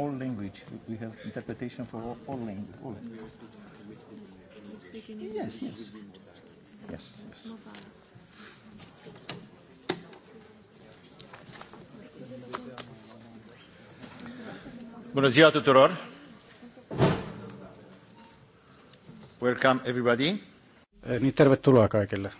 all language. We have interpretation for all, all language. All. Yes, yes. Yes, yes. Bună ziua tuturor! Welcome everybody! Eh, niin tervetuloa kaikille.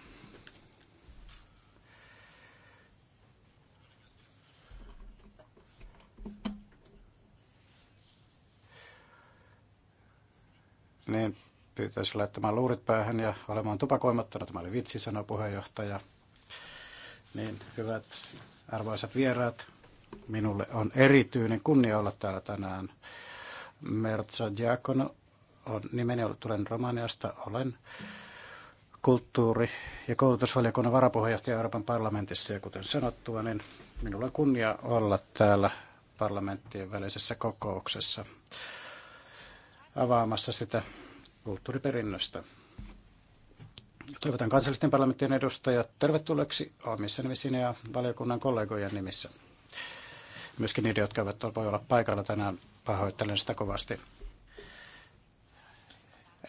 pyytäisi laittamaan luurit päähän ja olemaan tupakoimatta. tämä oli vitsi, sanoi puheenjohtaja. Niin, hyvät arvoisat vieraat, minulle on erityinen kunnia olla täällä tänään. Mertsa Diakono on nimeni, tulen Romaniasta, olen kulttuuri- ja koulutusvaliokunnan varapuheenjohtaja Euroopan parlamentissa. Ja kuten sanottua, niin minulla on kunnia olla täällä parlamenttien välisessä kokouksessa avaamassa sitä kulttuuriperinnöstä. Toivotan kansallisten parlamenttien edustajat tervetulleeksi omissa nimissäni ja valiokunnan kollegojen nimissä. Myöskin niiden, jotka eivät voi olla paikalla tänään, pahoittelen sitä kovasti.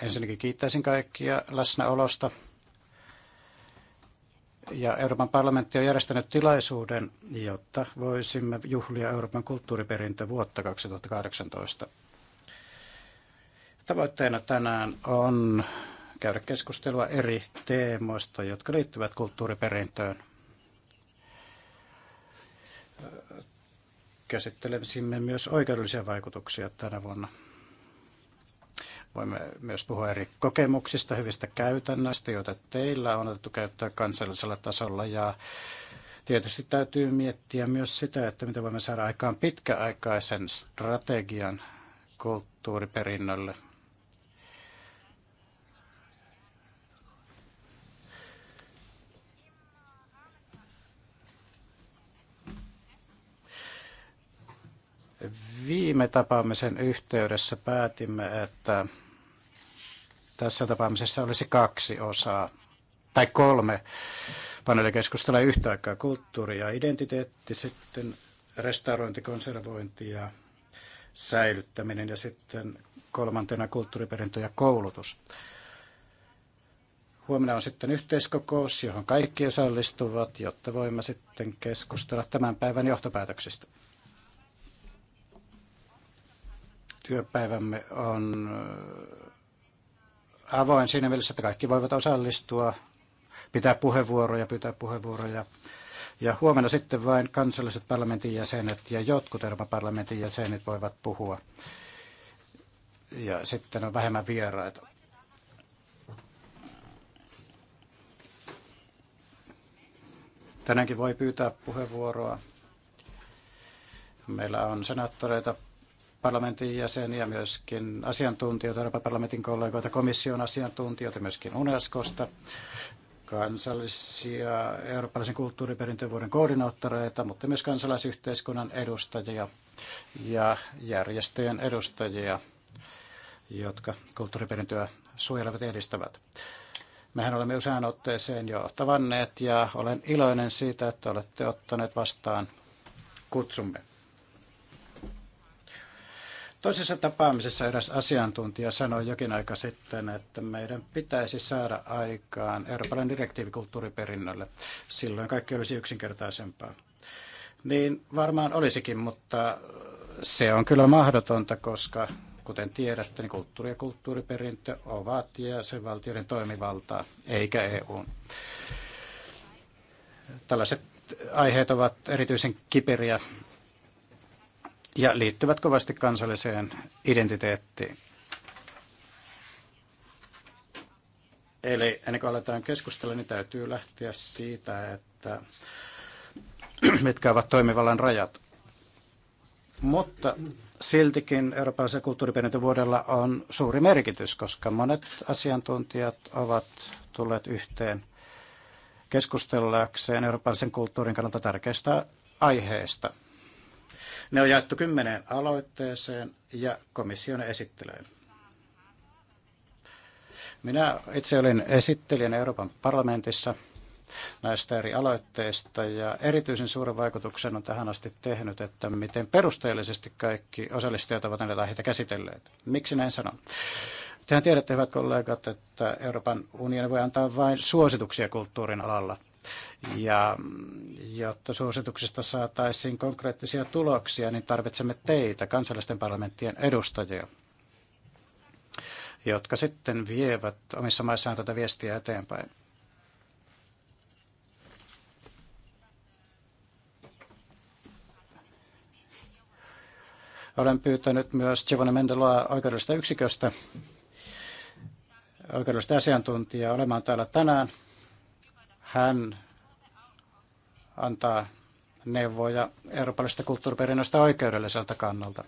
Ensinnäkin kiittäisin kaikkia läsnäolosta. Ja Euroopan parlamentti on järjestänyt tilaisuuden, jotta voisimme juhlia Euroopan kulttuuriperintövuotta 2018. Tavoitteena tänään on käydä keskustelua eri teemoista, jotka liittyvät kulttuuriperintöön. Käsittelemme myös oikeudellisia vaikutuksia tänä vuonna. Voimme myös puhua eri kokemuksista, hyvistä käytännöistä, joita teillä on otettu käyttöön kansallisella tasolla. Ja tietysti täytyy miettiä myös sitä, että miten voimme saada aikaan pitkäaikaisen strategian kulttuuriperinnölle – Viime tapaamisen yhteydessä päätimme, että tässä tapaamisessa olisi kaksi osaa tai kolme paneelikeskustella yhtä aikaa kulttuuri ja identiteetti, sitten restaurointi, konservointi ja säilyttäminen ja sitten kolmantena kulttuuriperintö ja koulutus. Huomenna on sitten yhteiskokous, johon kaikki osallistuvat, jotta voimme sitten keskustella tämän päivän johtopäätöksistä. Työpäivämme on äh, avoin siinä mielessä, että kaikki voivat osallistua, pitää puheenvuoroja, pitää puheenvuoroja. Ja huomenna sitten vain kansalliset parlamentin jäsenet ja jotkut Euroopan parlamentin jäsenet voivat puhua. Ja sitten on vähemmän vieraita. Tänäänkin voi pyytää puheenvuoroa. Meillä on senaattoreita parlamentin jäseniä, myöskin asiantuntijoita, Euroopan parlamentin kollegoita, komission asiantuntijoita, myöskin UNESCOsta, kansallisia eurooppalaisen kulttuuriperintövuoden koordinaattoreita, mutta myös kansalaisyhteiskunnan edustajia ja järjestöjen edustajia, jotka kulttuuriperintöä suojelevat ja edistävät. Mehän olemme usein otteeseen jo tavanneet ja olen iloinen siitä, että olette ottaneet vastaan kutsumme. Toisessa tapaamisessa eräs asiantuntija sanoi jokin aika sitten, että meidän pitäisi saada aikaan Euroopan direktiivi kulttuuriperinnölle. Silloin kaikki olisi yksinkertaisempaa. Niin varmaan olisikin, mutta se on kyllä mahdotonta, koska kuten tiedätte, niin kulttuuri ja kulttuuriperintö ovat valtioiden toimivaltaa, eikä EU. Tällaiset aiheet ovat erityisen kiperiä ja liittyvät kovasti kansalliseen identiteettiin. Eli ennen kuin aletaan keskustella, niin täytyy lähteä siitä, että mitkä ovat toimivallan rajat. Mutta siltikin eurooppalaisen kulttuuriperintövuodella on suuri merkitys, koska monet asiantuntijat ovat tulleet yhteen keskustellakseen eurooppalaisen kulttuurin kannalta tärkeistä aiheista. Ne on jaettu kymmeneen aloitteeseen ja komission esittelyyn. Minä itse olin esittelijän Euroopan parlamentissa näistä eri aloitteista ja erityisen suuren vaikutuksen on tähän asti tehnyt, että miten perusteellisesti kaikki osallistujat ovat näitä aiheita käsitelleet. Miksi näin sanon? Tehän tiedätte, hyvät kollegat, että Euroopan unioni voi antaa vain suosituksia kulttuurin alalla – ja jotta suosituksista saataisiin konkreettisia tuloksia, niin tarvitsemme teitä, kansallisten parlamenttien edustajia, jotka sitten vievät omissa maissaan tätä viestiä eteenpäin. Olen pyytänyt myös Giovanni Mendeloa oikeudellisesta yksiköstä, oikeudellista asiantuntijaa olemaan täällä tänään hän antaa neuvoja eurooppalaisesta kulttuuriperinnöstä oikeudelliselta kannalta.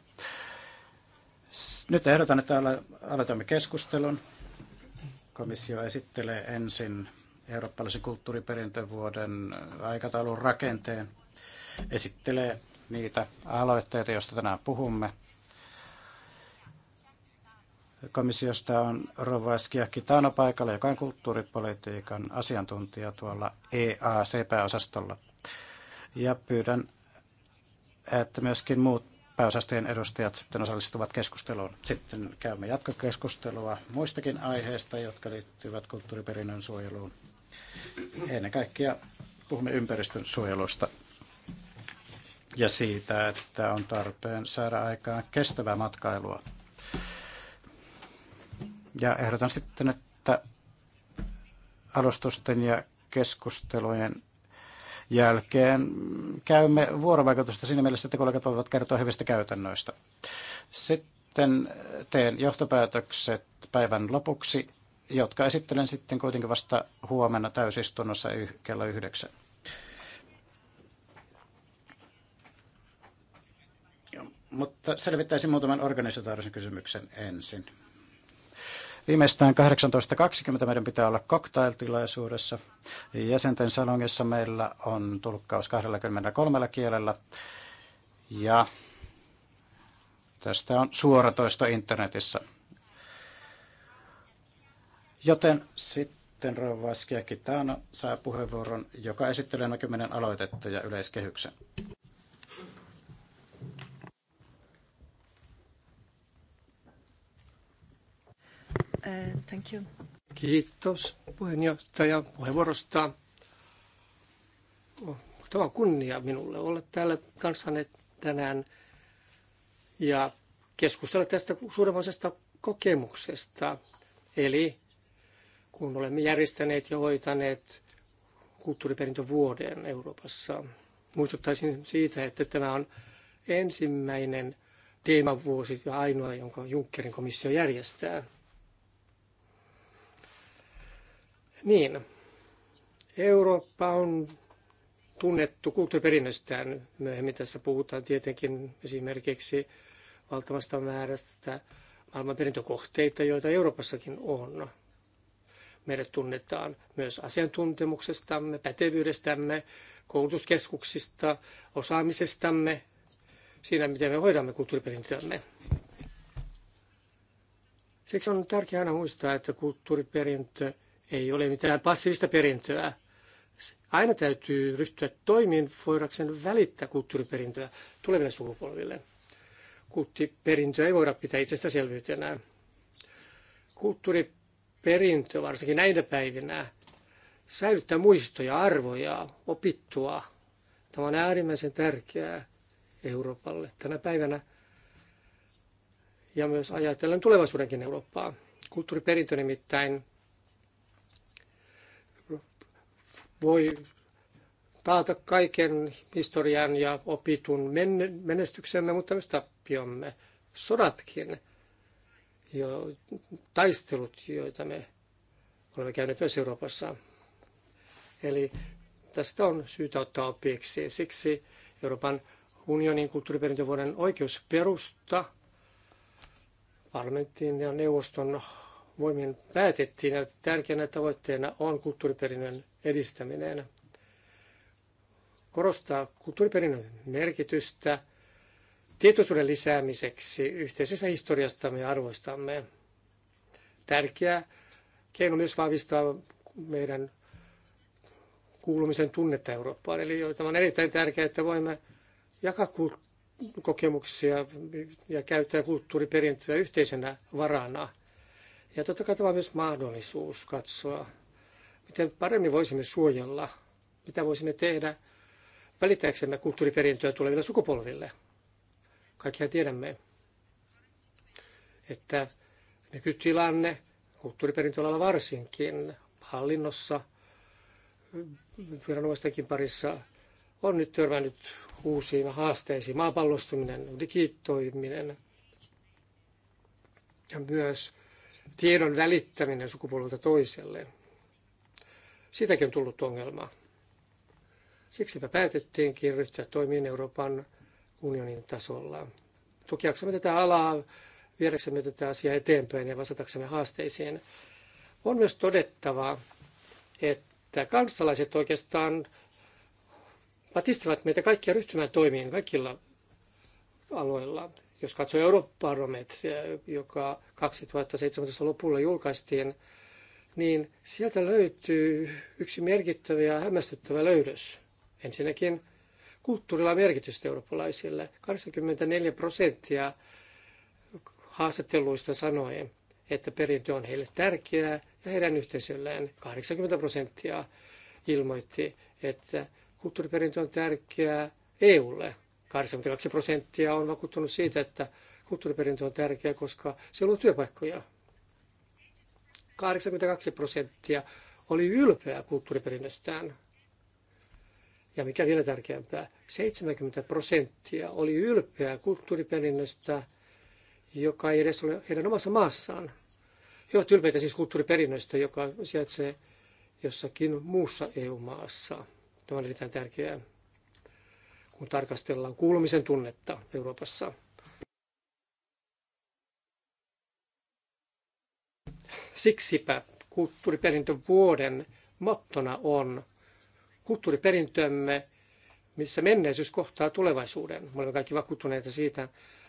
Nyt ehdotan, että aloitamme keskustelun. Komissio esittelee ensin eurooppalaisen kulttuuriperintövuoden aikataulun rakenteen, esittelee niitä aloitteita, joista tänään puhumme. Komissiosta on Rova Taano paikalla, joka on kulttuuripolitiikan asiantuntija tuolla EAC-pääosastolla. Ja pyydän, että myöskin muut pääosastojen edustajat sitten osallistuvat keskusteluun. Sitten käymme jatkokeskustelua muistakin aiheista, jotka liittyvät kulttuuriperinnön suojeluun. Ennen kaikkea puhumme ympäristön suojelusta ja siitä, että on tarpeen saada aikaan kestävää matkailua ja ehdotan sitten, että alustusten ja keskustelujen jälkeen käymme vuorovaikutusta siinä mielessä, että kollegat voivat kertoa hyvistä käytännöistä. Sitten teen johtopäätökset päivän lopuksi, jotka esittelen sitten kuitenkin vasta huomenna täysistunnossa kello yhdeksän. Mutta selvittäisin muutaman organisatorisen kysymyksen ensin. Viimeistään 18.20 meidän pitää olla cocktailtilaisuudessa. Jäsenten salongissa meillä on tulkkaus 23 kielellä. Ja tästä on suoratoisto internetissä. Joten sitten Rovaskia Kitana saa puheenvuoron, joka esittelee näkyminen aloitetta ja yleiskehyksen. Eh, thank you. Kiitos puheenjohtajan puheenvuorosta. Oh, tämä on kunnia minulle olla täällä kanssanne tänään ja keskustella tästä suuremmoisesta kokemuksesta. Eli kun olemme järjestäneet ja hoitaneet kulttuuriperintövuoden Euroopassa. Muistuttaisin siitä, että tämä on ensimmäinen teemavuosi ja ainoa, jonka Junckerin komissio järjestää. Niin, Eurooppa on tunnettu kulttuuriperinnöstään. Myöhemmin tässä puhutaan tietenkin esimerkiksi valtavasta määrästä maailmanperintökohteita, joita Euroopassakin on. Meidät tunnetaan myös asiantuntemuksestamme, pätevyydestämme, koulutuskeskuksista, osaamisestamme, siinä miten me hoidamme kulttuuriperintöämme. Siksi on tärkeää aina muistaa, että kulttuuriperintö ei ole mitään passiivista perintöä. Aina täytyy ryhtyä toimiin voidakseen välittää kulttuuriperintöä tuleville sukupolville. Kulttuuriperintöä ei voida pitää itsestäselvyytenä. Kulttuuriperintö, varsinkin näinä päivinä, säilyttää muistoja, arvoja, opittua. Tämä on äärimmäisen tärkeää Euroopalle tänä päivänä ja myös ajatellen tulevaisuudenkin Eurooppaa. Kulttuuriperintö nimittäin voi taata kaiken historian ja opitun menestyksemme, mutta myös tappiomme. Sodatkin, jo, taistelut, joita me olemme käyneet myös Euroopassa. Eli tästä on syytä ottaa opiksi. Siksi Euroopan unionin kulttuuriperintövuoden oikeusperusta parlamentin ja neuvoston voimien päätettiin ja tärkeänä tavoitteena on kulttuuriperinnön edistäminen. Korostaa kulttuuriperinnön merkitystä tietoisuuden lisäämiseksi yhteisessä historiastamme ja arvoistamme. Tärkeä keino myös vahvistaa meidän kuulumisen tunnetta Eurooppaan. Eli tämä on erittäin tärkeää, että voimme jakaa kokemuksia ja käyttää kulttuuriperintöä yhteisenä varana – ja totta kai tämä on myös mahdollisuus katsoa, miten paremmin voisimme suojella, mitä voisimme tehdä välittääksemme kulttuuriperintöä tuleville sukupolville. Kaikkihan tiedämme, että nykytilanne kulttuuriperintöalalla varsinkin hallinnossa, viranomaistenkin parissa on nyt törmännyt uusiin haasteisiin. Maapallostuminen, digitoiminen ja myös tiedon välittäminen sukupolvelta toiselle. Siitäkin on tullut ongelma. Siksipä päätettiinkin ryhtyä toimiin Euroopan unionin tasolla. Tukiaksemme tätä alaa, viedäksemme tätä asiaa eteenpäin ja vastataksemme haasteisiin. On myös todettava, että kansalaiset oikeastaan patistavat meitä kaikkia ryhtymään toimiin kaikilla aloilla. Jos katsoo Eurobaromet, joka 2017 lopulla julkaistiin, niin sieltä löytyy yksi merkittävä ja hämmästyttävä löydös. Ensinnäkin kulttuurilla on merkitystä eurooppalaisille. 84 prosenttia haastatteluista sanoi, että perintö on heille tärkeää ja heidän yhteisöllään 80 prosenttia ilmoitti, että kulttuuriperintö on tärkeää EUlle. 82 prosenttia on vakuuttunut siitä, että kulttuuriperintö on tärkeä, koska se luo työpaikkoja. 82 prosenttia oli ylpeä kulttuuriperinnöstään. Ja mikä vielä tärkeämpää, 70 prosenttia oli ylpeä kulttuuriperinnöstä, joka ei edes ole heidän omassa maassaan. He ovat ylpeitä siis kulttuuriperinnöstä, joka sijaitsee jossakin muussa EU-maassa. Tämä on erittäin tärkeää kun tarkastellaan kuulumisen tunnetta Euroopassa. Siksipä kulttuuriperintövuoden mottona on kulttuuriperintömme, missä menneisyys kohtaa tulevaisuuden. Me olemme kaikki vakuuttuneita siitä,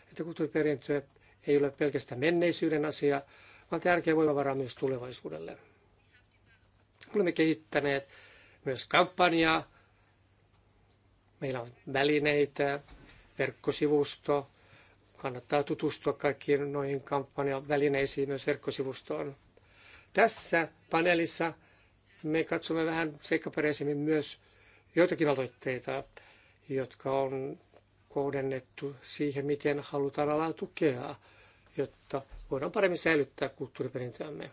että kulttuuriperintö ei ole pelkästään menneisyyden asia, vaan tärkeä voimavara myös tulevaisuudelle. Olemme kehittäneet myös kampanjaa Meillä on välineitä, verkkosivusto. Kannattaa tutustua kaikkiin noihin kampanjan välineisiin myös verkkosivustoon. Tässä paneelissa me katsomme vähän seikkaperäisemmin myös joitakin aloitteita, jotka on kohdennettu siihen, miten halutaan alaa tukea, jotta voidaan paremmin säilyttää kulttuuriperintöämme.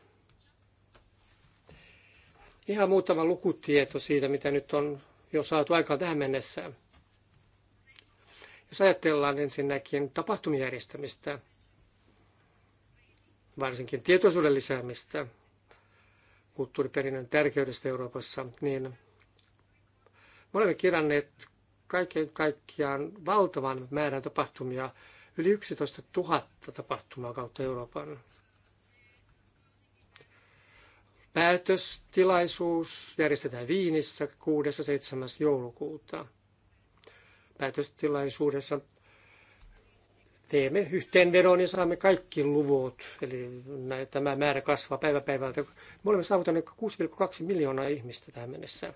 Ihan muutama lukutieto siitä, mitä nyt on jo saatu aikaan tähän mennessä. Jos ajatellaan ensinnäkin tapahtumien järjestämistä, varsinkin tietoisuuden lisäämistä kulttuuriperinnön tärkeydestä Euroopassa, niin me olemme kirjanneet kaiken kaikkiaan valtavan määrän tapahtumia, yli 11 000 tapahtumaa kautta Euroopan. Päätöstilaisuus järjestetään Viinissä 6.7. joulukuuta päätöstilaisuudessa teemme yhteenvedon ja saamme kaikki luvut. Eli tämä määrä kasvaa päivä päivältä. Me olemme saavuttaneet 6,2 miljoonaa ihmistä tähän mennessä.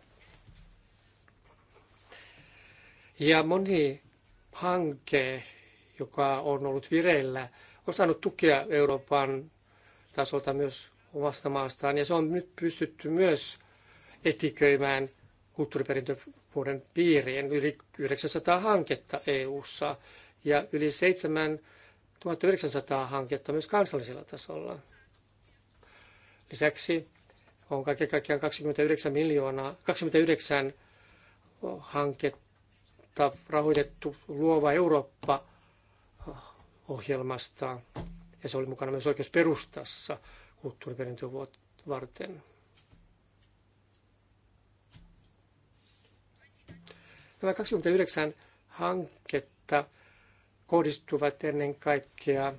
Ja moni hanke, joka on ollut vireillä, on saanut tukea Euroopan tasolta myös omasta maastaan. Ja se on nyt pystytty myös etiköimään kulttuuriperintö kuuden piiriin yli 900 hanketta EU:ssa ja yli 7900 hanketta myös kansallisella tasolla. Lisäksi on kaiken kaikkiaan 29 miljoonaa, 29 hanketta rahoitettu Luova Eurooppa-ohjelmasta, ja se oli mukana myös oikeusperustassa kulttuuriperintövuotta varten. Nämä 29 hanketta kohdistuvat ennen kaikkea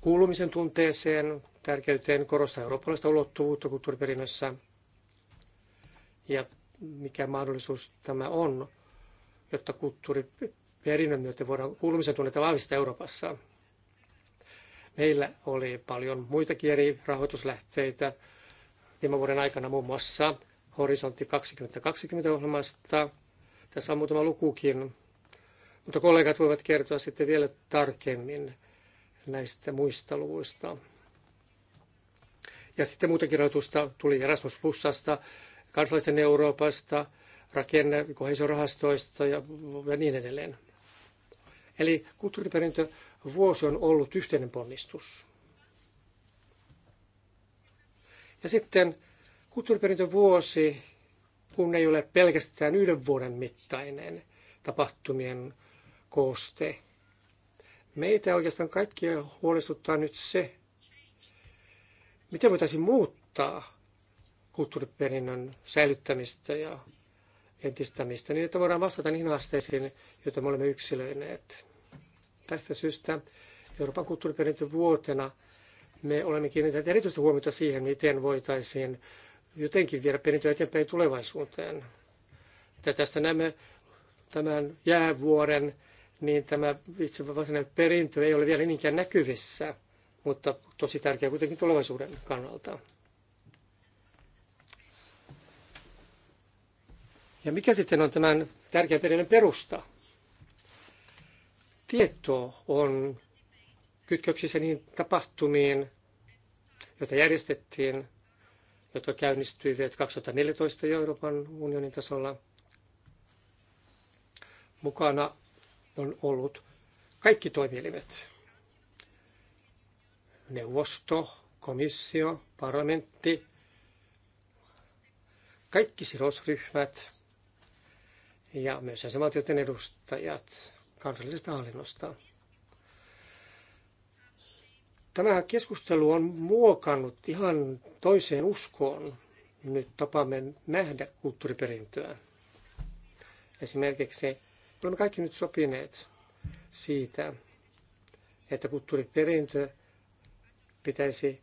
kuulumisen tunteeseen, tärkeyteen korostaa eurooppalaista ulottuvuutta kulttuuriperinnössä ja mikä mahdollisuus tämä on, jotta kulttuuriperinnön myötä voidaan kuulumisen tunnetta vahvistaa Euroopassa. Meillä oli paljon muitakin eri rahoituslähteitä viime vuoden aikana muun muassa Horisontti 2020-ohjelmasta, tässä on muutama lukukin, mutta kollegat voivat kertoa sitten vielä tarkemmin näistä muista luvuista. Ja sitten muutenkin rahoitusta tuli Erasmus Plusasta, kansallisten Euroopasta, rakenne- kohesiorahastoista ja, ja niin edelleen. Eli kulttuuriperintövuosi on ollut yhteinen ponnistus. Ja sitten kulttuuriperintövuosi kun ei ole pelkästään yhden vuoden mittainen tapahtumien kooste. Meitä oikeastaan kaikkia huolestuttaa nyt se, miten voitaisiin muuttaa kulttuuriperinnön säilyttämistä ja entistämistä niin, että voidaan vastata niihin haasteisiin, joita me olemme yksilöineet. Tästä syystä Euroopan kulttuuriperintövuotena me olemme kiinnittäneet erityistä huomiota siihen, miten voitaisiin jotenkin viedä perintöä eteenpäin tulevaisuuteen. Ja tästä näemme tämän jäävuoren, niin tämä itse varsinainen perintö ei ole vielä niinkään näkyvissä, mutta tosi tärkeä kuitenkin tulevaisuuden kannalta. Ja mikä sitten on tämän tärkeän perinnön perusta? Tieto on kytköksissä niihin tapahtumiin, joita järjestettiin jotka käynnistyivät 2014 jo Euroopan unionin tasolla. Mukana on ollut kaikki toimielimet. Neuvosto, komissio, parlamentti, kaikki sidosryhmät ja myös jäsenvaltioiden edustajat kansallisesta hallinnosta. Tämä keskustelu on muokannut ihan toiseen uskoon nyt tapamme nähdä kulttuuriperintöä. Esimerkiksi olemme kaikki nyt sopineet siitä, että kulttuuriperintö pitäisi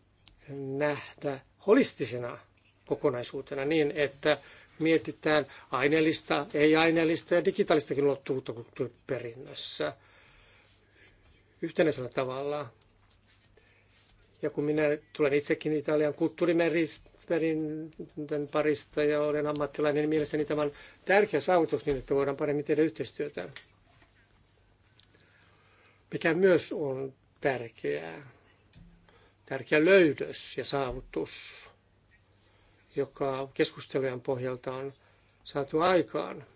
nähdä holistisena kokonaisuutena niin, että mietitään aineellista, ei-aineellista ja digitaalistakin ulottuvuutta kulttuuriperinnössä yhtenäisellä tavalla. Ja kun minä tulen itsekin Italian kulttuurimerin parista ja olen ammattilainen, niin mielestäni tämä on tärkeä saavutus niin, että voidaan paremmin tehdä yhteistyötä. Mikä myös on tärkeää. Tärkeä löydös ja saavutus, joka keskustelujen pohjalta on saatu aikaan,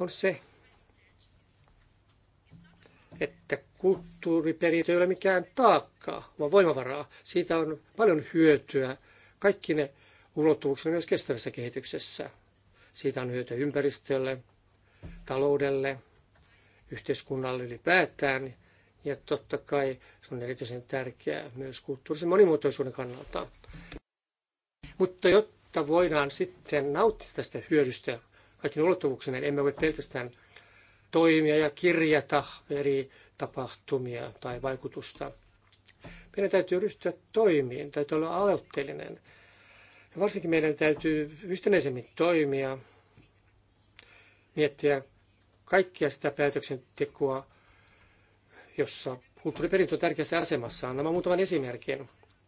on se, että kulttuuriperintö ei ole mikään taakkaa, vaan voimavaraa. Siitä on paljon hyötyä. Kaikki ne ulottuvuuksina myös kestävässä kehityksessä. Siitä on hyötyä ympäristölle, taloudelle, yhteiskunnalle ylipäätään. Ja totta kai se on erityisen tärkeää myös kulttuurisen monimuotoisuuden kannalta. Mutta jotta voidaan sitten nauttia tästä hyödystä kaikki ulottuvuuksina, emme voi pelkästään toimia ja kirjata eri tapahtumia tai vaikutusta. Meidän täytyy ryhtyä toimiin, täytyy olla aloitteellinen. Ja varsinkin meidän täytyy yhtenäisemmin toimia, miettiä kaikkia sitä päätöksentekoa, jossa kulttuuriperintö on tärkeässä asemassa. Annan muutaman esimerkin.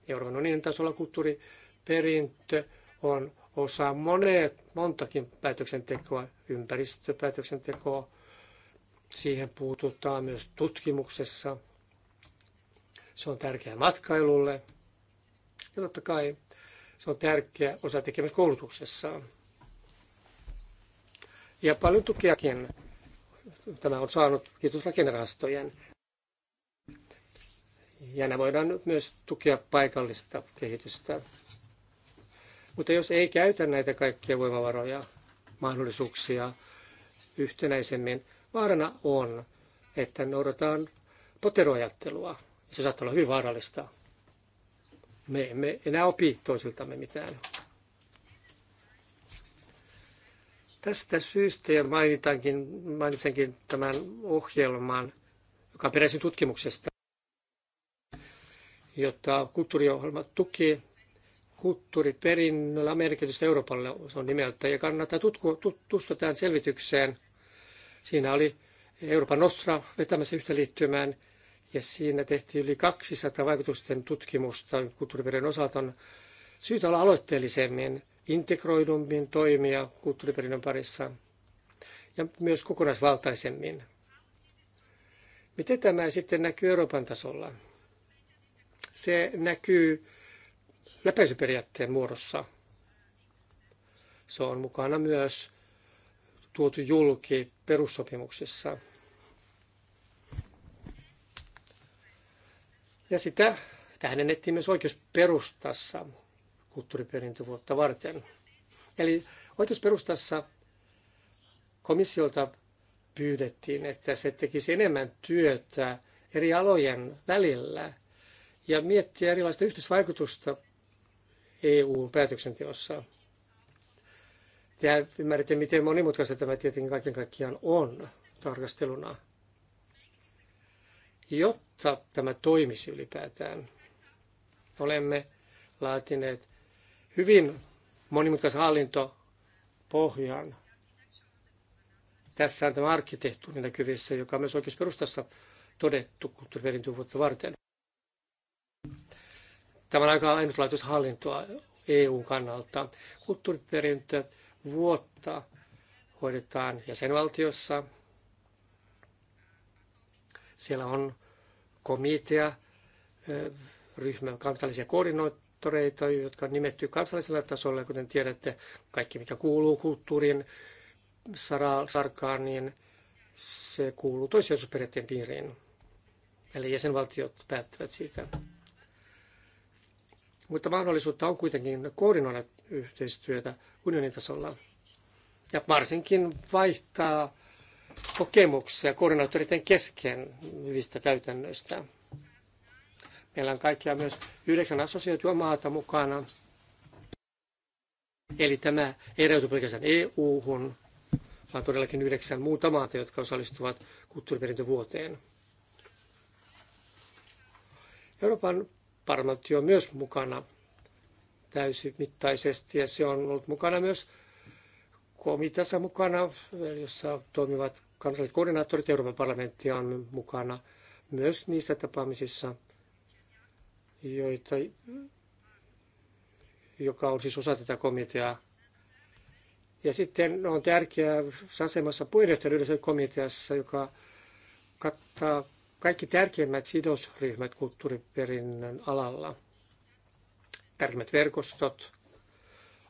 Euroopan unionin tasolla kulttuuriperintö on osa monet, montakin päätöksentekoa, ympäristöpäätöksentekoa, Siihen puututaan myös tutkimuksessa. Se on tärkeää matkailulle. Ja totta kai se on tärkeä osa tekemistä koulutuksessa. Ja paljon tukeakin tämä on saanut kiitos Ja nämä voidaan myös tukea paikallista kehitystä. Mutta jos ei käytä näitä kaikkia voimavaroja, mahdollisuuksia yhtenäisemmin, Vaarana on, että noudataan poteroajattelua. Se saattaa olla hyvin vaarallista. Me emme enää opi toisiltamme mitään. Tästä syystä ja mainitankin, mainitsenkin tämän ohjelman, joka on peräisin tutkimuksesta, jotta kulttuuriohjelma tuki kulttuuriperinnöllä merkitystä Euroopalle, se on nimeltä, ja kannattaa tutustua tähän selvitykseen – Siinä oli Euroopan Nostra vetämässä yhtä ja siinä tehtiin yli 200 vaikutusten tutkimusta kulttuuriperinnön osalta on syytä olla aloitteellisemmin, integroidummin toimia kulttuuriperinnön parissa ja myös kokonaisvaltaisemmin. Miten tämä sitten näkyy Euroopan tasolla? Se näkyy läpäisyperiaatteen muodossa. Se on mukana myös tuotu julki perussopimuksessa Ja sitä tähdennettiin myös oikeusperustassa kulttuuriperintövuotta varten. Eli oikeusperustassa komissiolta pyydettiin, että se tekisi enemmän työtä eri alojen välillä ja miettiä erilaista yhteisvaikutusta EU-päätöksenteossa. Ja ymmärrätte, miten monimutkaista tämä tietenkin kaiken kaikkiaan on tarkasteluna, jotta tämä toimisi ylipäätään. Olemme laatineet hyvin monimutkaisen hallintopohjan. Tässä on tämä arkkitehtuuri näkyvissä, joka on myös oikeusperustassa todettu kulttuuriperintövuotta varten. Tämä on aika ainutlaatuista hallintoa EUn kannalta. Kulttuuriperintö vuotta hoidetaan jäsenvaltiossa. Siellä on komitea, ryhmä kansallisia koordinoittoreita, jotka on nimetty kansallisella tasolla. Kuten tiedätte, kaikki mikä kuuluu kulttuurin sarkaan, niin se kuuluu toissijaisuusperiaatteen piiriin. Eli jäsenvaltiot päättävät siitä. Mutta mahdollisuutta on kuitenkin koordinoida yhteistyötä unionin tasolla. Ja varsinkin vaihtaa kokemuksia koordinaattoreiden kesken hyvistä käytännöistä. Meillä on kaikkia myös yhdeksän assosioitua maata mukana. Eli tämä ei rajoitu pelkästään EU-hun, vaan todellakin yhdeksän muuta maata, jotka osallistuvat kulttuuriperintövuoteen. Euroopan parlamentti on myös mukana täysimittaisesti ja se on ollut mukana myös komiteassa mukana, jossa toimivat kansalliset koordinaattorit Euroopan parlamentti on mukana myös niissä tapaamisissa, joita, joka on siis osa tätä komiteaa. Ja sitten on tärkeää asemassa puheenjohtajuudessa komiteassa, joka kattaa kaikki tärkeimmät sidosryhmät kulttuuriperinnön alalla tärkeimmät verkostot,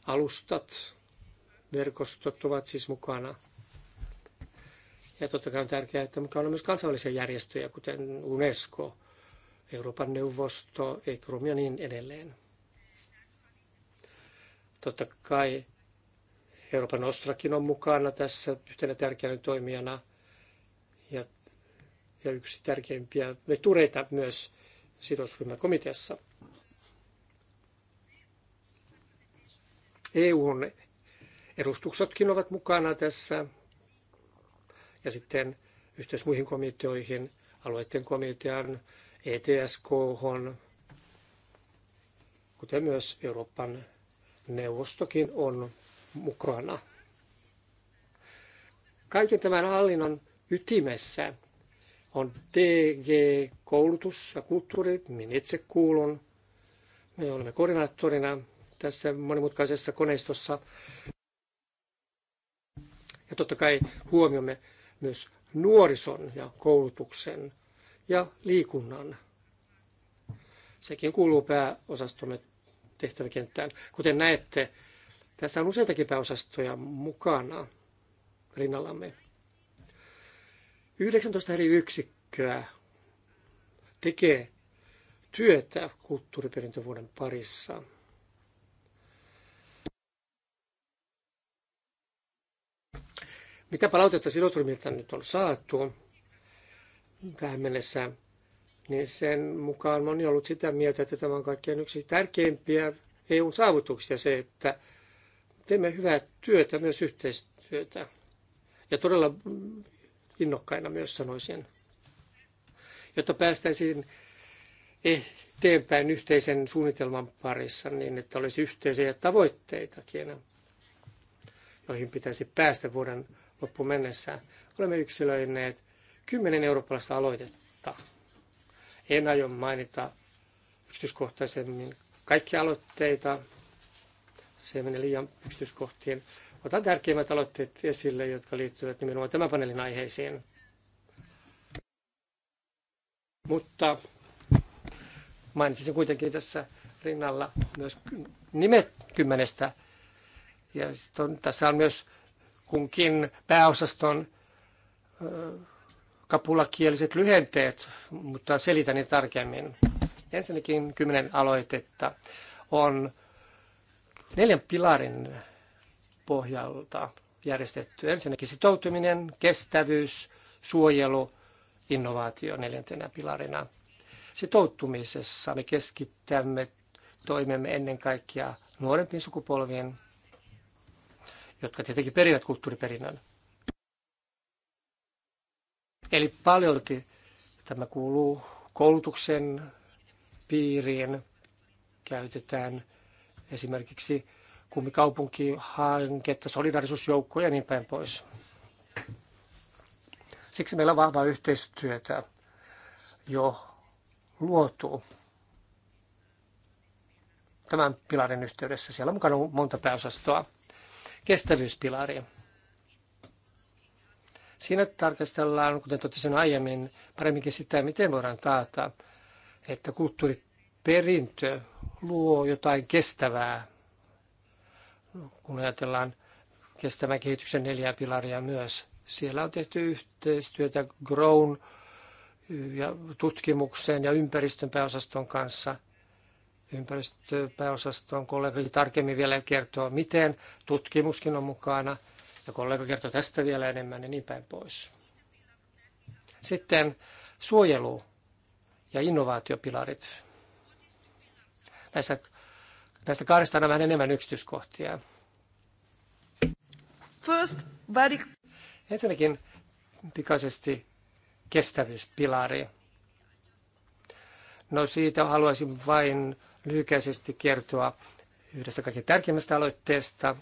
alustat, verkostot ovat siis mukana. Ja totta kai on tärkeää, että mukana on myös kansainvälisiä järjestöjä, kuten UNESCO, Euroopan neuvosto, ECROM ja niin edelleen. Totta kai Euroopan Ostrakin on mukana tässä yhtenä tärkeänä toimijana ja, ja yksi tärkeimpiä vetureita myös sidosryhmäkomiteassa. komiteassa. EUn edustuksetkin ovat mukana tässä. Ja sitten yhteys muihin komiteoihin, alueiden komitean, ETSK, kuten myös Euroopan neuvostokin on mukana. Kaiken tämän hallinnon ytimessä on DG-koulutus ja kulttuuri, minne itse kuulun. Me olemme koordinaattorina tässä monimutkaisessa koneistossa. Ja totta kai huomioimme myös nuorison ja koulutuksen ja liikunnan. Sekin kuuluu pääosastomme tehtäväkenttään. Kuten näette, tässä on useitakin pääosastoja mukana rinnallamme. 19 eri yksikköä tekee työtä kulttuuriperintövuoden parissa. Mitä palautetta sidosryhmiltä nyt on saatu tähän mennessä, niin sen mukaan moni on ollut sitä mieltä, että tämä on kaikkein yksi tärkeimpiä eu saavutuksia se, että teemme hyvää työtä, myös yhteistyötä. Ja todella innokkaina myös sanoisin, jotta päästäisiin eteenpäin yhteisen suunnitelman parissa niin, että olisi yhteisiä tavoitteitakin, joihin pitäisi päästä vuoden loppuun mennessä olemme yksilöineet kymmenen eurooppalaista aloitetta. En aio mainita yksityiskohtaisemmin kaikkia aloitteita. Se menee liian yksityiskohtiin. Otan tärkeimmät aloitteet esille, jotka liittyvät nimenomaan tämän paneelin aiheisiin. Mutta mainitsin kuitenkin tässä rinnalla myös nimet kymmenestä. Ja on, tässä on myös kunkin pääosaston kapulakieliset lyhenteet, mutta selitän ne tarkemmin. Ensinnäkin kymmenen aloitetta on neljän pilarin pohjalta järjestetty. Ensinnäkin sitoutuminen, kestävyys, suojelu, innovaatio neljäntenä pilarina. Sitoutumisessa me keskittämme toimemme ennen kaikkea nuorempiin sukupolviin jotka tietenkin perivät kulttuuriperinnön. Eli paljolti tämä kuuluu koulutuksen piiriin. Käytetään esimerkiksi kummikaupunkihanketta, solidarisuusjoukkoja ja niin päin pois. Siksi meillä on vahvaa yhteistyötä jo luotu tämän pilarin yhteydessä. Siellä on mukana monta pääosastoa kestävyyspilari. Siinä tarkastellaan, kuten totesin aiemmin, paremminkin sitä, miten voidaan taata, että kulttuuriperintö luo jotain kestävää, kun ajatellaan kestävän kehityksen neljää pilaria myös. Siellä on tehty yhteistyötä Grown ja tutkimuksen ja ympäristön pääosaston kanssa – ympäristöpääosaston kollegakin tarkemmin vielä kertoo, miten tutkimuskin on mukana, ja kollega kertoo tästä vielä enemmän ja niin, niin päin pois. Sitten suojelu ja innovaatiopilarit. Näissä, näistä kahdesta on vähän enemmän yksityiskohtia. First, very... Ensinnäkin pikaisesti kestävyyspilari. No siitä haluaisin vain lyhykäisesti kertoa yhdestä kaikkein tärkeimmästä aloitteesta,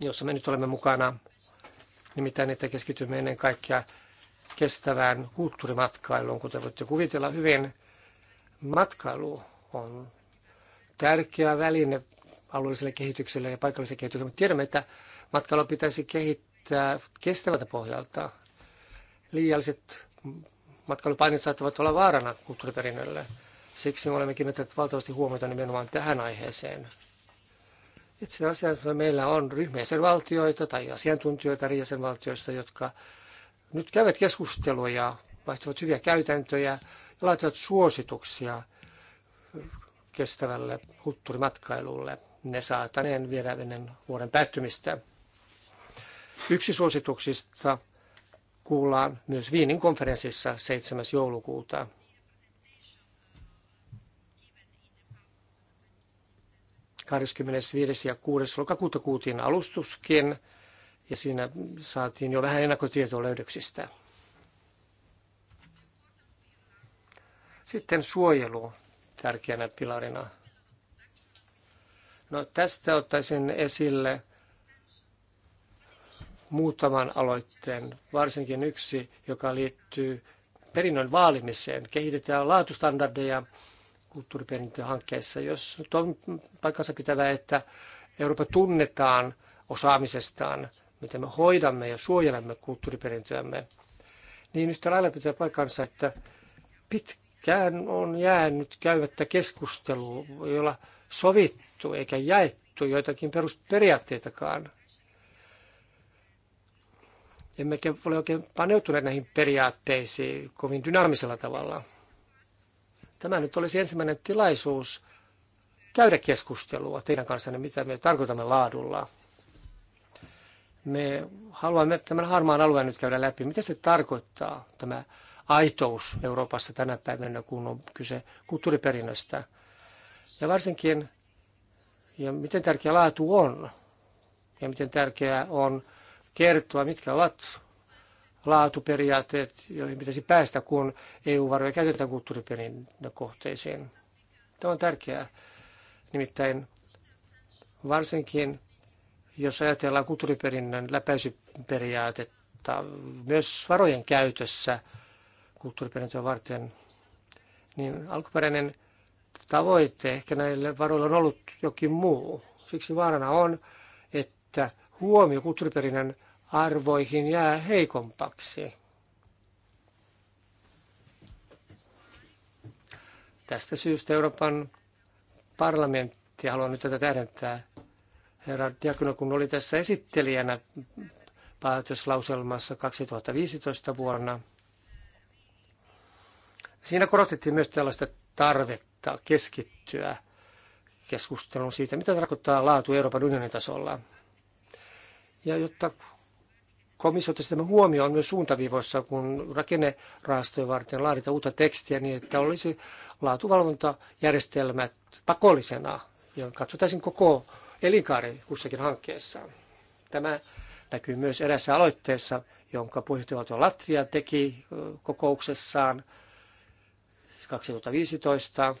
jossa me nyt olemme mukana. Nimittäin, että keskitymme ennen kaikkea kestävään kulttuurimatkailuun. Kuten voitte kuvitella hyvin, matkailu on tärkeä väline alueelliselle kehitykselle ja paikalliselle kehitykselle. Mutta tiedämme, että matkailu pitäisi kehittää kestävältä pohjalta. Liialliset matkailupaineet saattavat olla vaarana kulttuuriperinnölle. Siksi me olemme kiinnittäneet valtavasti huomiota nimenomaan tähän aiheeseen. Itse asiassa meillä on ryhmä jäsenvaltioita tai asiantuntijoita eri jäsenvaltioista, jotka nyt käyvät keskusteluja, vaihtavat hyviä käytäntöjä ja laittavat suosituksia kestävälle kulttuurimatkailulle. Ne saataneen viedä ennen vuoden päättymistä. Yksi suosituksista kuullaan myös Viinin konferenssissa 7. joulukuuta. ja 6. lokakuuta kuultiin alustuskin ja siinä saatiin jo vähän ennakkotietoa löydöksistä. Sitten suojelu tärkeänä pilarina. No, tästä ottaisin esille muutaman aloitteen, varsinkin yksi, joka liittyy perinnön vaalimiseen. Kehitetään laatustandardeja kulttuuriperintöhankkeissa, jos nyt on paikkansa pitävää, että Eurooppa tunnetaan osaamisestaan, miten me hoidamme ja suojelemme kulttuuriperintöämme, niin yhtä lailla pitää paikkansa, että pitkään on jäänyt käymättä keskustelua, jolla sovittu eikä jaettu joitakin perusperiaatteitakaan emmekä ole oikein paneutuneet näihin periaatteisiin kovin dynaamisella tavalla. Tämä nyt olisi ensimmäinen tilaisuus käydä keskustelua teidän kanssanne, mitä me tarkoitamme laadulla. Me haluamme tämän harmaan alueen nyt käydä läpi. Mitä se tarkoittaa, tämä aitous Euroopassa tänä päivänä, kun on kyse kulttuuriperinnöstä? Ja varsinkin, ja miten tärkeä laatu on, ja miten tärkeää on kertoa, mitkä ovat laatuperiaatteet, joihin pitäisi päästä, kun EU-varoja käytetään kulttuuriperinnön kohteeseen. Tämä on tärkeää. Nimittäin varsinkin, jos ajatellaan kulttuuriperinnön läpäisyperiaatetta myös varojen käytössä kulttuuriperintöä varten, niin alkuperäinen tavoite ehkä näille varoille on ollut jokin muu. Siksi vaarana on, että huomio kulttuuriperinnön arvoihin jää heikompaksi. Tästä syystä Euroopan parlamentti, haluan nyt tätä tähdentää, herra Diakono, kun oli tässä esittelijänä päätöslauselmassa 2015 vuonna, siinä korostettiin myös tällaista tarvetta keskittyä keskusteluun siitä, mitä tarkoittaa laatu Euroopan unionin tasolla. Ja jotta komissio ottaisi tämän huomioon myös suuntaviivoissa, kun rakennerahastoja varten laaditaan uutta tekstiä niin, että olisi laatuvalvontajärjestelmät pakollisena ja katsotaisiin koko elinkaari kussakin hankkeessa. Tämä näkyy myös erässä aloitteessa, jonka puheenjohtajavaltio Latvia teki kokouksessaan 2015.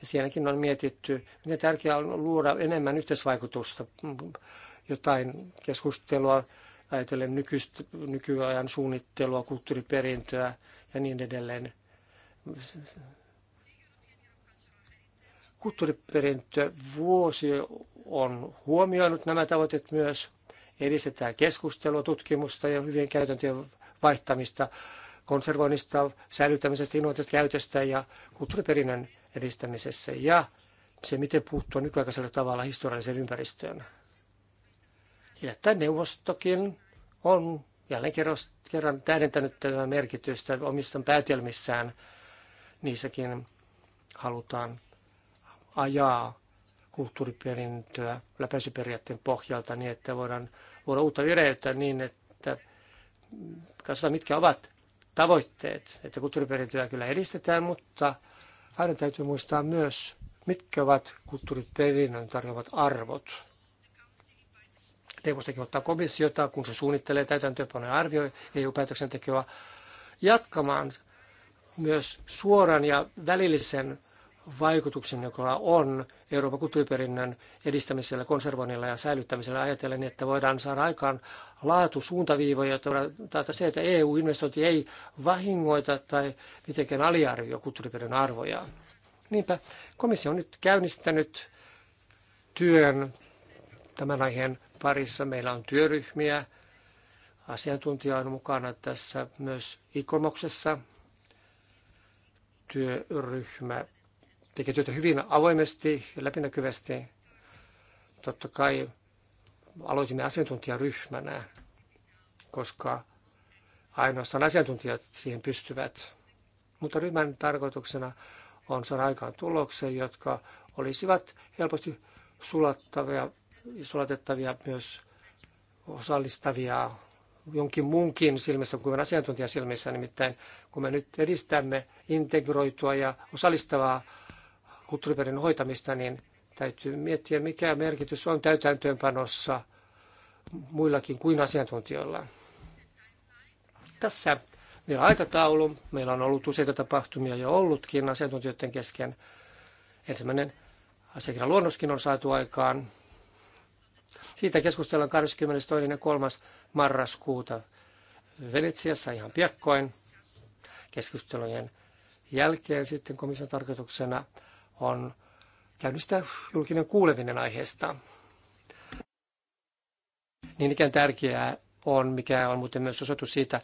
Ja sielläkin on mietitty, miten tärkeää on luoda enemmän yhteisvaikutusta jotain keskustelua ajatellen nykyistä, nykyajan suunnittelua, kulttuuriperintöä ja niin edelleen. Kulttuuriperintövuosi on huomioinut nämä tavoitteet myös. Edistetään keskustelua, tutkimusta ja hyvien käytäntöjen vaihtamista, konservoinnista, säilyttämisestä, innovaatiosta käytöstä ja kulttuuriperinnön edistämisessä. Ja se, miten puuttua nykyaikaisella tavalla historialliseen ympäristöön ja että neuvostokin on jälleen kerran täydentänyt tämän merkitystä omissa päätelmissään. Niissäkin halutaan ajaa kulttuuriperintöä läpäisyperiaatteen pohjalta niin, että voidaan luoda uutta vireyttä niin, että katsotaan mitkä ovat tavoitteet, että kulttuuriperintöä kyllä edistetään, mutta aina täytyy muistaa myös, mitkä ovat kulttuuriperinnön tarjoamat arvot Neuvosto kehottaa komissiota, kun se suunnittelee täytäntöönpanoja arvioi EU-päätöksentekoa, jatkamaan myös suoran ja välillisen vaikutuksen, joka on Euroopan kulttuuriperinnön edistämisellä, konservoinnilla ja säilyttämisellä ajatellen, niin että voidaan saada aikaan suuntaviivoja, jotta se, että EU-investointi ei vahingoita tai mitenkään aliarvio kulttuuriperinnön arvoja. Niinpä komissio on nyt käynnistänyt työn tämän aiheen parissa. Meillä on työryhmiä, asiantuntija on mukana tässä myös ikomoksessa. Työryhmä tekee työtä hyvin avoimesti ja läpinäkyvästi. Totta kai aloitimme asiantuntijaryhmänä, koska ainoastaan asiantuntijat siihen pystyvät. Mutta ryhmän tarkoituksena on saada aikaan tuloksia, jotka olisivat helposti sulattavia sulatettavia myös osallistavia jonkin muunkin silmissä kuin asiantuntijan silmissä. Nimittäin kun me nyt edistämme integroitua ja osallistavaa kulttuuriperinnön hoitamista, niin täytyy miettiä, mikä merkitys on täytäntöönpanossa muillakin kuin asiantuntijoilla. Tässä meillä on aikataulu. Meillä on ollut useita tapahtumia jo ollutkin asiantuntijoiden kesken. Ensimmäinen asiakirjan luonnoskin on saatu aikaan. Siitä keskustellaan 22. ja 3. marraskuuta Venetsiassa ihan piakkoin. Keskustelujen jälkeen sitten komission tarkoituksena on käynnistää julkinen kuuleminen aiheesta. Niin ikään tärkeää on, mikä on muuten myös osoitus siitä,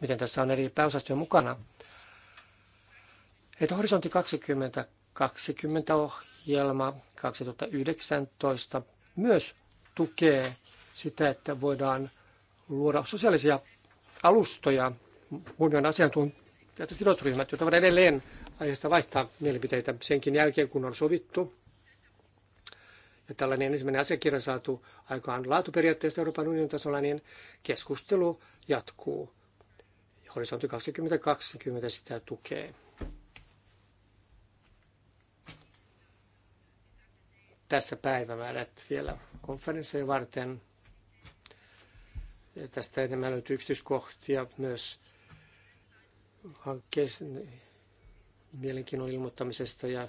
miten tässä on eri pääosastoja mukana, että Horisontti 2020 ohjelma 2019 myös tukee sitä, että voidaan luoda sosiaalisia alustoja, huomioon asiantuntijat ja sidosryhmät, joita voidaan edelleen aiheesta vaihtaa mielipiteitä senkin jälkeen, kun on sovittu. Ja tällainen ensimmäinen asiakirja saatu aikaan laatuperiaatteesta Euroopan unionin tasolla, niin keskustelu jatkuu. Horisontti 2020 sitä tukee. tässä päivämäärät vielä konferensseja varten. Ja tästä enemmän löytyy yksityiskohtia myös hankkeen mielenkiinnon ilmoittamisesta ja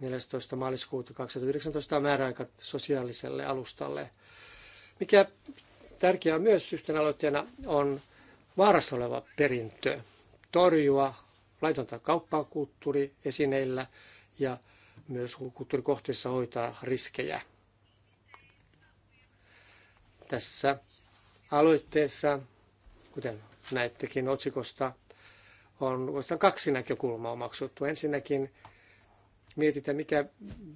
14. maaliskuuta 2019 on määräaika sosiaaliselle alustalle. Mikä tärkeää myös yhtenä aloitteena on vaarassa oleva perintö. Torjua laitonta kauppakulttuuri esineillä ja myös kulttuurikohteissa hoitaa riskejä. Tässä aloitteessa, kuten näittekin otsikosta, on kaksi näkökulmaa omaksuttu. Ensinnäkin mietitään, mikä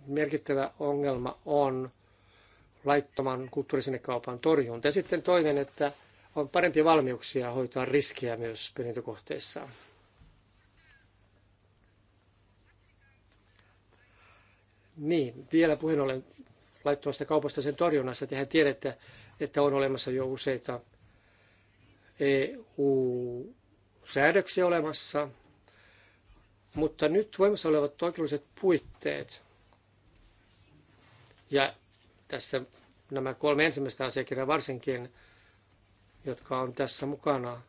merkittävä ongelma on laittoman kulttuurisinekaupan torjunta. Ja sitten toinen, että on parempia valmiuksia hoitaa riskejä myös perintökohteissa. Niin, vielä puheen ollen laittomasta kaupasta sen torjunnasta. Tehän tiedätte, että on olemassa jo useita EU-säädöksiä olemassa, mutta nyt voimassa olevat oikeudelliset puitteet ja tässä nämä kolme ensimmäistä asiakirjaa varsinkin, jotka on tässä mukana,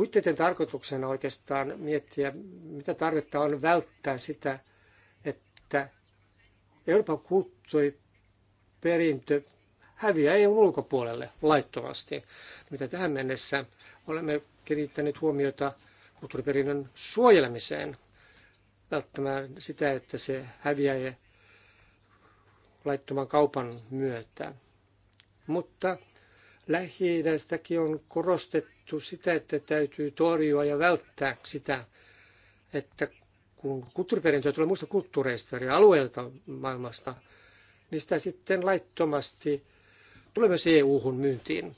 Puitteiden tarkoituksena oikeastaan miettiä, mitä tarvetta on välttää sitä, että Euroopan kulttuuriperintö häviää EUn ulkopuolelle laittomasti. Mitä tähän mennessä olemme kiinnittäneet huomiota kulttuuriperinnön suojelemiseen, välttämään sitä, että se häviää laittoman kaupan myötä. Mutta lähi on korostettu, korostettu sitä, että täytyy torjua ja välttää sitä, että kun kulttuuriperintöä tulee muista kulttuureista eri alueilta maailmasta, niin sitä sitten laittomasti tulee myös EU-hun myyntiin.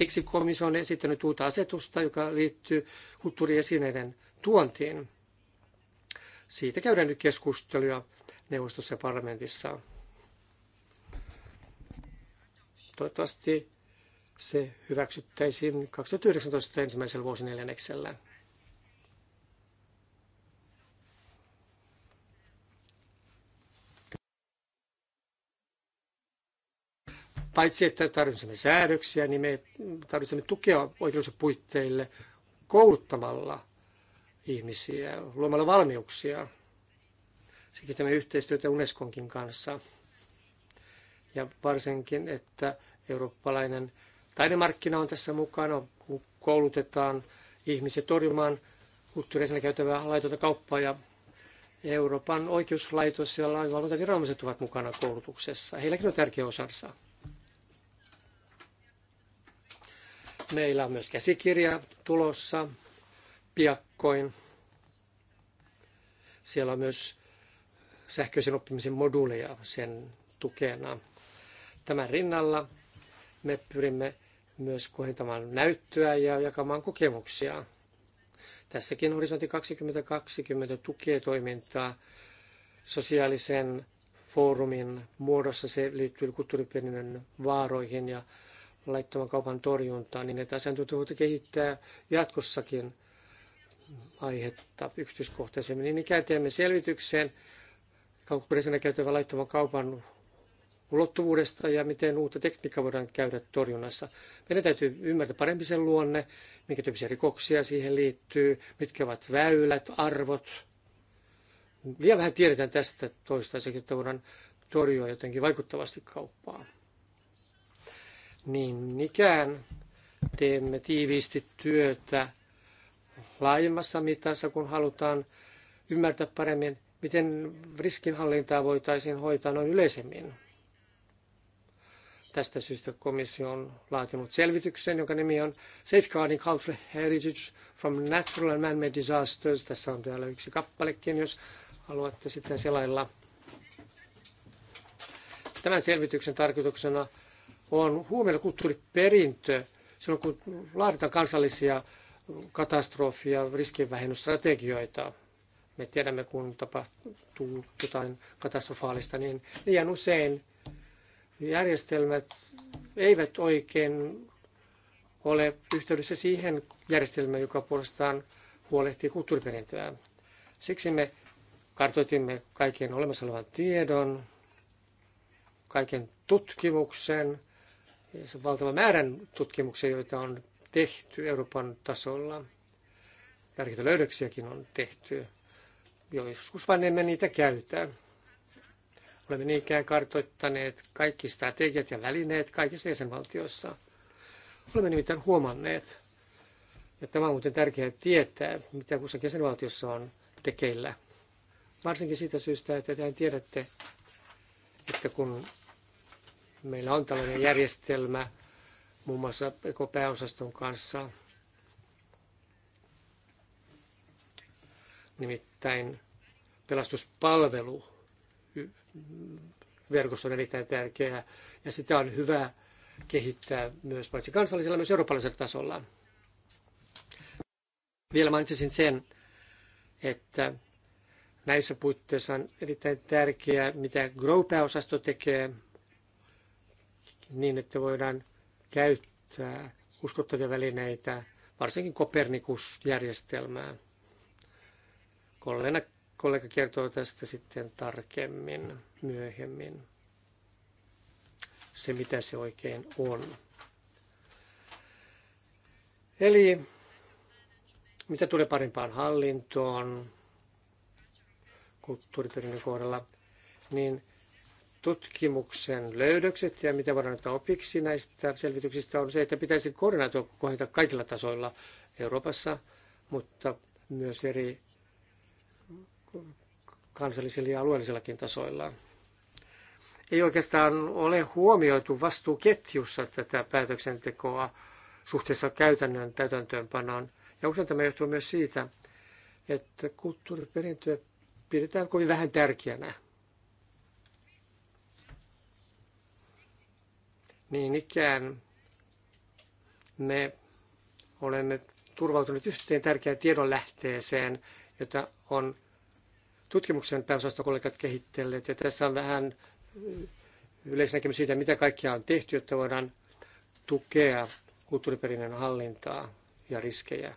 Siksi komissio on esittänyt uutta asetusta, joka liittyy kulttuuriesineiden tuontiin. Siitä käydään nyt keskusteluja neuvostossa ja parlamentissa. Toivottavasti se hyväksyttäisiin 2019 ensimmäisellä vuosineljänneksellä. Paitsi että tarvitsemme säädöksiä, niin me tarvitsemme tukea puitteille kouluttamalla ihmisiä, luomalla valmiuksia. Sekin tämä yhteistyötä Unesconkin kanssa. Ja varsinkin, että eurooppalainen Taidemarkkina on tässä mukana, kun koulutetaan ihmisiä torjumaan kulttuurisena käytävää laitonta kauppaa ja Euroopan oikeuslaitos ja lainvalvontaviranomaiset ovat mukana koulutuksessa. Heilläkin on tärkeä osansa. Meillä on myös käsikirja tulossa piakkoin. Siellä on myös sähköisen oppimisen moduuleja sen tukena. Tämän rinnalla me pyrimme myös kohentamaan näyttöä ja jakamaan kokemuksia. Tässäkin Horisontti 2020 tukee toimintaa sosiaalisen foorumin muodossa. Se liittyy kulttuuriperinnön vaaroihin ja laittoman kaupan torjuntaan, niin että asiantuntijuutta kehittää jatkossakin aihetta yksityiskohtaisemmin. Niin ikään teemme selvityksen kauppapuolisena käytävän laittoman kaupan ulottuvuudesta ja miten uutta tekniikkaa voidaan käydä torjunnassa. Meidän täytyy ymmärtää paremmin sen luonne, minkä tyyppisiä rikoksia siihen liittyy, mitkä ovat väylät, arvot. Liian vähän tiedetään tästä toistaiseksi, että voidaan torjua jotenkin vaikuttavasti kauppaa. Niin ikään teemme tiiviisti työtä laajemmassa mitassa, kun halutaan ymmärtää paremmin, miten riskinhallintaa voitaisiin hoitaa noin yleisemmin. Tästä syystä komissio on laatinut selvityksen, jonka nimi on Safeguarding Cultural Heritage from Natural and Man-Made Disasters. Tässä on täällä yksi kappalekin, jos haluatte sitten selailla. Tämän selvityksen tarkoituksena on huomioida kulttuuriperintö silloin, kun laaditaan kansallisia katastrofia, riskienvähennysstrategioita. Me tiedämme, kun tapahtuu jotain katastrofaalista, niin liian usein järjestelmät eivät oikein ole yhteydessä siihen järjestelmään, joka puolestaan huolehtii kulttuuriperintöä. Siksi me kartoitimme kaiken olemassa olevan tiedon, kaiken tutkimuksen, se on valtava määrän tutkimuksia, joita on tehty Euroopan tasolla. Tärkeitä löydöksiäkin on tehty. Joskus vain emme niitä käytä. Olemme niin ikään kartoittaneet kaikki strategiat ja välineet kaikissa jäsenvaltioissa. Olemme nimittäin huomanneet, ja tämä on muuten tärkeää tietää, mitä kussa jäsenvaltiossa on tekeillä. Varsinkin siitä syystä, että te tiedätte, että kun meillä on tällainen järjestelmä muun muassa ekopääosaston kanssa, nimittäin pelastuspalvelu verkosto on erittäin tärkeää ja sitä on hyvä kehittää myös paitsi kansallisella, myös eurooppalaisella tasolla. Vielä mainitsisin sen, että näissä puitteissa on erittäin tärkeää, mitä Grow-pääosasto tekee, niin että voidaan käyttää uskottavia välineitä, varsinkin Kopernikus-järjestelmää. Kollega kollega kertoo tästä sitten tarkemmin myöhemmin, se mitä se oikein on. Eli mitä tulee parempaan hallintoon kulttuuriperinnön kohdalla, niin tutkimuksen löydökset ja mitä voidaan ottaa opiksi näistä selvityksistä on se, että pitäisi koordinaatio kohdata kaikilla tasoilla Euroopassa, mutta myös eri kansallisilla ja alueellisillakin tasoilla. Ei oikeastaan ole huomioitu vastuuketjussa tätä päätöksentekoa suhteessa käytännön täytäntöönpanoon. Ja usein tämä johtuu myös siitä, että kulttuuriperintöä pidetään kovin vähän tärkeänä. Niin ikään me olemme turvautuneet yhteen tärkeään tiedonlähteeseen, jota on tutkimuksen pääosastokollegat kehittelleet. Ja tässä on vähän eh, yleisnäkemys siitä, mitä kaikkea on tehty, jotta voidaan tukea kulttuuriperinnön hallintaa ja riskejä.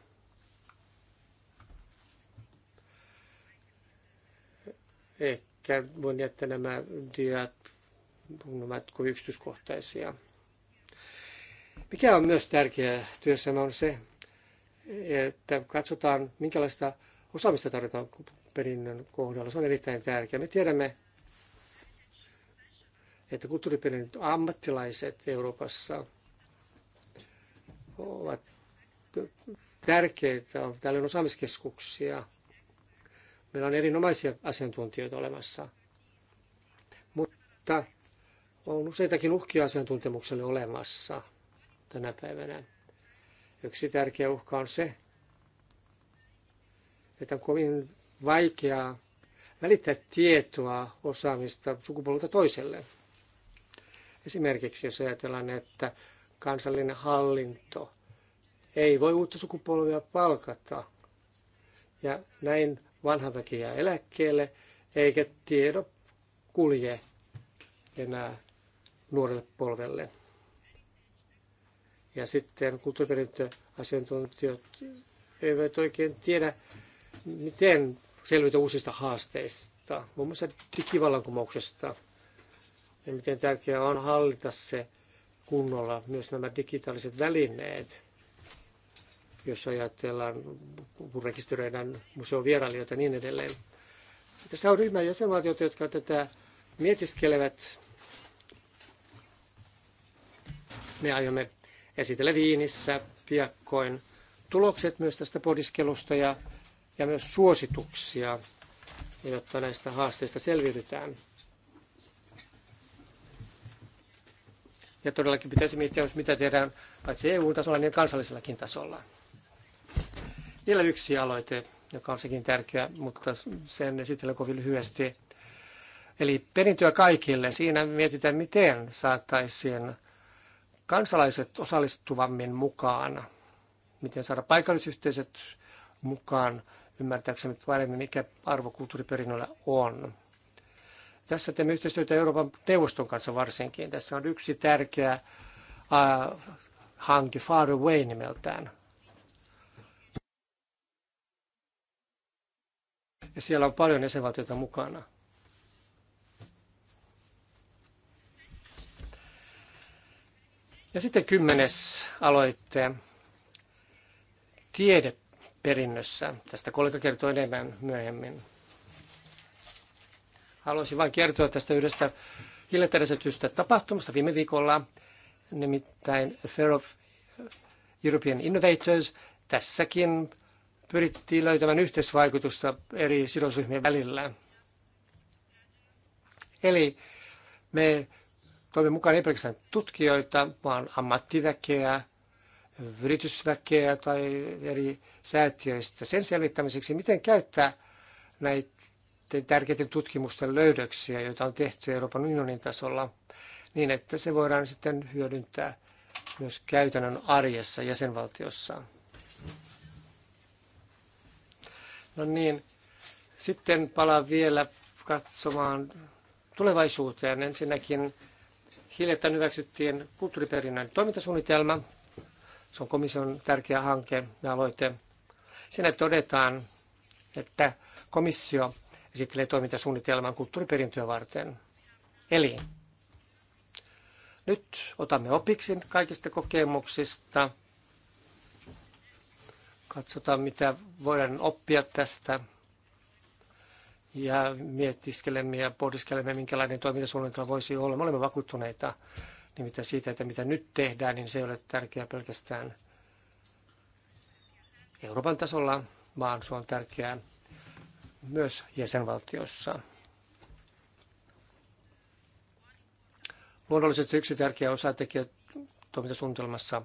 Ehkä voin jättää nämä diat nämä kuin yksityiskohtaisia. Mikä on myös tärkeää työssämme on se, että katsotaan, minkälaista osaamista tarvitaan perinnön kohdalla. Se on erittäin tärkeää. Me tiedämme, että kulttuuriperinnön ammattilaiset Euroopassa ovat tärkeitä. Täällä on osaamiskeskuksia. Meillä on erinomaisia asiantuntijoita olemassa. Mutta on useitakin uhkia asiantuntemukselle olemassa tänä päivänä. Yksi tärkeä uhka on se, että on kovin vaikeaa välittää tietoa, osaamista sukupolvelta toiselle. Esimerkiksi jos ajatellaan, että kansallinen hallinto ei voi uutta sukupolvia palkata ja näin vanha väki jää eläkkeelle eikä tiedo kulje enää nuorelle polvelle. Ja sitten kulttuuriperintöasiantuntijat eivät oikein tiedä, miten selvitä uusista haasteista, muun muassa digivallankumouksesta. Ja miten tärkeää on hallita se kunnolla, myös nämä digitaaliset välineet, jos ajatellaan, kun rekisteröidään vierailijoita ja niin edelleen. Tässä on ryhmä jäsenvaltioita, jotka tätä mietiskelevät. Me aiomme esitellä Viinissä piakkoin tulokset myös tästä podiskelusta ja ja myös suosituksia, jotta näistä haasteista selviydytään. Ja todellakin pitäisi miettiä, myös mitä tehdään paitsi EU-tasolla, niin kansallisellakin tasolla. Vielä yksi aloite, joka on sekin tärkeä, mutta sen esitellä kovin lyhyesti. Eli perintöä kaikille. Siinä mietitään, miten saattaisiin kansalaiset osallistuvammin mukaan, miten saada paikallisyhteisöt mukaan ymmärtääksemme paremmin, mikä arvo kulttuuriperinnöllä on. Tässä teemme yhteistyötä Euroopan neuvoston kanssa varsinkin. Tässä on yksi tärkeä uh, hanke, Far Away nimeltään. Ja siellä on paljon jäsenvaltioita mukana. Ja sitten kymmenes aloitte. Tiede perinnössä. Tästä kollega kertoo enemmän myöhemmin. Haluaisin vain kertoa tästä yhdestä hiljattaisesta tapahtumasta viime viikolla, nimittäin Fair of European Innovators. Tässäkin pyrittiin löytämään yhteisvaikutusta eri sidosryhmien välillä. Eli me toimimme mukaan ei pelkästään tutkijoita, vaan ammattiväkeä, yritysväkeä tai eri säätiöistä sen selvittämiseksi, miten käyttää näiden tärkeiden tutkimusten löydöksiä, joita on tehty Euroopan unionin tasolla, niin että se voidaan sitten hyödyntää myös käytännön arjessa jäsenvaltiossaan. No niin, sitten palaan vielä katsomaan tulevaisuuteen. Ensinnäkin hiljattain hyväksyttiin kulttuuriperinnön toimintasuunnitelma se on komission tärkeä hanke ja aloite. Siinä todetaan, että komissio esittelee toimintasuunnitelman kulttuuriperintöä varten. Eli nyt otamme opiksi kaikista kokemuksista. Katsotaan, mitä voidaan oppia tästä. Ja mietiskelemme ja pohdiskelemme, minkälainen toimintasuunnitelma voisi olla. Me olemme vakuuttuneita, nimittäin siitä, että mitä nyt tehdään, niin se ei ole tärkeää pelkästään Euroopan tasolla, vaan se on tärkeää myös jäsenvaltiossa. Luonnollisesti yksi tärkeä osatekijä toimintasuunnitelmassa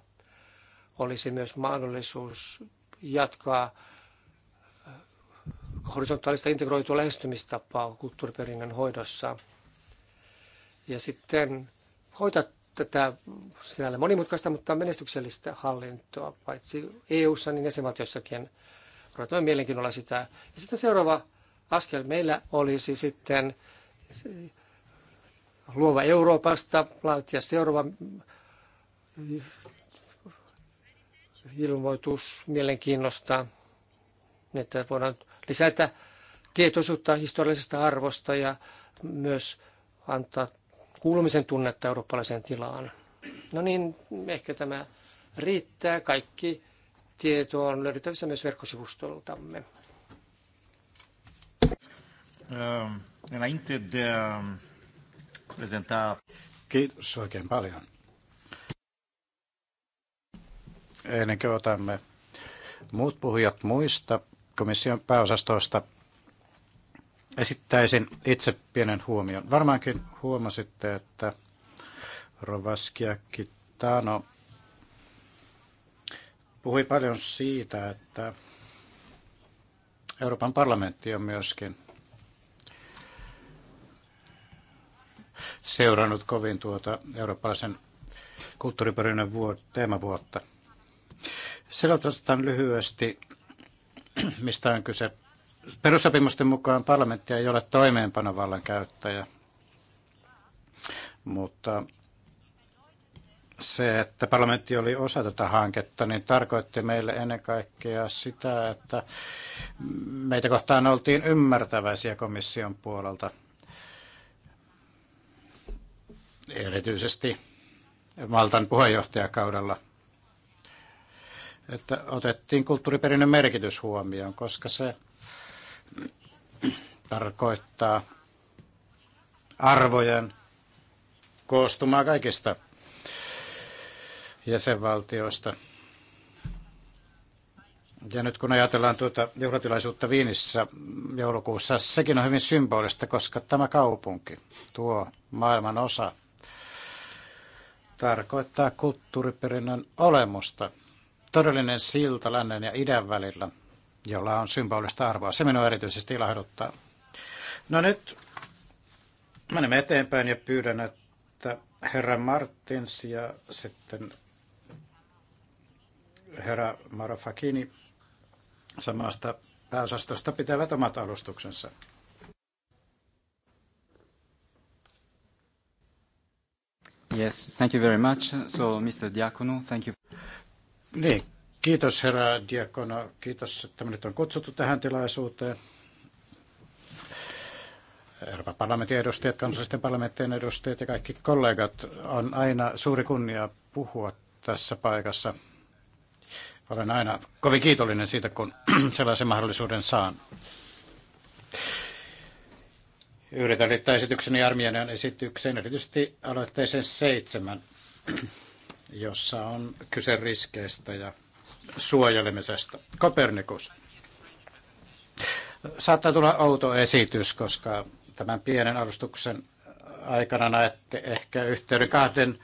olisi myös mahdollisuus jatkaa horisontaalista integroitua lähestymistapaa kulttuuriperinnön hoidossa. Ja sitten hoitaa tätä sinällä monimutkaista, mutta menestyksellistä hallintoa, paitsi EU-ssa, niin jäsenvaltiossakin. Odotamme mielenkiinnolla sitä. Ja sitten seuraava askel meillä olisi sitten luova Euroopasta, laatia seuraava ilmoitus mielenkiinnosta, niin että voidaan lisätä tietoisuutta historiallisesta arvosta ja myös antaa kuulumisen tunnetta eurooppalaisen tilaan. No niin, ehkä tämä riittää. Kaikki tieto on löydettävissä myös verkkosivustoltamme. Ähm, ähm, Kiitos oikein paljon. Ennen kuin otamme muut puhujat muista komission pääosastoista, Esittäisin itse pienen huomion. Varmaankin huomasitte, että Rovaskia Kitano puhui paljon siitä, että Euroopan parlamentti on myöskin seurannut kovin tuota eurooppalaisen kulttuuriperinnön vuot, teemavuotta. Selotetaan lyhyesti, mistä on kyse perussopimusten mukaan parlamentti ei ole toimeenpanovallan käyttäjä, mutta se, että parlamentti oli osa tätä hanketta, niin tarkoitti meille ennen kaikkea sitä, että meitä kohtaan oltiin ymmärtäväisiä komission puolelta. Erityisesti Maltan puheenjohtajakaudella että otettiin kulttuuriperinnön merkitys huomioon, koska se tarkoittaa arvojen koostumaa kaikista jäsenvaltioista. Ja nyt kun ajatellaan tuota juhlatilaisuutta Viinissä joulukuussa, sekin on hyvin symbolista, koska tämä kaupunki, tuo maailman osa, tarkoittaa kulttuuriperinnön olemusta. Todellinen silta lännen ja idän välillä – jolla on symbolista arvoa. Se minua erityisesti ilahduttaa. No nyt menemme eteenpäin ja pyydän, että herra Martins ja sitten herra Marafakini samasta pääosastosta pitävät omat alustuksensa. Yes, thank you very much. So, Mr. Diakonu, thank you. Niin, Kiitos herra Diakono, kiitos, että minut on kutsuttu tähän tilaisuuteen. Euroopan parlamentin edustajat, kansallisten parlamenttien edustajat ja kaikki kollegat, on aina suuri kunnia puhua tässä paikassa. Olen aina kovin kiitollinen siitä, kun sellaisen mahdollisuuden saan. Yritän liittää esitykseni Armianian esitykseen, erityisesti aloitteeseen seitsemän, jossa on kyse riskeistä ja suojelemisesta. Kopernikus. Saattaa tulla outo esitys, koska tämän pienen alustuksen aikana näette ehkä yhteyden kahden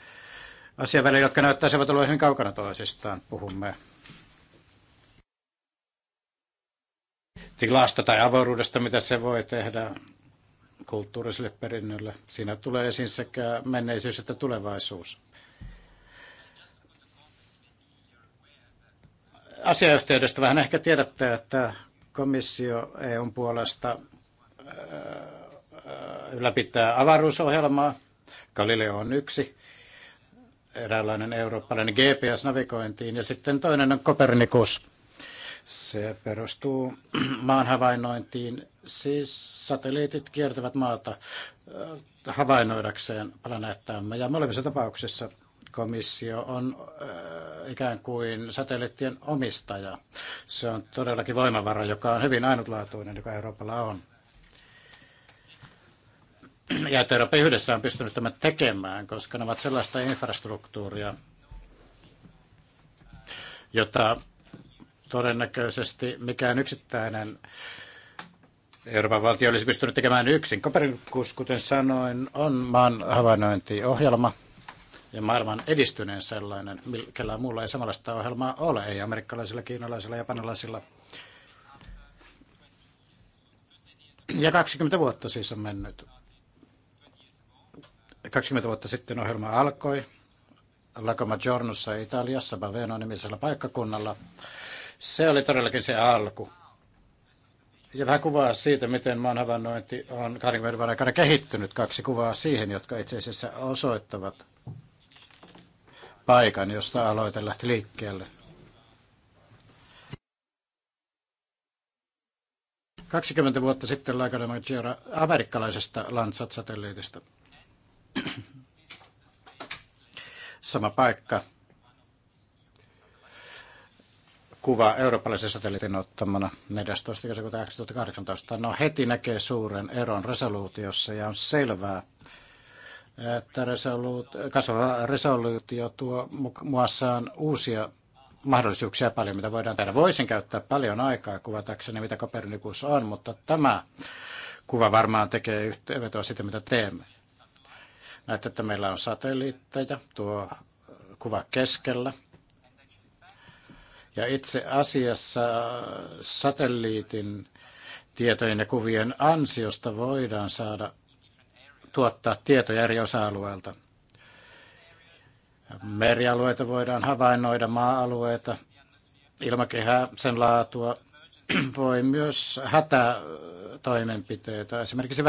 asian välillä, jotka näyttäisivät olla hyvin kaukana toisistaan. Puhumme tilasta tai avaruudesta, mitä se voi tehdä kulttuuriselle perinnölle. Siinä tulee esiin sekä menneisyys että tulevaisuus. asiayhteydestä vähän ehkä tiedätte, että komissio EUn puolesta äh, äh, ylläpitää avaruusohjelmaa. Galileo on yksi, eräänlainen eurooppalainen GPS-navigointiin ja sitten toinen on Kopernikus. Se perustuu maan havainnointiin, siis satelliitit kiertävät maata äh, havainnoidakseen planeettaamme ja molemmissa tapauksissa komissio on äh, ikään kuin satelliittien omistaja. Se on todellakin voimavara, joka on hyvin ainutlaatuinen, joka Euroopalla on. Ja että Euroopan yhdessä on pystynyt tämän tekemään, koska ne ovat sellaista infrastruktuuria, jota todennäköisesti mikään yksittäinen Euroopan valtio olisi pystynyt tekemään yksin. Kopernikus, kuten sanoin, on maan havainnointiohjelma – ja maailman edistyneen sellainen. millä muulla ei samanlaista ohjelmaa ole, ei amerikkalaisilla, kiinalaisilla, japanilaisilla. Ja 20 vuotta siis on mennyt. 20 vuotta sitten ohjelma alkoi Lacoma Giornossa Italiassa Baveno-nimisellä paikkakunnalla. Se oli todellakin se alku. Ja vähän kuvaa siitä, miten maan havainnointi on 20 vuoden aikana kehittynyt. Kaksi kuvaa siihen, jotka itse asiassa osoittavat, paikan, josta aloite lähti liikkeelle. Kaksikymmentä vuotta sitten Laguna Maggiore amerikkalaisesta Landsat-satelliitista. Sama paikka. Kuva eurooppalaisen satelliitin ottamana 14. kesäkuuta 2018. No heti näkee suuren eron resoluutiossa ja on selvää, että resoluut, kasvava resoluutio tuo muassaan uusia mahdollisuuksia paljon, mitä voidaan tehdä. Voisin käyttää paljon aikaa kuvatakseni, mitä Kopernikus on, mutta tämä kuva varmaan tekee yhteenvetoa siitä, mitä teemme. Näette, että meillä on satelliitteja, tuo kuva keskellä. Ja itse asiassa satelliitin tietojen ja kuvien ansiosta voidaan saada tuottaa tietoja eri osa-alueilta. Merialueita voidaan havainnoida, maa-alueita, ilmakehää, sen laatua, voi myös hätätoimenpiteitä, esimerkiksi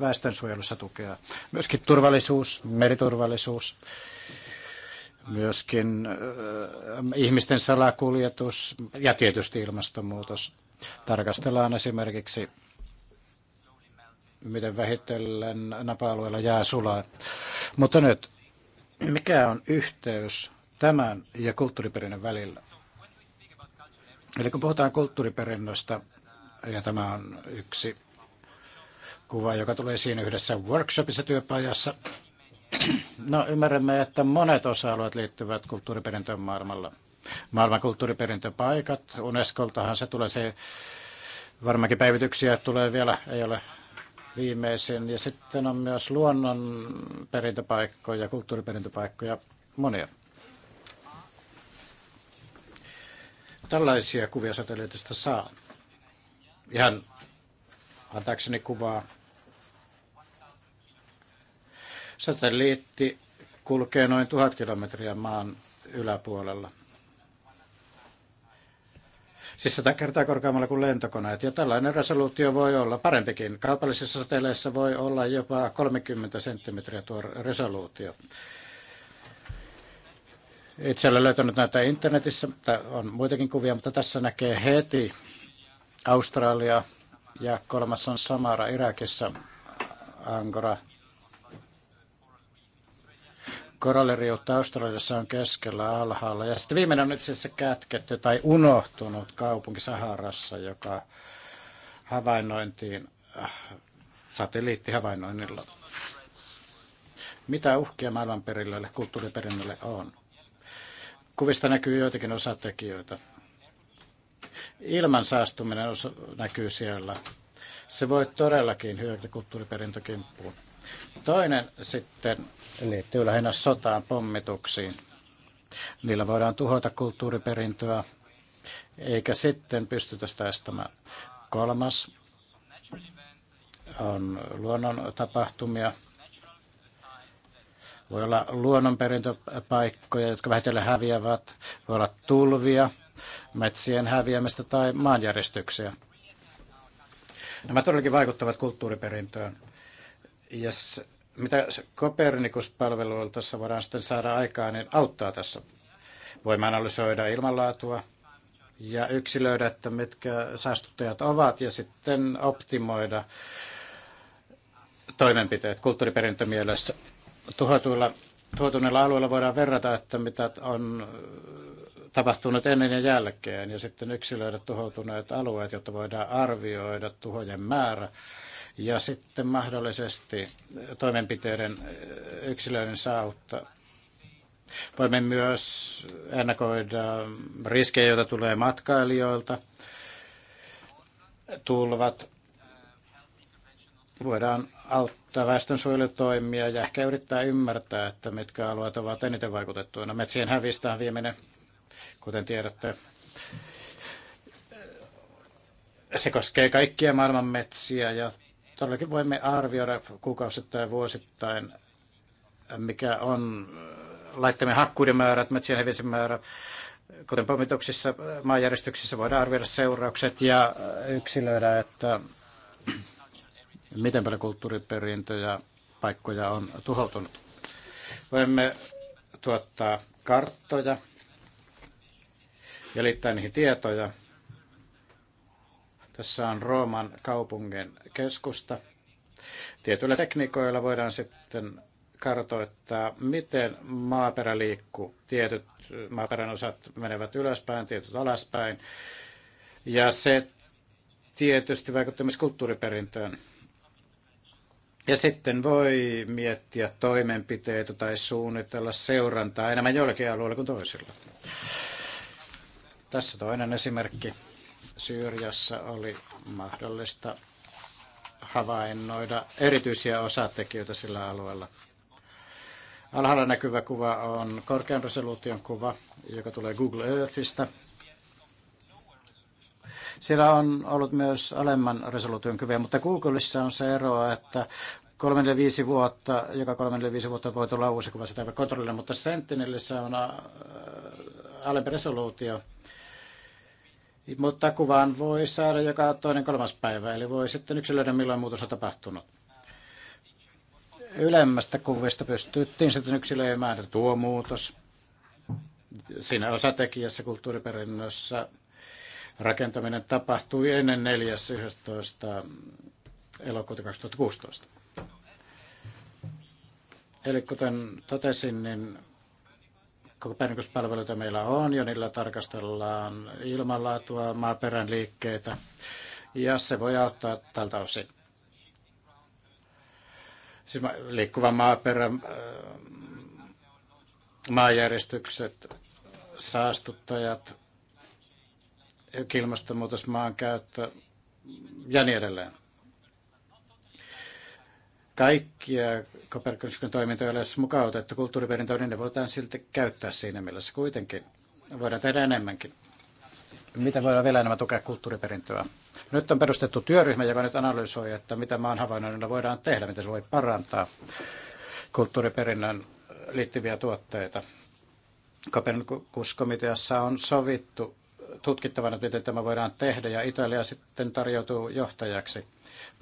väestönsuojelussa tukea. Myöskin turvallisuus, meriturvallisuus, myöskin äh, ihmisten salakuljetus ja tietysti ilmastonmuutos. Tarkastellaan esimerkiksi miten vähitellen napa-alueella jää sulaa. Mutta nyt, mikä on yhteys tämän ja kulttuuriperinnön välillä? Eli kun puhutaan kulttuuriperinnöstä, ja tämä on yksi kuva, joka tulee siinä yhdessä workshopissa työpajassa. No ymmärrämme, että monet osa-alueet liittyvät kulttuuriperintöön maailmalla. Maailman kulttuuriperintöpaikat, Unescoltahan se tulee se, varmaankin päivityksiä tulee vielä, ei ole viimeisin. Ja sitten on myös luonnon perintöpaikkoja, kulttuuriperintöpaikkoja, monia. Tällaisia kuvia satelliitista saa. Ihan antaakseni kuvaa. Satelliitti kulkee noin tuhat kilometriä maan yläpuolella siis sata kertaa korkeammalla kuin lentokoneet. Ja tällainen resoluutio voi olla parempikin. Kaupallisissa satelleissa voi olla jopa 30 senttimetriä tuo resoluutio. Itse olen löytänyt näitä internetissä, on muitakin kuvia, mutta tässä näkee heti Australia ja kolmas on Samara Irakissa, Angora, koralliriutta Australiassa on keskellä alhaalla. Ja sitten viimeinen on itse asiassa kätketty tai unohtunut kaupunki Saharassa, joka havainnointiin äh, satelliittihavainnoinnilla. Mitä uhkia maailmanperillölle, kulttuuriperinnölle on? Kuvista näkyy joitakin osatekijöitä. Ilman saastuminen näkyy siellä. Se voi todellakin hyökätä kulttuuriperintökimppuun. Toinen sitten liittyy lähinnä sotaan, pommituksiin. Niillä voidaan tuhota kulttuuriperintöä, eikä sitten pystytä sitä estämään. Kolmas on luonnon tapahtumia. Voi olla luonnonperintöpaikkoja, jotka vähitellen häviävät. Voi olla tulvia, metsien häviämistä tai maanjäristyksiä. Nämä todellakin vaikuttavat kulttuuriperintöön. Ja mitä kopernikus tässä voidaan sitten saada aikaa, niin auttaa tässä. Voimme analysoida ilmanlaatua ja yksilöidä, että mitkä saastuttajat ovat ja sitten optimoida toimenpiteet kulttuuriperintömielessä. Tuhotuilla, tuhotuneilla alueilla voidaan verrata, että mitä on tapahtunut ennen ja jälkeen ja sitten yksilöidä tuhoutuneet alueet, jotta voidaan arvioida tuhojen määrä ja sitten mahdollisesti toimenpiteiden eh, yksilöiden saavuttaa. Voimme myös ennakoida riskejä, joita tulee matkailijoilta. Tulvat voidaan auttaa väestönsuojelutoimia ja ehkä yrittää ymmärtää, että mitkä alueet ovat eniten vaikutettuina. Metsien hävistä on viimeinen, kuten tiedätte. Se koskee kaikkia maailman metsiä ja todellakin voimme arvioida kuukausittain ja vuosittain, mikä on äh, laittomien hakkuiden määrät, metsien hevisen määrä. Kuten pommituksissa, maanjärjestyksissä voidaan arvioida seuraukset ja äh, yksilöidä, että miten paljon kulttuuriperintöjä paikkoja on tuhoutunut. Voimme tuottaa karttoja ja liittää niihin tietoja tässä on Rooman kaupungin keskusta. Tietyillä tekniikoilla voidaan sitten kartoittaa, miten maaperä liikkuu. Tietyt maaperän osat menevät ylöspäin, tietyt alaspäin. Ja se tietysti vaikuttaa myös kulttuuriperintöön. Ja sitten voi miettiä toimenpiteitä tai suunnitella seurantaa enemmän joillakin alueilla kuin toisilla. Tässä toinen esimerkki. Syyriassa oli mahdollista havainnoida erityisiä osatekijöitä sillä alueella. Alhaalla näkyvä kuva on korkean resoluution kuva, joka tulee Google Earthista. Siellä on ollut myös alemman resoluution kuvia, mutta Googleissa on se ero, että 35 vuotta, joka 35 vuotta voi tulla uusi kuva sitä kontrollilla, mutta Sentinelissä on äh, alempi resoluutio, mutta kuvan voi saada joka toinen kolmas päivä, eli voi sitten yksilöidä milloin muutos on tapahtunut. Ylemmästä kuvista pystyttiin sitten yksilöimään, että tuo muutos siinä osatekijässä kulttuuriperinnössä rakentaminen tapahtui ennen 4.11. elokuuta 2016. Eli kuten totesin, niin koko meillä on ja niillä tarkastellaan ilmanlaatua, maaperän liikkeitä ja se voi auttaa tältä osin. Siis liikkuvan maaperän äh, maanjäristykset, saastuttajat, ilmastonmuutos, maankäyttö ja niin edelleen. Kaikkia Kopernikuksen toimintoja ole mukaan otettu kulttuuriperintöön, niin ne voidaan silti käyttää siinä mielessä kuitenkin. Voidaan tehdä enemmänkin. Miten voidaan vielä enemmän tukea kulttuuriperintöä? Nyt on perustettu työryhmä, joka nyt analysoi, että mitä maan havainnoinnilla voidaan tehdä, miten se voi parantaa kulttuuriperinnön liittyviä tuotteita. Kopernikuskomiteassa on sovittu tutkittavana, että miten tämä voidaan tehdä, ja Italia sitten tarjoutuu johtajaksi,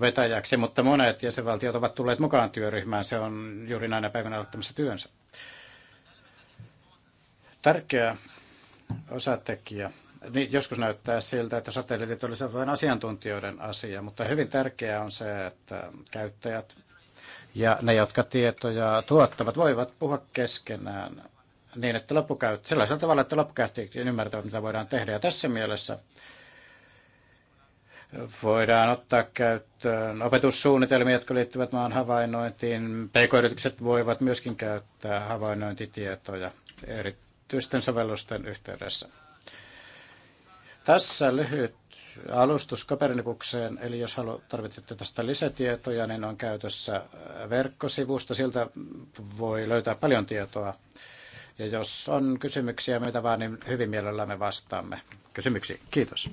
vetäjäksi, mutta monet jäsenvaltiot ovat tulleet mukaan työryhmään. Se on juuri näinä päivänä aloittamassa työnsä. Tärkeä osatekijä. Niin, joskus näyttää siltä, että satelliitit olisivat vain asiantuntijoiden asia, mutta hyvin tärkeää on se, että käyttäjät ja ne, jotka tietoja tuottavat, voivat puhua keskenään niin, että loppukäyttäjät, sellaisella tavalla, että loppukäyttäjät ymmärtävät, mitä voidaan tehdä. Ja tässä mielessä voidaan ottaa käyttöön opetussuunnitelmia, jotka liittyvät maan havainnointiin. PK-yritykset voivat myöskin käyttää havainnointitietoja erityisten sovellusten yhteydessä. Tässä lyhyt alustus Kopernikukseen, eli jos halu, tarvitsette tästä lisätietoja, niin on käytössä verkkosivusta. Sieltä voi löytää paljon tietoa ja jos on kysymyksiä meitä vaan, niin hyvin me vastaamme kysymyksiin. Kiitos.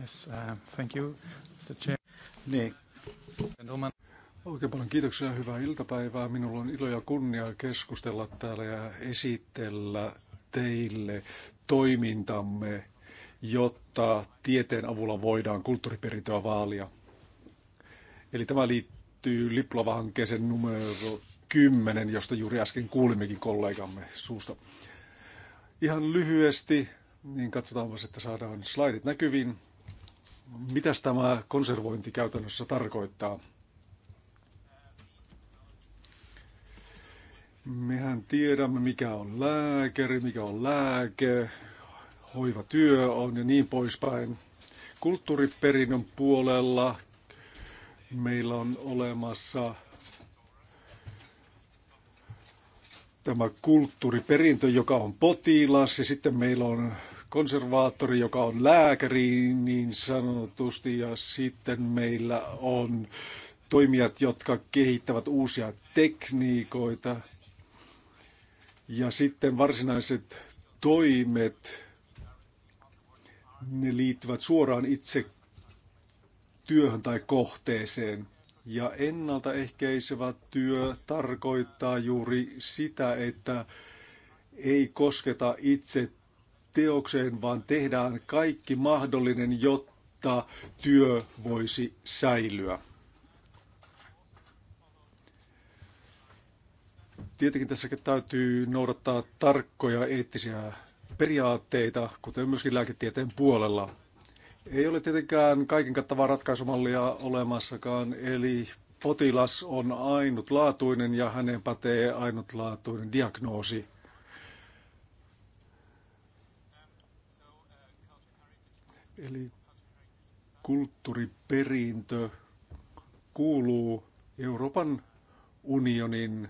Yes, uh, thank you, Mr. Chair. Niin. Oikein paljon kiitoksia ja hyvää iltapäivää. Minulla on ilo ja kunnia keskustella täällä ja esitellä teille toimintamme, jotta tieteen avulla voidaan kulttuuriperintöä vaalia. Eli tämä liittyy liittyy liplava hankkeeseen numero 10, josta juuri äsken kuulimmekin kollegamme suusta. Ihan lyhyesti, niin katsotaan myös, että saadaan slaidit näkyviin. Mitäs tämä konservointi käytännössä tarkoittaa? Mehän tiedämme, mikä on lääkäri, mikä on lääke, hoivatyö on ja niin poispäin. Kulttuuriperinnön puolella Meillä on olemassa tämä kulttuuriperintö, joka on potilas, ja sitten meillä on konservaattori, joka on lääkäri niin sanotusti, ja sitten meillä on toimijat, jotka kehittävät uusia tekniikoita, ja sitten varsinaiset toimet, ne liittyvät suoraan itse työhön tai kohteeseen. Ja ennaltaehkäisevä työ tarkoittaa juuri sitä, että ei kosketa itse teokseen, vaan tehdään kaikki mahdollinen, jotta työ voisi säilyä. Tietenkin tässä täytyy noudattaa tarkkoja eettisiä periaatteita, kuten myöskin lääketieteen puolella. Ei ole tietenkään kaiken kattavaa ratkaisumallia olemassakaan, eli potilas on ainutlaatuinen ja hänen pätee ainutlaatuinen diagnoosi. Eli kulttuuriperintö kuuluu Euroopan unionin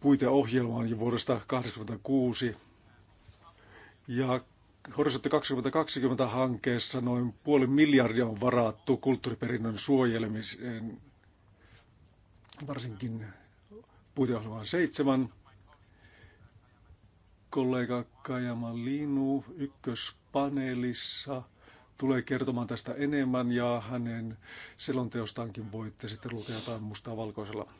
puiteohjelmaan jo vuodesta 1986. Ja Horisontti 2020 hankkeessa noin puoli miljardia on varattu kulttuuriperinnön suojelemiseen, varsinkin puiteohjelmaan seitsemän. Kollega Kajama Linu ykköspaneelissa tulee kertomaan tästä enemmän ja hänen selonteostaankin voitte sitten lukea jotain mustaa valkoisella.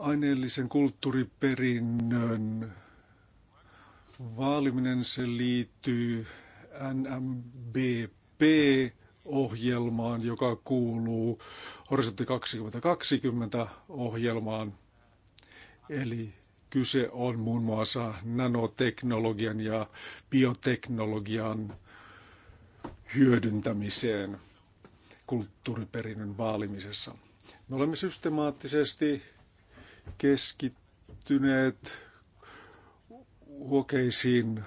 aineellisen kulttuuriperinnön vaaliminen, se liittyy NMBP-ohjelmaan, joka kuuluu Horisontti 2020-ohjelmaan. Eli kyse on muun muassa nanoteknologian ja bioteknologian hyödyntämiseen kulttuuriperinnön vaalimisessa. Me olemme systemaattisesti keskittyneet huokeisiin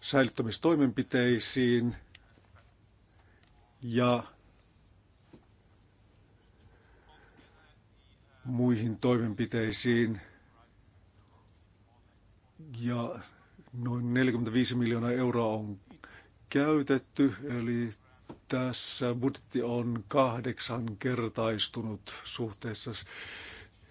säilyttämistoimenpiteisiin ja muihin toimenpiteisiin ja noin 45 miljoonaa euroa on käytetty, eli tässä budjetti on kahdeksan kertaistunut suhteessa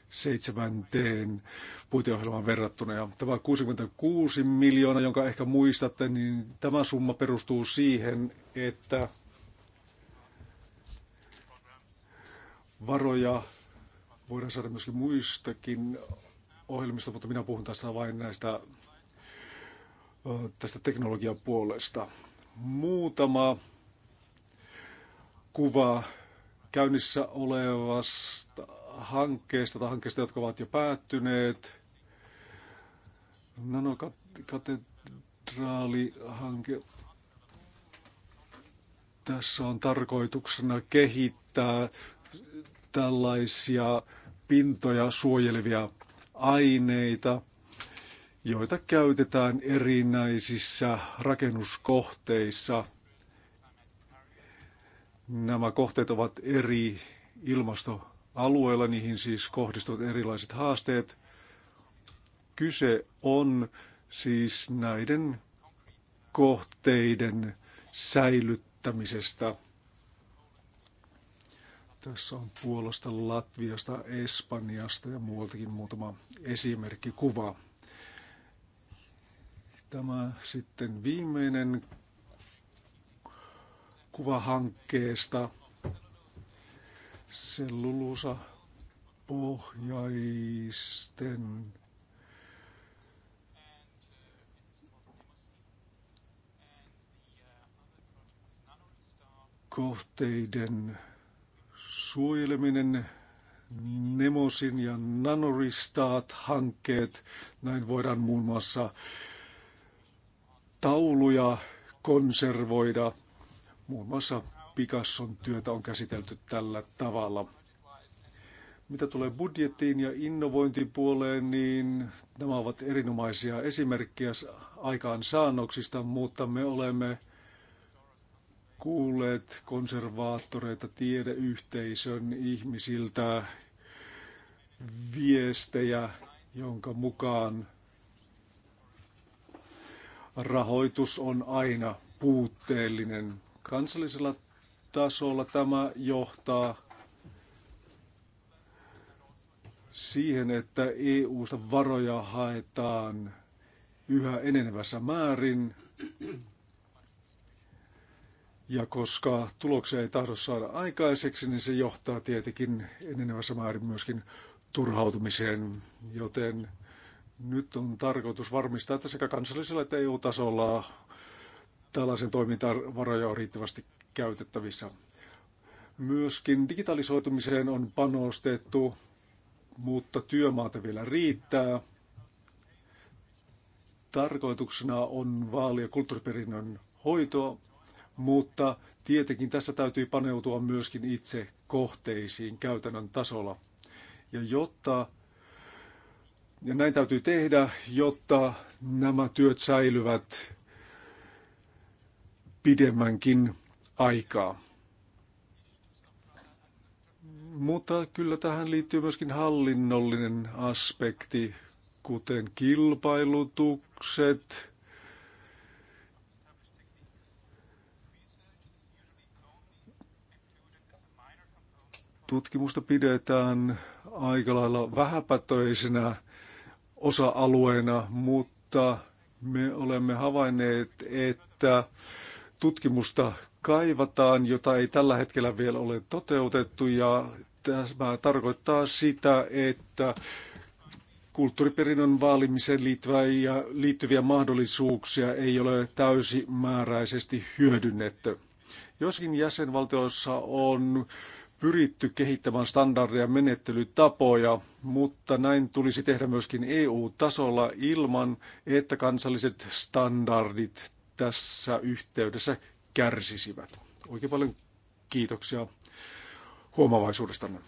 seitsemänteen puiteohjelmaan verrattuna. Ja tämä 66 miljoonaa, jonka ehkä muistatte, niin tämä summa perustuu siihen, että varoja voidaan saada myöskin muistakin ohjelmista, mutta minä puhun tässä vain näistä tästä puolesta Muutama kuva käynnissä olevasta hankkeista tai hankkeista, jotka ovat jo päättyneet. Nanokatedraalihanke. No, Tässä on tarkoituksena kehittää tällaisia pintoja suojelevia aineita, joita käytetään erinäisissä rakennuskohteissa. Nämä kohteet ovat eri ilmasto alueella, niihin siis kohdistuvat erilaiset haasteet. Kyse on siis näiden kohteiden säilyttämisestä. Tässä on Puolasta, Latviasta, Espanjasta ja muualtakin muutama esimerkki kuva. Tämä sitten viimeinen kuva hankkeesta – sen pohjaisten kohteiden suojeleminen, Nemosin ja Nanoristaat-hankkeet. Näin voidaan muun muassa tauluja konservoida, muun muassa Picasson työtä on käsitelty tällä tavalla. Mitä tulee budjettiin ja innovointipuoleen, niin nämä ovat erinomaisia esimerkkejä aikaansaannoksista, mutta me olemme kuulleet konservaattoreita, tiedeyhteisön ihmisiltä viestejä, jonka mukaan rahoitus on aina puutteellinen. Kansallisella tasolla tämä johtaa siihen, että EU-sta varoja haetaan yhä enenevässä määrin. Ja koska tuloksia ei tahdo saada aikaiseksi, niin se johtaa tietenkin enenevässä määrin myöskin turhautumiseen, joten nyt on tarkoitus varmistaa, että sekä kansallisella että EU-tasolla tällaisen toimintavaroja varoja on riittävästi käytettävissä. Myöskin digitalisoitumiseen on panostettu, mutta työmaata vielä riittää. Tarkoituksena on vaalia ja kulttuuriperinnön hoitoa, mutta tietenkin tässä täytyy paneutua myöskin itse kohteisiin käytännön tasolla. Ja jotta ja näin täytyy tehdä, jotta nämä työt säilyvät pidemmänkin aikaa. Mutta kyllä tähän liittyy myöskin hallinnollinen aspekti, kuten kilpailutukset, tutkimusta pidetään aika lailla vähäpätöisenä osa-alueena, mutta me olemme havainneet, että tutkimusta kaivataan, jota ei tällä hetkellä vielä ole toteutettu ja tämä tarkoittaa sitä, että kulttuuriperinnön vaalimiseen liittyviä, ja liittyviä mahdollisuuksia ei ole täysimääräisesti hyödynnetty. Joskin jäsenvaltioissa on pyritty kehittämään standardeja menettelytapoja, mutta näin tulisi tehdä myöskin EU-tasolla ilman, että kansalliset standardit tässä yhteydessä kärsisivät. Oikein paljon kiitoksia huomavaisuudestanne.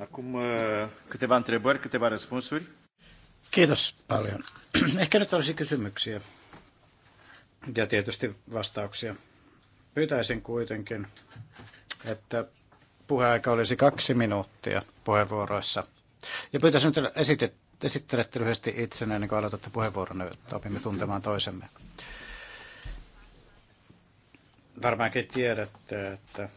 Acum eh, câteva întrebări, câteva răspunsuri. Kiitos paljon. Ehkä nyt olisi kysymyksiä ja tietysti vastauksia. Pyytäisin kuitenkin, että puheaika olisi kaksi minuuttia puheenvuoroissa. Ja pyytäisin nyt esitet, esittelette lyhyesti itsenne, ennen kuin aloitatte puheenvuoron, että opimme tuntemaan toisemme. Varmaankin tiedätte, että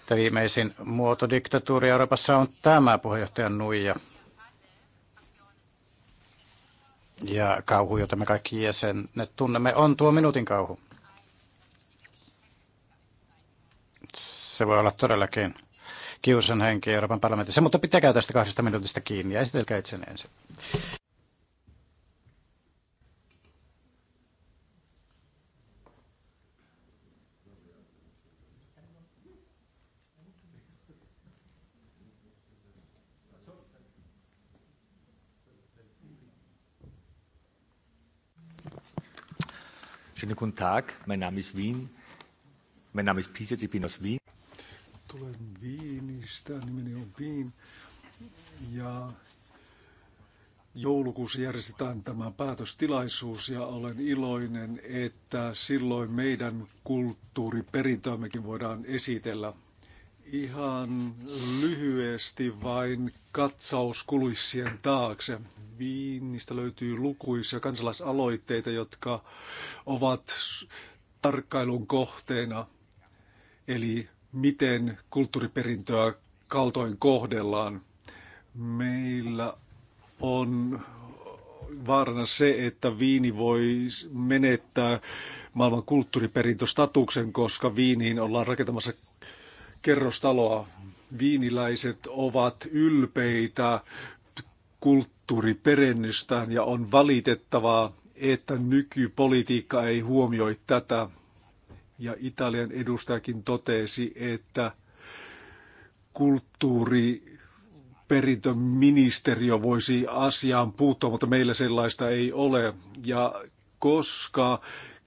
että viimeisin muoto diktatuuri Euroopassa on tämä puheenjohtajan Nuija. Ja kauhu, jota me kaikki jäsenet tunnemme, on tuo minuutin kauhu. Se voi olla todellakin kiusan henki Euroopan parlamentissa, mutta pitäkää tästä kahdesta minuutista kiinni ja esitelkää itsenne ensin. Schönen guten Tag, mein Name ist Wien. Mein Name ist Pisets, ich bin aus Wien. Tulen Viinistä, nimeni on Wien. Ja joulukuussa järjestetään tämä päätöstilaisuus ja olen iloinen, että silloin meidän kulttuuriperintöämmekin voidaan esitellä Ihan lyhyesti vain katsaus kulissien taakse. Viinistä löytyy lukuisia kansalaisaloitteita, jotka ovat tarkkailun kohteena. Eli miten kulttuuriperintöä kaltoin kohdellaan. Meillä on vaarana se, että viini voi menettää maailman kulttuuriperintöstatuksen, koska viiniin ollaan rakentamassa kerrostaloa. Viiniläiset ovat ylpeitä kulttuuriperennystään ja on valitettavaa, että nykypolitiikka ei huomioi tätä. Ja Italian edustajakin totesi, että kulttuuriperintöministeriö voisi asiaan puuttua, mutta meillä sellaista ei ole. Ja koska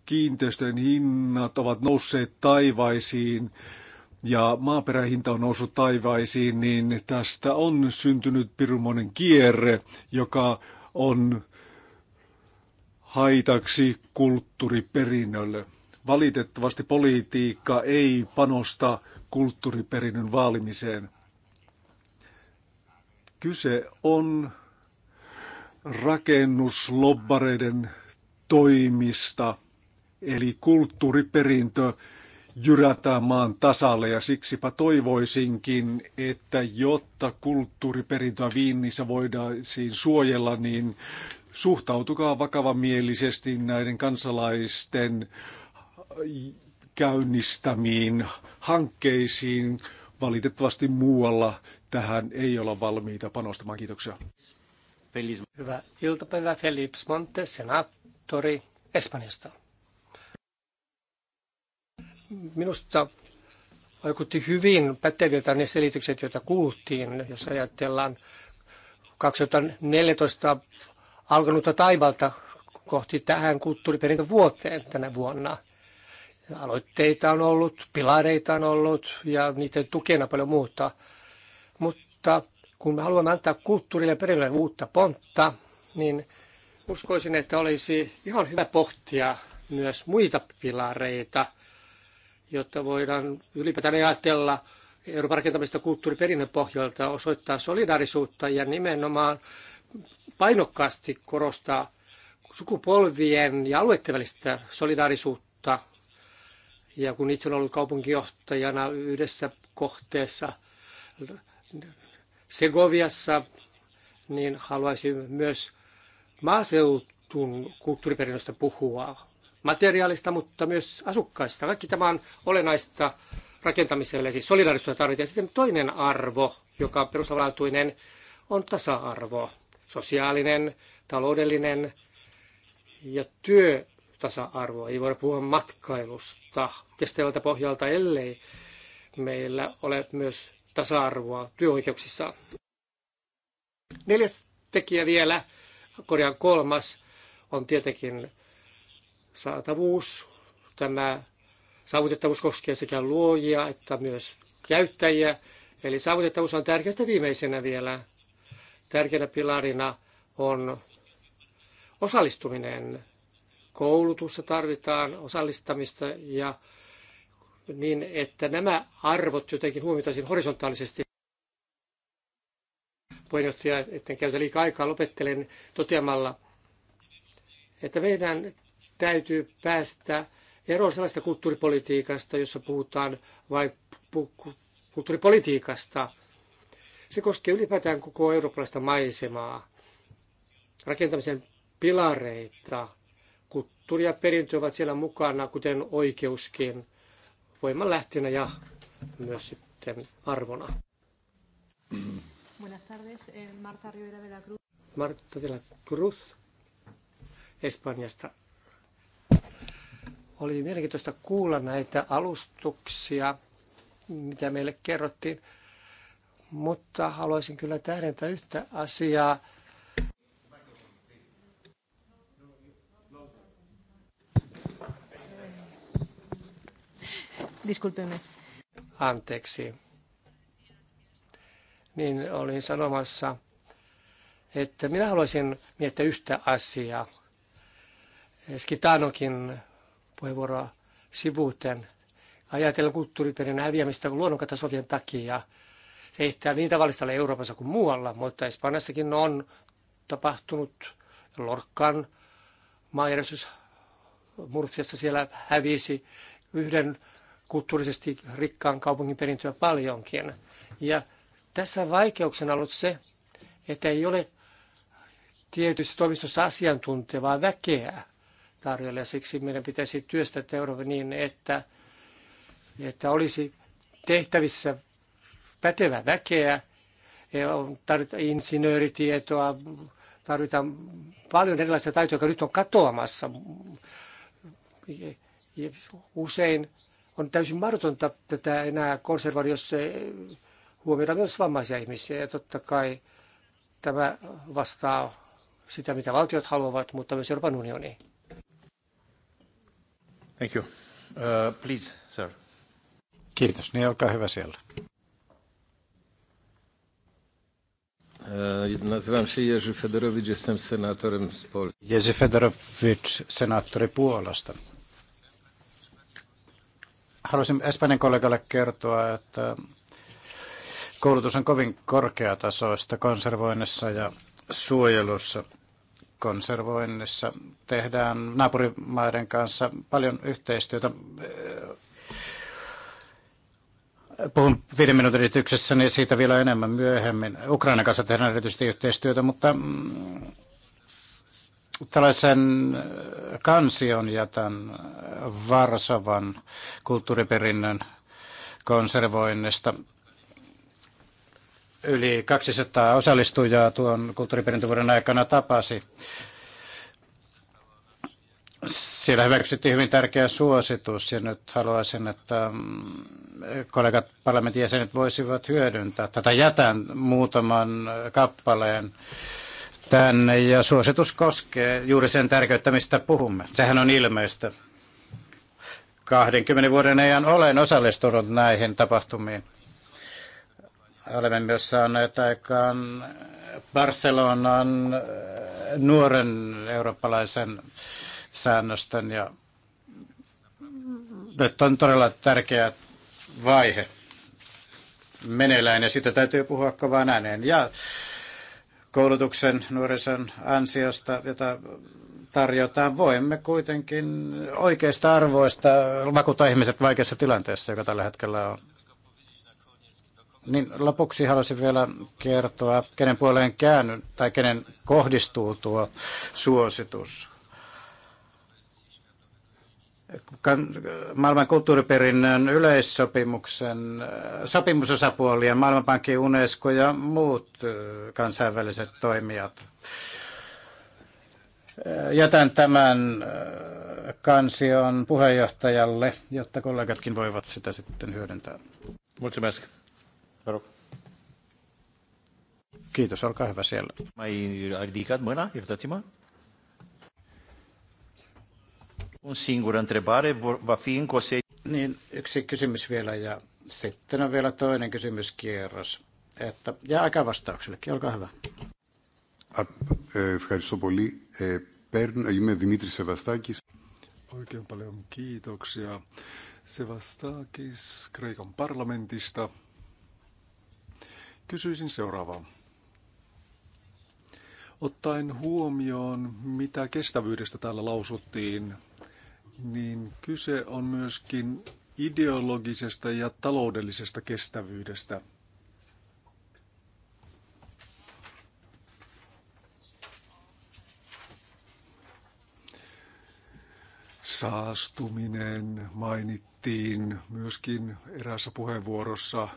kiinteistön hinnat ovat nousseet taivaisiin, ja maaperähinta on noussut taivaisiin, niin tästä on syntynyt pirumonen kierre, joka on haitaksi kulttuuriperinnölle. Valitettavasti politiikka ei panosta kulttuuriperinnön vaalimiseen. Kyse on rakennuslobbareiden toimista, eli kulttuuriperintö jyrätään maan tasalle ja siksipä toivoisinkin, että jotta kulttuuriperintöä Viinissä voidaan suojella, niin suhtautukaa vakavamielisesti näiden kansalaisten käynnistämiin hankkeisiin. Valitettavasti muualla tähän ei olla valmiita panostamaan. Kiitoksia. Hyvää iltapäivää, Felips Montes, senaattori Espanjasta. Minusta vaikutti hyvin päteviltä ne selitykset, joita kuultiin, jos ajatellaan 2014 alkanutta taivalta kohti tähän kulttuuriperintövuoteen tänä vuonna. Aloitteita on ollut, pilareita on ollut ja niiden tukena paljon muuta. Mutta kun me haluamme antaa kulttuurille perille uutta pontta, niin uskoisin, että olisi ihan hyvä pohtia myös muita pilareita – jotta voidaan ylipäätään ajatella Euroopan rakentamista kulttuuriperinnön pohjalta osoittaa solidaarisuutta ja nimenomaan painokkaasti korostaa sukupolvien ja alueiden välistä solidaarisuutta. Ja kun itse olen ollut kaupunkijohtajana yhdessä kohteessa Segoviassa, niin haluaisin myös maaseutun kulttuuriperinnöstä puhua materiaalista, mutta myös asukkaista. Kaikki tämä on olennaista rakentamiselle, siis solidaarisuutta tarvitaan. Sitten toinen arvo, joka on perustavanlaatuinen, on tasa-arvo. Sosiaalinen, taloudellinen ja työtasa-arvo. Ei voida puhua matkailusta kestävältä pohjalta, ellei meillä ole myös tasa-arvoa työoikeuksissa. Neljäs tekijä vielä, korjaan kolmas, on tietenkin Saatavuus, tämä saavutettavuus koskee sekä luojia että myös käyttäjiä. Eli saavutettavuus on tärkeästä viimeisenä vielä. Tärkeänä pilarina on osallistuminen. Koulutussa tarvitaan, osallistamista ja niin, että nämä arvot jotenkin huomioitaisiin horisontaalisesti. Puheenjohtaja, etten käytä liikaa aikaa, lopettelen toteamalla, että meidän täytyy päästä eroon sellaista kulttuuripolitiikasta, jossa puhutaan vain kulttuuripolitiikasta. Se koskee ylipäätään koko eurooppalaista maisemaa, rakentamisen pilareita. Kulttuuri ja perintö ovat siellä mukana, kuten oikeuskin, voimanlähtönä ja myös sitten arvona. Buenas tardes, eh, Marta Rivera de la Cruz. Marta de la Cruz, Espanjasta. Oli mielenkiintoista kuulla näitä alustuksia, mitä meille kerrottiin, mutta haluaisin kyllä tähdentää yhtä asiaa. Disculpeme. Anteeksi. Niin olin sanomassa, että minä haluaisin miettiä yhtä asiaa. Skitanokin puheenvuoroa sivuuten. Ajatellen kulttuuriperinnön häviämistä luonnonkatastrofien takia. Se ei tehdä niin tavallista ole Euroopassa kuin muualla, mutta Espanjassakin on tapahtunut Lorkan maanjärjestys Murfiassa siellä hävisi yhden kulttuurisesti rikkaan kaupungin perintöä paljonkin. Ja tässä vaikeuksena on ollut se, että ei ole tietyissä toimistossa asiantuntevaa väkeä tarjolla. Ja siksi meidän pitäisi työstää Eurooppa niin, että, että olisi tehtävissä pätevä väkeä, tarvitaan insinööritietoa, tarvitaan paljon erilaisia taitoja, jotka nyt on katoamassa. Usein on täysin mahdotonta tätä enää konservoida, jos huomioida myös vammaisia ihmisiä. Ja totta kai tämä vastaa sitä, mitä valtiot haluavat, mutta myös Euroopan unioni. Thank you. Uh, please, sir. Kiitos, niin olkaa hyvä siellä. Uh, nazywam się Jerzy Federowicz, jestem senatorem z Polski. Jerzy Federowicz, senaattori Puolasta. Haluaisin Espanjan kollegalle kertoa, että koulutus on kovin korkeatasoista konservoinnissa ja suojelussa konservoinnissa tehdään naapurimaiden kanssa paljon yhteistyötä. Puhun viiden minuutin esityksessä niin siitä vielä enemmän myöhemmin. Ukrainan kanssa tehdään erityisesti yhteistyötä, mutta mm, tällaisen kansion ja tämän Varsovan kulttuuriperinnön konservoinnista yli 200 osallistujaa tuon kulttuuriperintövuoden aikana tapasi. Siellä hyväksyttiin hyvin tärkeä suositus ja nyt haluaisin, että mm, kollegat parlamentin jäsenet voisivat hyödyntää tätä. Jätän muutaman kappaleen tänne ja suositus koskee juuri sen tärkeyttä, mistä puhumme. Sehän on ilmeistä. 20 vuoden ajan olen osallistunut näihin tapahtumiin. Olemme myös saaneet aikaan Barcelonan äh, nuoren eurooppalaisen säännösten ja nyt on todella tärkeä vaihe meneillään ja sitä täytyy puhua kovaan ääneen. Ja koulutuksen nuorison ansiosta, jota tarjotaan, voimme kuitenkin oikeista arvoista vakuuttaa ihmiset vaikeassa tilanteessa, joka tällä hetkellä on. Niin lopuksi haluaisin vielä kertoa, kenen puoleen käännyn tai kenen kohdistuu tuo suositus. Maailman kulttuuriperinnön yleissopimuksen sopimusosapuolia, Maailmanpankki, UNESCO ja muut kansainväliset toimijat. Jätän tämän kansion puheenjohtajalle, jotta kollegatkin voivat sitä sitten hyödyntää. Mulțumesc. Kiitos, olkaa hyvä siellä. Mai va Niin, yksi kysymys vielä ja sitten on vielä toinen kysymyskierros. Että ja aika vastauksellekin, olkaa hyvä. Oikein paljon kiitoksia. Sevastakis Kreikan parlamentista. Kysyisin seuraavaa. Ottaen huomioon, mitä kestävyydestä täällä lausuttiin, niin kyse on myöskin ideologisesta ja taloudellisesta kestävyydestä. Saastuminen mainittiin myöskin eräässä puheenvuorossa –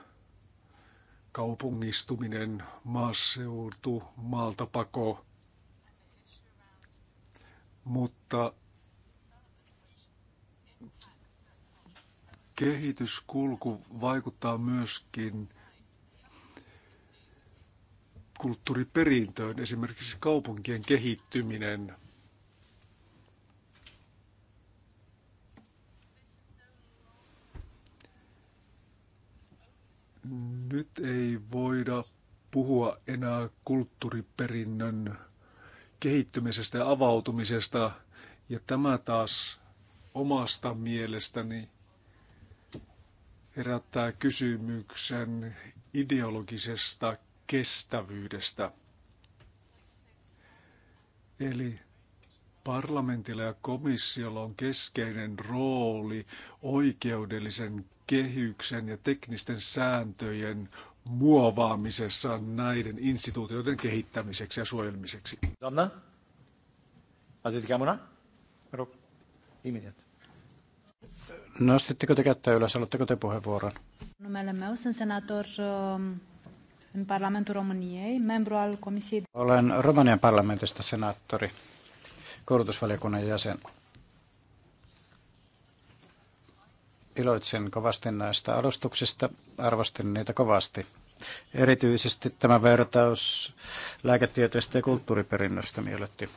kaupungistuminen, maaseutu, maaltapako, mutta kehityskulku vaikuttaa myöskin kulttuuriperintöön, esimerkiksi kaupunkien kehittyminen – Nyt ei voida puhua enää kulttuuriperinnön kehittymisestä ja avautumisesta. Ja tämä taas omasta mielestäni herättää kysymyksen ideologisesta kestävyydestä. Eli parlamentilla ja komissiolla on keskeinen rooli oikeudellisen kehyksen ja teknisten sääntöjen muovaamisessa näiden instituutioiden kehittämiseksi ja suojelmiseksi. Doamna? Asetika mâna? Imediat. Nostitteko te kättä ylös? Aloitteko te puheenvuoron? Numele meu sunt senator um, în Parlamentul României, membru al Comisiei... Olen Romanian parlamentista senaattori, koulutusvaliokunnan jäsen. iloitsen kovasti näistä alustuksista, arvostin niitä kovasti. Erityisesti tämä vertaus lääketieteestä ja kulttuuriperinnöstä miellytti.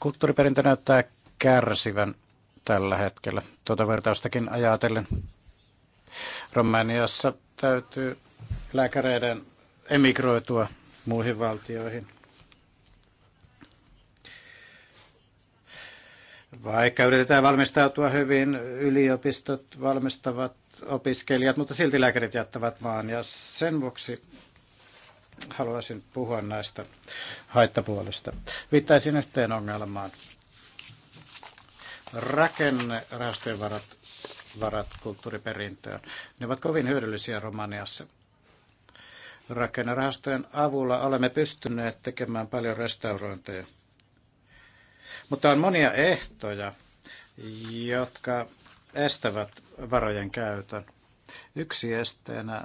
Kulttuuriperintö näyttää kärsivän tällä hetkellä. Tuota vertaustakin ajatellen. Romaniassa täytyy lääkäreiden emigroitua muihin valtioihin. Vaikka yritetään valmistautua hyvin, yliopistot valmistavat opiskelijat, mutta silti lääkärit jättävät maan. Ja sen vuoksi haluaisin puhua näistä haittapuolista. Viittaisin yhteen ongelmaan. rahastojen varat, varat kulttuuriperintöön. Ne ovat kovin hyödyllisiä Romaniassa. Rakennerahastojen avulla olemme pystyneet tekemään paljon restaurointeja mutta on monia ehtoja, jotka estävät varojen käytön. Yksi esteenä äh,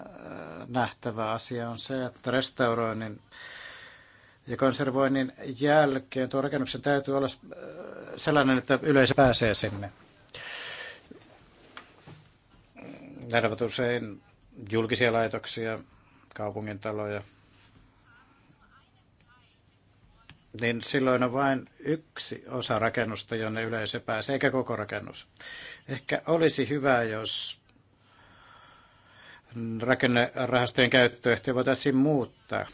nähtävä asia on se, että restauroinnin ja konservoinnin jälkeen tuo rakennuksen täytyy olla äh, sellainen, että yleisö pääsee sinne. Nämä usein julkisia laitoksia, kaupungintaloja, niin silloin on vain yksi osa rakennusta, jonne yleisö pääsee, eikä koko rakennus. Ehkä olisi hyvä, jos rakennerahastojen käyttöehtoja voitaisiin muuttaa.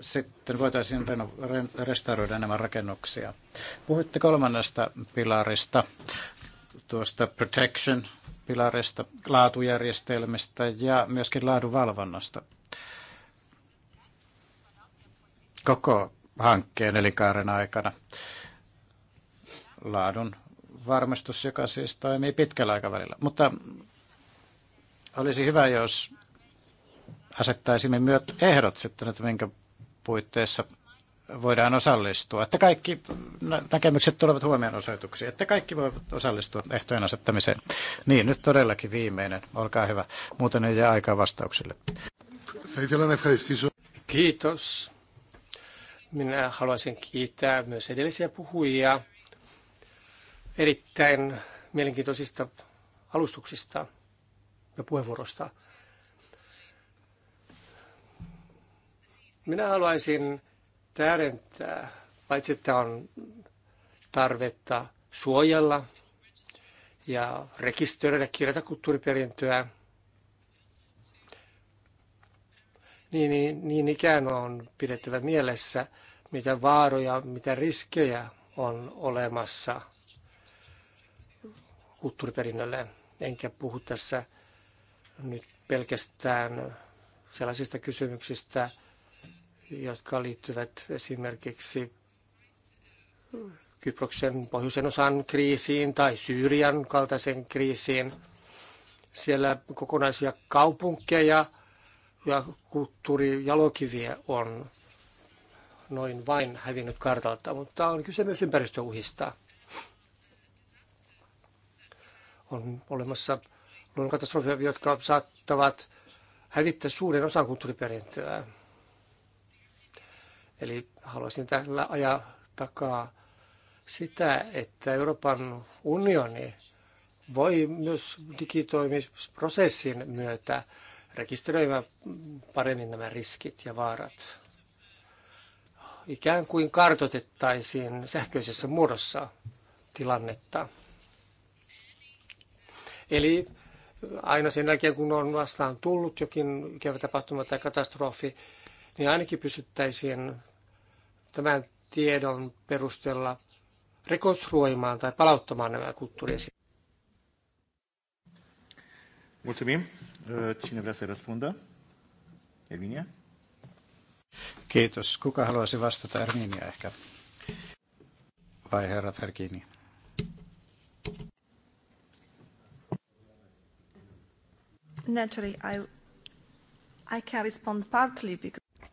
Sitten voitaisiin reno- restauroida enemmän rakennuksia. Puhuitte kolmannesta pilarista, tuosta protection pilarista, laatujärjestelmistä ja myöskin laadunvalvonnasta. Koko hankkeen elinkaaren aikana. Laadun varmistus, joka siis toimii pitkällä aikavälillä. Mutta olisi hyvä, jos asettaisimme myös ehdot sitten, että minkä puitteissa voidaan osallistua, että kaikki näkemykset tulevat huomioon osoituksiin, että kaikki voivat osallistua ehtojen asettamiseen. Niin, nyt todellakin viimeinen. Olkaa hyvä. Muuten ei jää aikaa vastauksille. Siis Kiitos. Minä haluaisin kiittää myös edellisiä puhujia erittäin mielenkiintoisista alustuksista ja puheenvuorosta. Minä haluaisin täydentää, paitsi että on tarvetta suojella ja rekisteröidä, kirjata kulttuuriperintöä, niin, niin, niin ikään on pidettävä mielessä – mitä vaaroja, mitä riskejä on olemassa kulttuuriperinnölle. Enkä puhu tässä nyt pelkästään sellaisista kysymyksistä, jotka liittyvät esimerkiksi Kyproksen pohjoisen osan kriisiin tai Syyrian kaltaisen kriisiin. Siellä kokonaisia kaupunkeja ja kulttuurijalokiviä on noin vain hävinnyt kartalta, mutta on kyse myös ympäristöuhista. On olemassa luonnonkatastrofeja, jotka saattavat hävittää suuren osan kulttuuriperintöä. Eli haluaisin tällä ajaa takaa sitä, että Euroopan unioni voi myös digitoimisprosessin myötä rekisteröimään paremmin nämä riskit ja vaarat ikään kuin kartotettaisiin sähköisessä muodossa tilannetta. Eli aina sen jälkeen, kun on vastaan tullut jokin ikävä tapahtuma tai katastrofi, niin ainakin pystyttäisiin tämän tiedon perusteella rekonstruoimaan tai palauttamaan nämä kulttuurisi. Mulțumim. Cine vrea să răspundă? Elvinia? Kiitos. Kuka haluaisi vastata? Erminia ehkä. Vai herra Fergini? Naturally, I, I can respond partly because...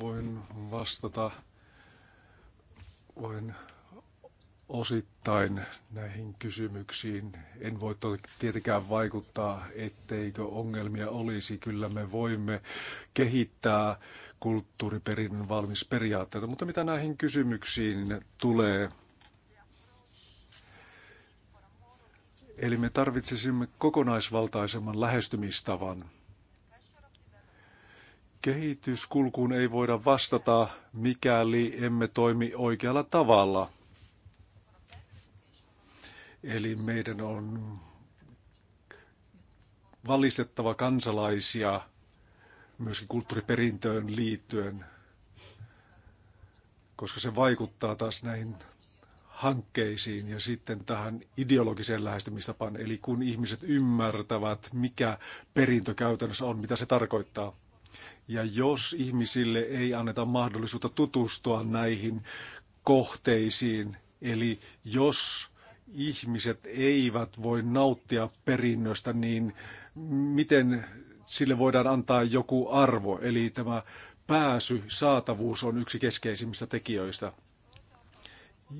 Voin vastata voin osittain näihin kysymyksiin. En voi tietenkään vaikuttaa, etteikö ongelmia olisi. Kyllä me voimme kehittää kulttuuriperinnön valmis periaatteita, mutta mitä näihin kysymyksiin tulee? Eli me tarvitsisimme kokonaisvaltaisemman lähestymistavan. Kehityskulkuun ei voida vastata, mikäli emme toimi oikealla tavalla. Eli meidän on valistettava kansalaisia – myöskin kulttuuriperintöön liittyen, koska se vaikuttaa taas näihin hankkeisiin ja sitten tähän ideologiseen lähestymistapaan, eli kun ihmiset ymmärtävät, mikä perintö käytännössä on, mitä se tarkoittaa. Ja jos ihmisille ei anneta mahdollisuutta tutustua näihin kohteisiin, eli jos ihmiset eivät voi nauttia perinnöstä, niin miten sille voidaan antaa joku arvo, eli tämä pääsy, saatavuus on yksi keskeisimmistä tekijöistä.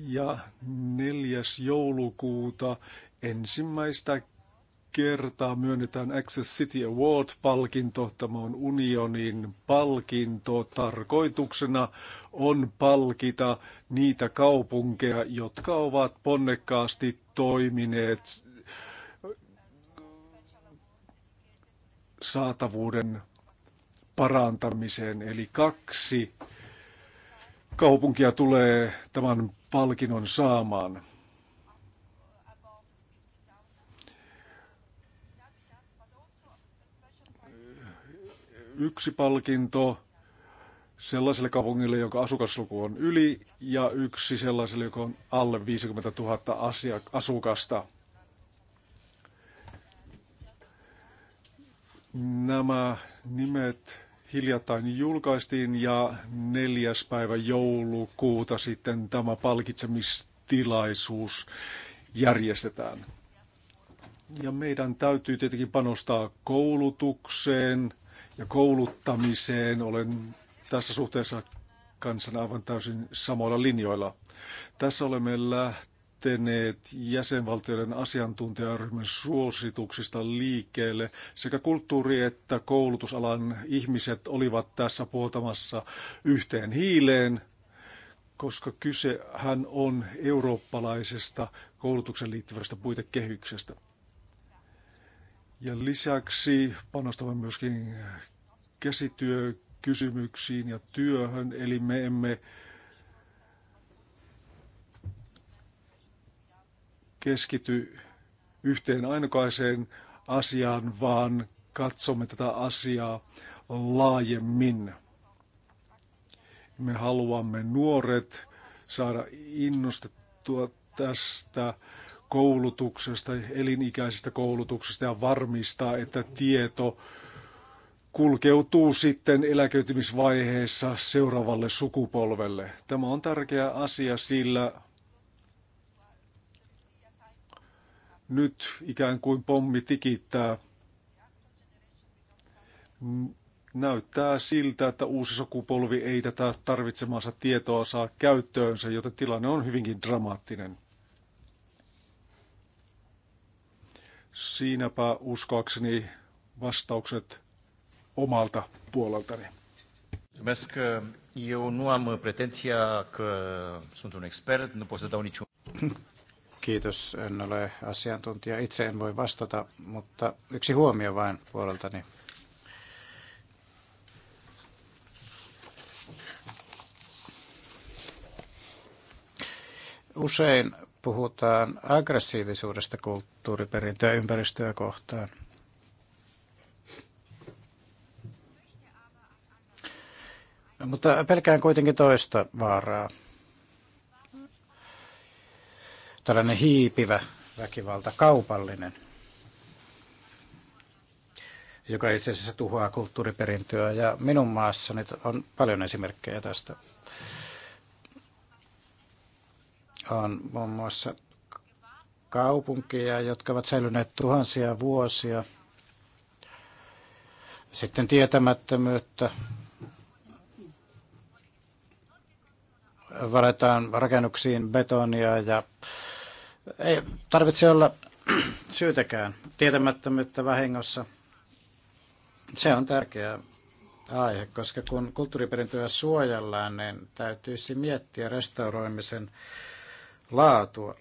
Ja 4. joulukuuta ensimmäistä kertaa myönnetään Access City Award-palkinto. Tämä on unionin palkinto. Tarkoituksena on palkita niitä kaupunkeja, jotka ovat ponnekkaasti toimineet saatavuuden parantamiseen. Eli kaksi kaupunkia tulee tämän palkinnon saamaan. Yksi palkinto sellaiselle kaupungille, jonka asukasluku on yli, ja yksi sellaiselle, joka on alle 50 000 asiak- asukasta. Nämä nimet hiljattain julkaistiin ja neljäs päivä joulukuuta sitten tämä palkitsemistilaisuus järjestetään. Ja meidän täytyy tietenkin panostaa koulutukseen ja kouluttamiseen. Olen tässä suhteessa kansan aivan täysin samoilla linjoilla. Tässä olemme lähteneet lähteneet jäsenvaltioiden asiantuntijaryhmän suosituksista liikkeelle. Sekä kulttuuri- että koulutusalan ihmiset olivat tässä puoltamassa yhteen hiileen, koska kysehän on eurooppalaisesta koulutuksen liittyvästä puitekehyksestä. Ja lisäksi panostamme myöskin käsityökysymyksiin ja työhön, eli me emme keskity yhteen ainokaiseen asiaan, vaan katsomme tätä asiaa laajemmin. Me haluamme nuoret saada innostettua tästä koulutuksesta, elinikäisestä koulutuksesta ja varmistaa, että tieto kulkeutuu sitten eläköitymisvaiheessa seuraavalle sukupolvelle. Tämä on tärkeä asia, sillä nyt ikään kuin pommi tikittää. Näyttää siltä, että uusi sukupolvi ei tätä tarvitsemansa tietoa saa käyttöönsä, joten tilanne on hyvinkin dramaattinen. Siinäpä uskoakseni vastaukset omalta puoleltani. Eu nu am pretenția că sunt un expert, nu pot să dau niciun... Kiitos, en ole asiantuntija. Itse en voi vastata, mutta yksi huomio vain puoleltani. Usein puhutaan aggressiivisuudesta kulttuuriperintöä ympäristöä kohtaan. No, mutta pelkään kuitenkin toista vaaraa tällainen hiipivä väkivalta, kaupallinen, joka itse asiassa tuhoaa kulttuuriperintöä. Ja minun maassani on paljon esimerkkejä tästä. On muun muassa kaupunkia, jotka ovat säilyneet tuhansia vuosia. Sitten tietämättömyyttä valetaan rakennuksiin betonia ja ei tarvitse olla syytäkään tietämättömyyttä vahingossa. Se on tärkeä aihe, koska kun kulttuuriperintöä suojellaan, niin täytyisi miettiä restauroimisen laatua.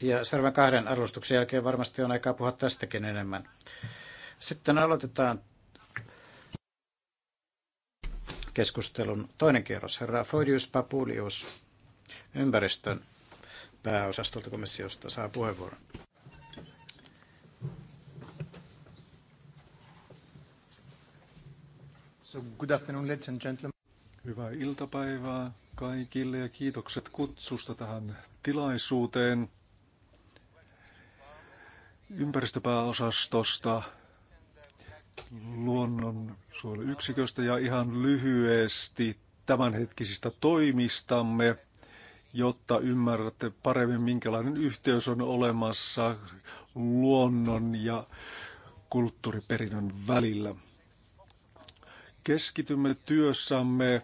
Ja seuraavan kahden arvostuksen jälkeen varmasti on aikaa puhua tästäkin enemmän. Sitten aloitetaan keskustelun toinen kierros. Herra Foidius Papulius ympäristön pääosastolta komissiosta saa puheenvuoron. So good afternoon, ladies and gentlemen. Hyvää iltapäivää kaikille ja kiitokset kutsusta tähän tilaisuuteen. Ympäristöpääosastosta, luonnonsuojeluyksiköstä ja ihan lyhyesti tämänhetkisistä toimistamme – jotta ymmärrätte paremmin, minkälainen yhteys on olemassa luonnon ja kulttuuriperinnön välillä. Keskitymme työssämme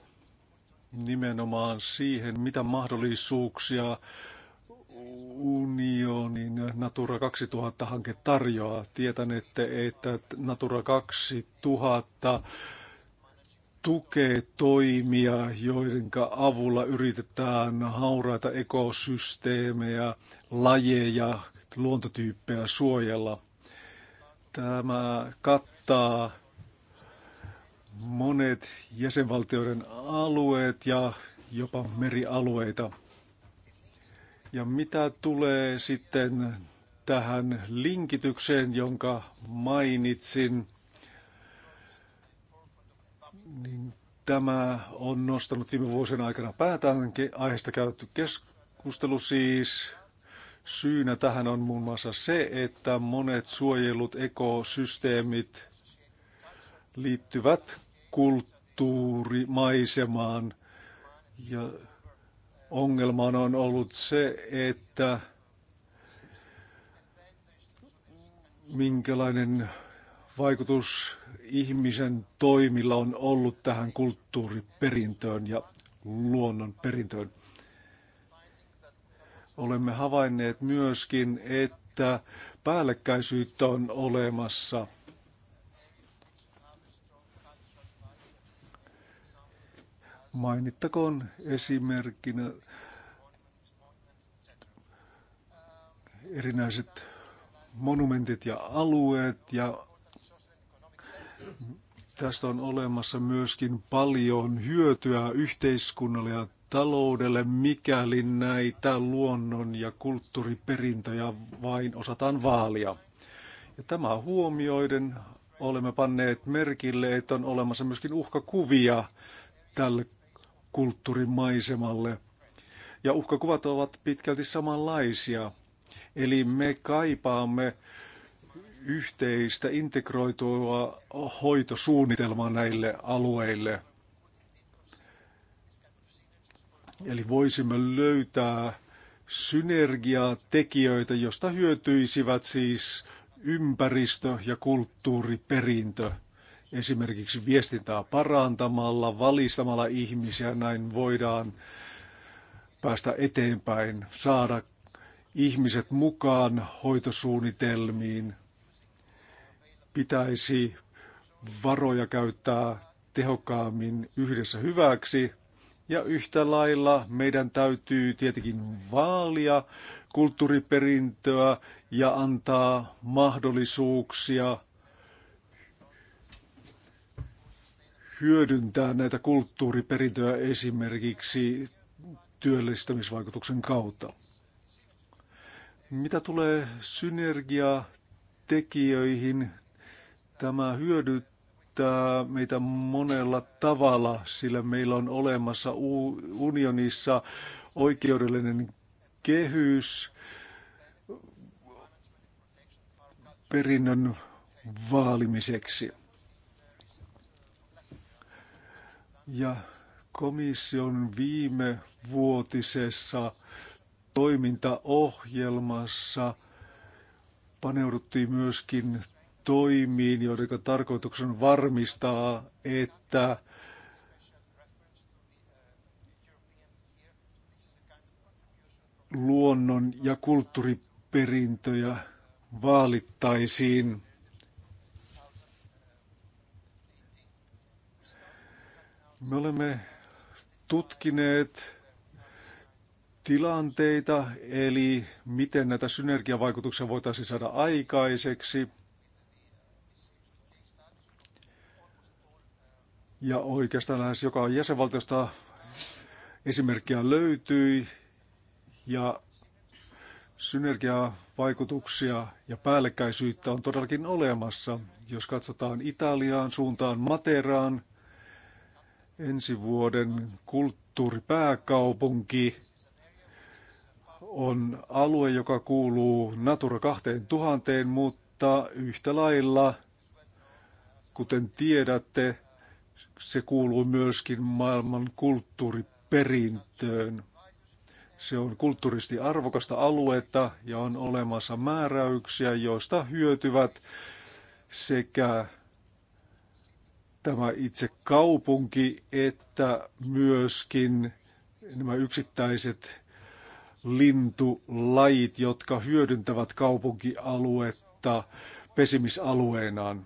nimenomaan siihen, mitä mahdollisuuksia unionin Natura 2000-hanke tarjoaa. Tietänette, että Natura 2000 tukee toimia, joiden avulla yritetään hauraita ekosysteemejä, lajeja, luontotyyppejä suojella. Tämä kattaa monet jäsenvaltioiden alueet ja jopa merialueita. Ja mitä tulee sitten tähän linkitykseen, jonka mainitsin – niin tämä on nostanut viime vuosien aikana päätään. Aiheesta käytetty keskustelu siis. Syynä tähän on muun muassa se, että monet suojelut ekosysteemit liittyvät kulttuurimaisemaan. Ja ongelmana on ollut se, että minkälainen vaikutus ihmisen toimilla on ollut tähän kulttuuriperintöön ja luonnon perintöön. Olemme havainneet myöskin, että päällekkäisyyttä on olemassa. Mainittakoon esimerkkinä erinäiset monumentit ja alueet ja Tästä on olemassa myöskin paljon hyötyä yhteiskunnalle ja taloudelle, mikäli näitä luonnon- ja kulttuuriperintöjä vain osataan vaalia. Ja tämä huomioiden olemme panneet merkille, että on olemassa myöskin uhkakuvia tälle kulttuurimaisemalle. Ja uhkakuvat ovat pitkälti samanlaisia. Eli me kaipaamme yhteistä integroitua hoitosuunnitelmaa näille alueille. Eli voisimme löytää synergiatekijöitä, josta hyötyisivät siis ympäristö- ja kulttuuriperintö. Esimerkiksi viestintää parantamalla, valistamalla ihmisiä, näin voidaan päästä eteenpäin, saada ihmiset mukaan hoitosuunnitelmiin – pitäisi varoja käyttää tehokkaammin yhdessä hyväksi. Ja yhtä lailla meidän täytyy tietenkin vaalia kulttuuriperintöä ja antaa mahdollisuuksia hyödyntää näitä kulttuuriperintöä esimerkiksi työllistämisvaikutuksen kautta. Mitä tulee synergiatekijöihin, Tämä hyödyttää meitä monella tavalla, sillä meillä on olemassa unionissa oikeudellinen kehys perinnön vaalimiseksi. Ja komission viime vuotisessa toimintaohjelmassa paneuduttiin myöskin toimiin, joiden tarkoituksena on varmistaa, että luonnon ja kulttuuriperintöjä vaalittaisiin. Me olemme tutkineet tilanteita, eli miten näitä synergiavaikutuksia voitaisiin saada aikaiseksi. Ja oikeastaan lähes joka jäsenvaltiosta esimerkkiä löytyi ja synergiavaikutuksia ja päällekkäisyyttä on todellakin olemassa. Jos katsotaan Italiaan suuntaan Materaan, ensi vuoden kulttuuripääkaupunki on alue, joka kuuluu Natura 2000, mutta yhtä lailla, kuten tiedätte, se kuuluu myöskin maailman kulttuuriperintöön. Se on kulttuuristi arvokasta aluetta ja on olemassa määräyksiä, joista hyötyvät sekä tämä itse kaupunki että myöskin nämä yksittäiset lintulajit, jotka hyödyntävät kaupunkialuetta pesimisalueenaan.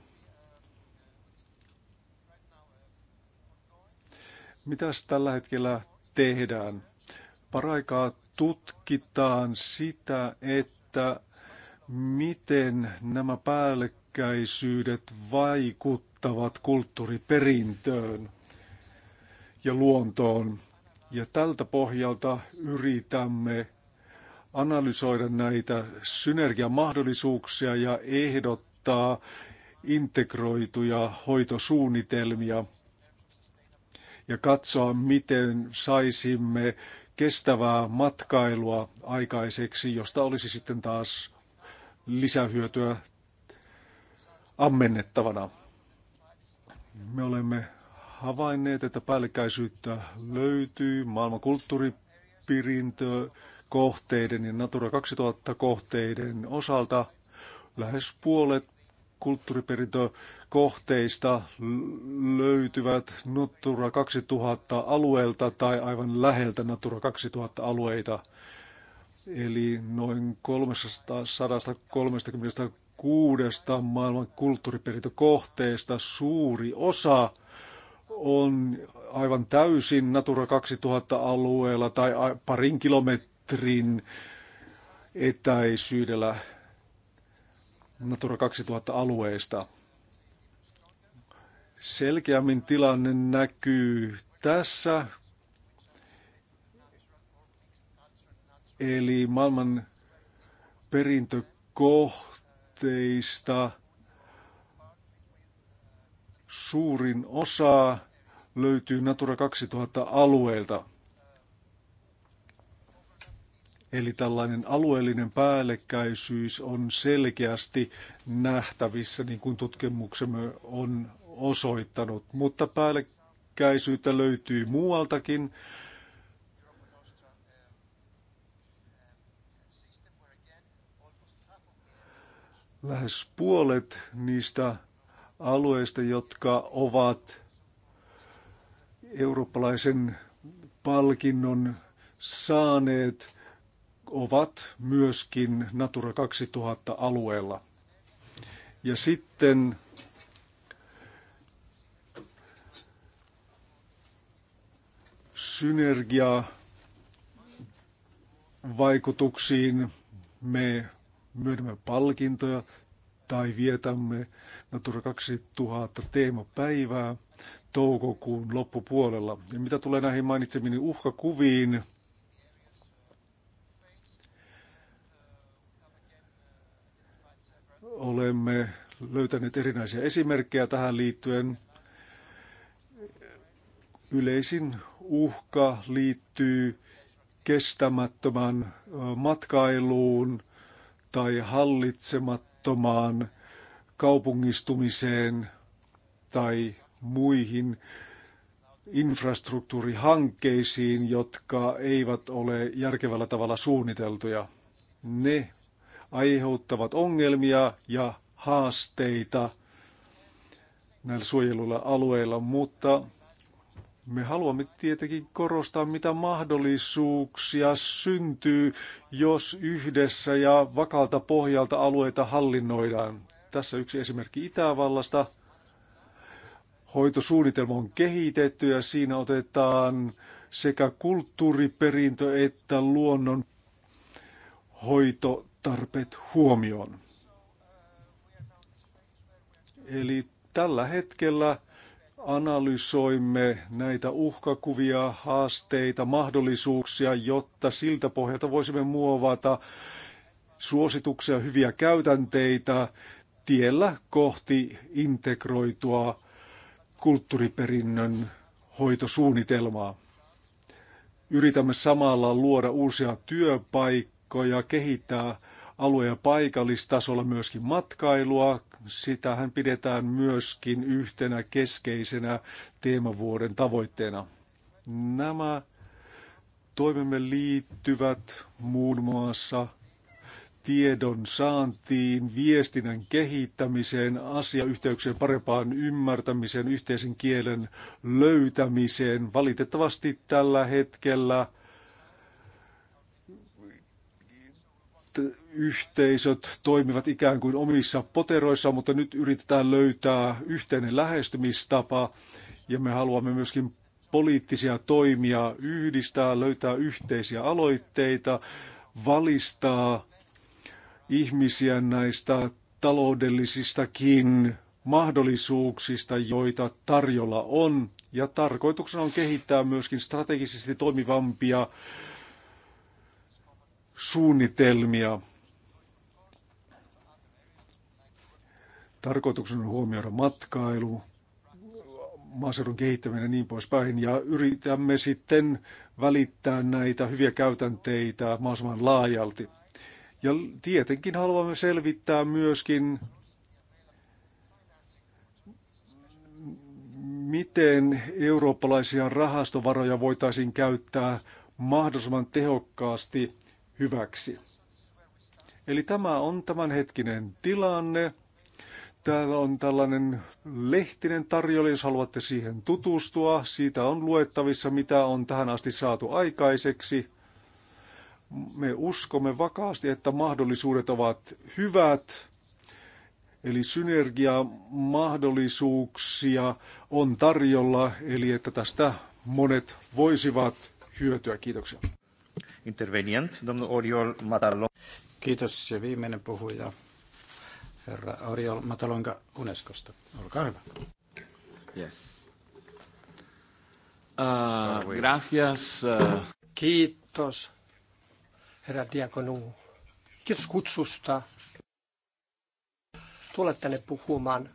Mitäs tällä hetkellä tehdään? Paraikaa tutkitaan sitä, että miten nämä päällekkäisyydet vaikuttavat kulttuuriperintöön ja luontoon. Ja tältä pohjalta yritämme analysoida näitä synergiamahdollisuuksia ja ehdottaa integroituja hoitosuunnitelmia – ja katsoa, miten saisimme kestävää matkailua aikaiseksi, josta olisi sitten taas lisähyötyä ammennettavana. Me olemme havainneet, että päällekkäisyyttä löytyy maailman kohteiden ja Natura 2000 kohteiden osalta. Lähes puolet kulttuuriperintökohteista löytyvät Natura 2000 alueelta tai aivan läheltä Natura 2000 alueita. Eli noin 336 maailman kulttuuriperintökohteesta suuri osa on aivan täysin Natura 2000-alueella tai parin kilometrin etäisyydellä Natura 2000-alueista. Selkeämmin tilanne näkyy tässä, eli maailman perintökohteista suurin osa löytyy Natura 2000 alueelta. Eli tällainen alueellinen päällekkäisyys on selkeästi nähtävissä, niin kuin tutkimuksemme on osoittanut. Mutta päällekkäisyyttä löytyy muualtakin. Lähes puolet niistä alueista, jotka ovat eurooppalaisen palkinnon saaneet, ovat myöskin Natura 2000 alueella. Ja sitten synergia vaikutuksiin me myönnämme palkintoja tai vietämme Natura 2000 teemapäivää toukokuun loppupuolella. Ja mitä tulee näihin mainitsemiin uhkakuviin, Olemme löytäneet erinäisiä esimerkkejä tähän liittyen. Yleisin uhka liittyy kestämättömän matkailuun tai hallitsemattomaan kaupungistumiseen tai muihin infrastruktuurihankkeisiin, jotka eivät ole järkevällä tavalla suunniteltuja. Ne aiheuttavat ongelmia ja haasteita näillä suojelulla alueilla, mutta me haluamme tietenkin korostaa, mitä mahdollisuuksia syntyy, jos yhdessä ja vakalta pohjalta alueita hallinnoidaan. Tässä yksi esimerkki Itävallasta. Hoitosuunnitelma on kehitetty ja siinä otetaan sekä kulttuuriperintö että luonnon hoito tarpeet huomioon. Eli tällä hetkellä analysoimme näitä uhkakuvia, haasteita, mahdollisuuksia, jotta siltä pohjalta voisimme muovata suosituksia, hyviä käytänteitä tiellä kohti integroitua kulttuuriperinnön hoitosuunnitelmaa. Yritämme samalla luoda uusia työpaikkoja, kehittää alue- ja paikallistasolla myöskin matkailua. Sitähän pidetään myöskin yhtenä keskeisenä teemavuoden tavoitteena. Nämä toimemme liittyvät muun muassa tiedon saantiin, viestinnän kehittämiseen, asiayhteyksien parempaan ymmärtämiseen, yhteisen kielen löytämiseen. Valitettavasti tällä hetkellä yhteisöt toimivat ikään kuin omissa poteroissa, mutta nyt yritetään löytää yhteinen lähestymistapa ja me haluamme myöskin poliittisia toimia yhdistää, löytää yhteisiä aloitteita, valistaa ihmisiä näistä taloudellisistakin mahdollisuuksista, joita tarjolla on. Ja tarkoituksena on kehittää myöskin strategisesti toimivampia suunnitelmia. Tarkoituksena on huomioida matkailu, maaseudun kehittäminen ja niin poispäin. Ja yritämme sitten välittää näitä hyviä käytänteitä mahdollisimman laajalti. Ja tietenkin haluamme selvittää myöskin, miten eurooppalaisia rahastovaroja voitaisiin käyttää mahdollisimman tehokkaasti hyväksi. Eli tämä on tämänhetkinen tilanne. Täällä on tällainen lehtinen tarjolla, jos haluatte siihen tutustua. Siitä on luettavissa, mitä on tähän asti saatu aikaiseksi. Me uskomme vakaasti, että mahdollisuudet ovat hyvät. Eli synergiamahdollisuuksia on tarjolla, eli että tästä monet voisivat hyötyä. Kiitoksia. Intervenient, Kiitos ja viimeinen puhuja herra Oriol Matalonga Unescosta. Olkaa hyvä. Yes. Uh, gracias. Uh... Kiitos, herra Diakonu. Kiitos kutsusta Tule tänne puhumaan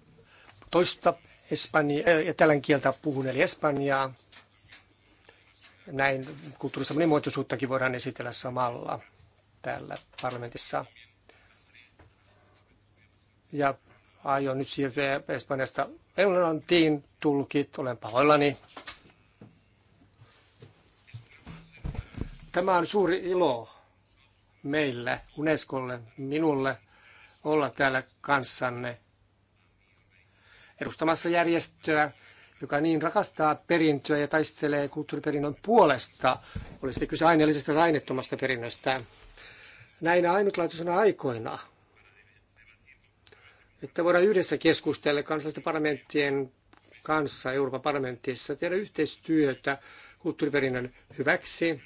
toista espanja, äh, etelän kieltä puhun, eli espanjaa. Näin kulttuurissa monimuotoisuuttakin voidaan esitellä samalla täällä parlamentissa ja aion nyt siirtyä Espanjasta englantiin tulkit, olen pahoillani. Tämä on suuri ilo meille, Unescolle, minulle olla täällä kanssanne edustamassa järjestöä, joka niin rakastaa perintöä ja taistelee kulttuuriperinnön puolesta, olisi kyse aineellisesta tai aineettomasta perinnöstä. Näinä ainutlaatuisena aikoina – että voidaan yhdessä keskustella kansallisten parlamenttien kanssa Euroopan parlamentissa, tehdä yhteistyötä kulttuuriperinnön hyväksi.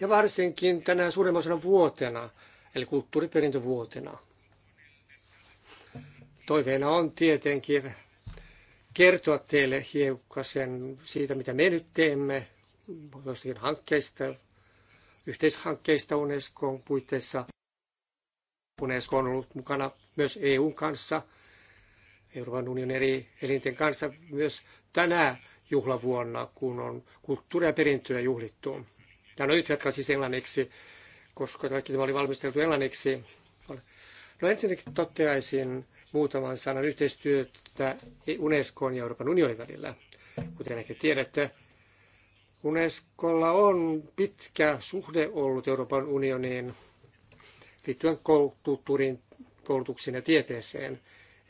Ja varsinkin tänä suurimman vuotena, eli kulttuuriperintövuotena. Toiveena on tietenkin kertoa teille hiukkasen siitä, mitä me nyt teemme, joistakin hankkeista, yhteishankkeista Unescon puitteissa. UNESCO on ollut mukana myös EUn kanssa, Euroopan unionin eri elinten kanssa myös tänä juhlavuonna, kun on kulttuuria ja perintöä juhlittu. Ja no nyt jatkan siis englanniksi, koska kaikki tämä oli valmisteltu englanniksi. No ensinnäkin toteaisin muutaman sanan yhteistyötä Unescon ja Euroopan unionin välillä. Kuten ehkä tiedätte, Unescolla on pitkä suhde ollut Euroopan unioniin liittyen kulttuuriin, koulutukseen ja tieteeseen.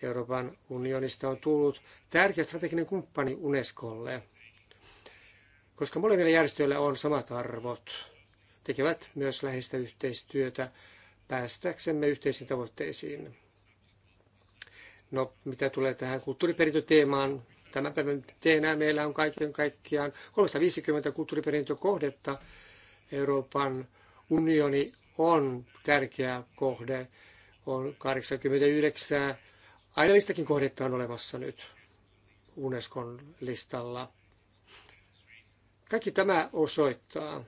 Euroopan unionista on tullut tärkeä strateginen kumppani Unescolle, koska molemmilla järjestöillä on samat arvot. Tekevät myös läheistä yhteistyötä päästäksemme yhteisiin tavoitteisiin. No, mitä tulee tähän kulttuuriperintöteemaan, tämän päivän teenä meillä on kaiken kaikkiaan 350 kulttuuriperintökohdetta. Euroopan unioni on tärkeä kohde. On 89 aineellistakin kohdetta on olemassa nyt Unescon listalla. Kaikki tämä osoittaa,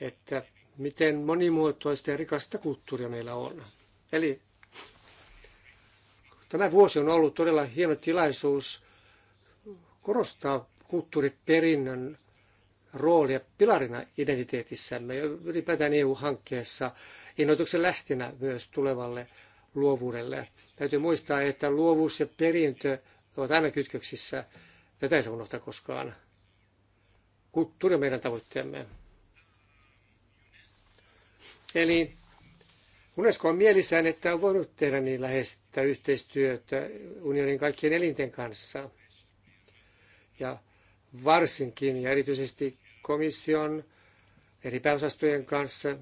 että miten monimuotoista ja rikasta kulttuuria meillä on. Eli tämä vuosi on ollut todella hieno tilaisuus korostaa kulttuuriperinnön roolia pilarina identiteetissämme ja ylipäätään EU-hankkeessa innoituksen lähtenä myös tulevalle luovuudelle. Täytyy muistaa, että luovuus ja perintö ovat aina kytköksissä. Tätä ei saa unohtaa koskaan. Kulttuuri on meidän tavoitteemme. Eli Unesco on mielissään, että on voinut tehdä niin läheistä yhteistyötä unionin kaikkien elinten kanssa. Ja varsinkin ja erityisesti komission eri pääosastojen kanssa.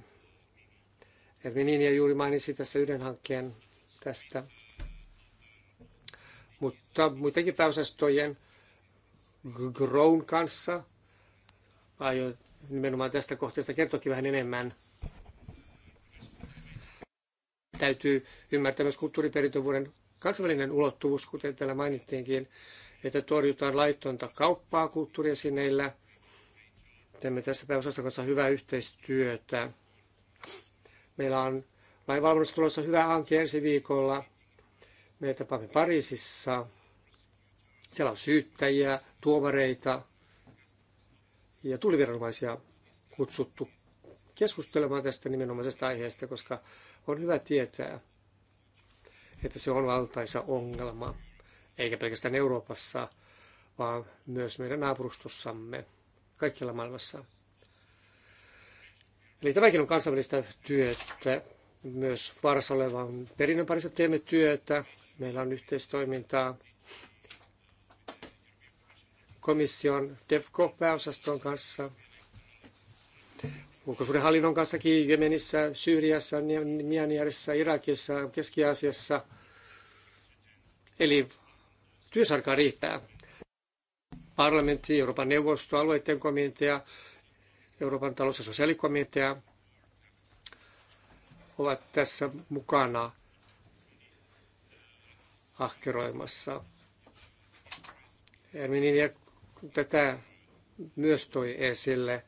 Erminin ja juuri mainitsi tässä yhden hankkeen tästä. Mutta muidenkin pääosastojen Grown kanssa aion nimenomaan tästä kohteesta kertoakin vähän enemmän. Täytyy ymmärtää myös kulttuuriperintövuoden kansainvälinen ulottuvuus, kuten täällä mainittiinkin, että torjutaan laitonta kauppaa kulttuuriesineillä – Teemme tässä pääosaston kanssa hyvää yhteistyötä. Meillä on lainvalvonnassa tulossa hyvä hanke ensi viikolla. Me tapaamme Pariisissa. Siellä on syyttäjiä, tuomareita ja tuliviranomaisia kutsuttu keskustelemaan tästä nimenomaisesta aiheesta, koska on hyvä tietää, että se on valtaisa ongelma, eikä pelkästään Euroopassa, vaan myös meidän naapurustossamme kaikkialla maailmassa. Eli tämäkin on kansainvälistä työtä. Myös vaarassa olevan perinnön parissa teemme työtä. Meillä on yhteistoimintaa komission DEFCO-pääosaston kanssa, ulkosuuden hallinnon kanssakin Jemenissä, Syyriassa, Mianjärissä, Irakissa, Keski-Aasiassa. Eli työsarkaa riittää parlamentti, Euroopan neuvosto, alueiden komitea, Euroopan talous- ja sosiaalikomitea ovat tässä mukana ahkeroimassa. Erminin ja tätä myös toi esille.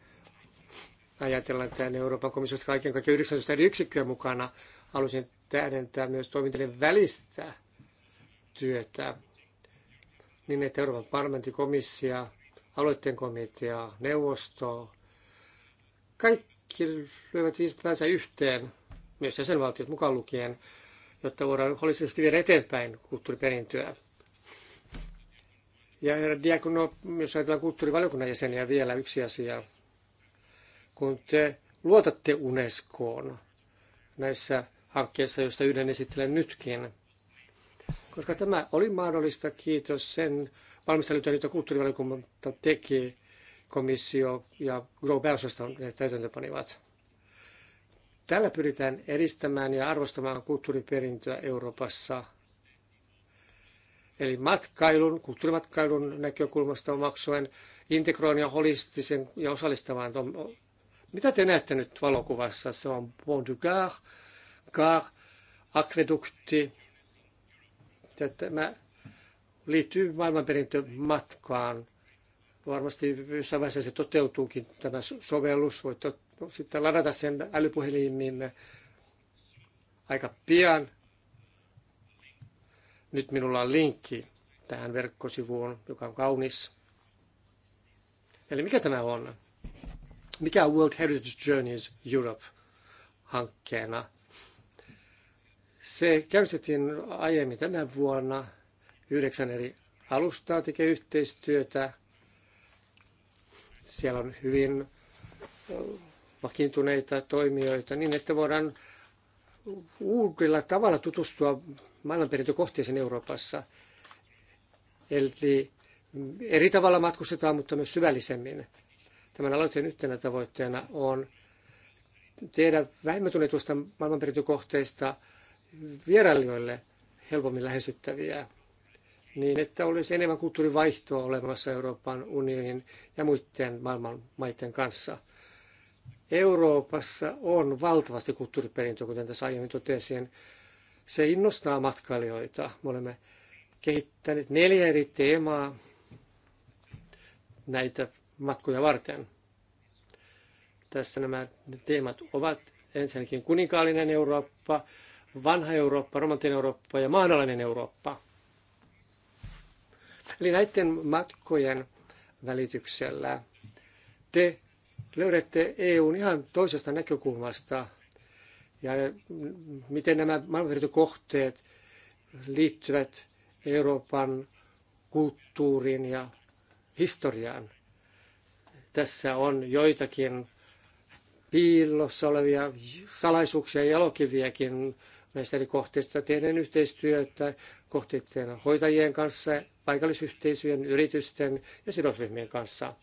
Ajatellaan tämän Euroopan komissiosta kaiken kaikkiaan 19 eri yksikköä mukana. Halusin tähdentää myös toimintojen välistä työtä niin että Euroopan parlamentti, komissia, aloitteen komitea, neuvosto, kaikki lyövät viisit päänsä yhteen, myös jäsenvaltiot mukaan lukien, jotta voidaan holistisesti viedä eteenpäin kulttuuriperintöä. Ja herra Diakono, jos ajatellaan kulttuurivaliokunnan jäseniä vielä yksi asia. Kun te luotatte Unescoon näissä hankkeissa, joista yhden esittelen nytkin, koska tämä oli mahdollista, kiitos sen valmistelutyön, jota kulttuurivaliokunta teki, komissio ja Grow pääosaston täytäntöpanivat. Tällä pyritään edistämään ja arvostamaan kulttuuriperintöä Euroopassa. Eli matkailun, kulttuurimatkailun näkökulmasta omaksuen integroin ja holistisen ja osallistavan. Mitä te näette nyt valokuvassa? Se on Pont du Gard, Gard, akvedukti, mä liittyy maailmanperintömatkaan. Varmasti jossain vaiheessa se toteutuukin tämä sovellus. Voit sitten ladata sen älypuhelimiin aika pian. Nyt minulla on linkki tähän verkkosivuun, joka on kaunis. Eli mikä tämä on? Mikä on World Heritage Journeys Europe hankkeena? Se käynnistettiin aiemmin tänä vuonna. Yhdeksän eri alustaa tekee yhteistyötä. Siellä on hyvin vakiintuneita toimijoita niin, että voidaan uudella tavalla tutustua maailmanperintökohteeseen Euroopassa. Eli eri tavalla matkustetaan, mutta myös syvällisemmin. Tämän aloitteen yhtenä tavoitteena on tehdä vähemmän tunnetuista maailmanperintökohteista – vierailijoille helpommin lähestyttäviä, niin että olisi enemmän kulttuurivaihtoa olemassa Euroopan unionin ja muiden maailman maiden kanssa. Euroopassa on valtavasti kulttuuriperintöä, kuten tässä aiemmin totesin. Se innostaa matkailijoita. Me olemme kehittäneet neljä eri teemaa näitä matkoja varten. Tässä nämä teemat ovat ensinnäkin kuninkaallinen Eurooppa, vanha Eurooppa, romanttinen Eurooppa ja maanalainen Eurooppa. Eli näiden matkojen välityksellä te löydätte EUn ihan toisesta näkökulmasta ja miten nämä maailmanvertokohteet liittyvät Euroopan kulttuuriin ja historiaan. Tässä on joitakin piilossa olevia salaisuuksia ja jalokiviäkin näistä eri kohteista tehdään yhteistyötä kohteiden hoitajien kanssa, paikallisyhteisöjen, yritysten ja sidosryhmien kanssa.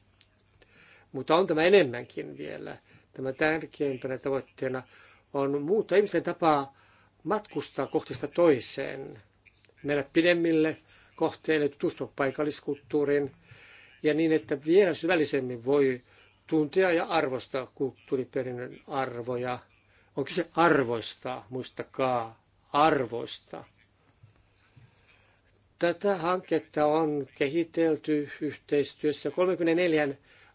Mutta on tämä enemmänkin vielä. Tämä tärkeimpänä tavoitteena on muuttaa ihmisten tapaa matkustaa kohteesta toiseen, mennä pidemmille kohteille, tutustua paikalliskulttuuriin ja niin, että vielä syvällisemmin voi tuntea ja arvostaa kulttuuriperinnön arvoja – on kyse arvoista, muistakaa, arvoista. Tätä hanketta on kehitelty yhteistyössä 34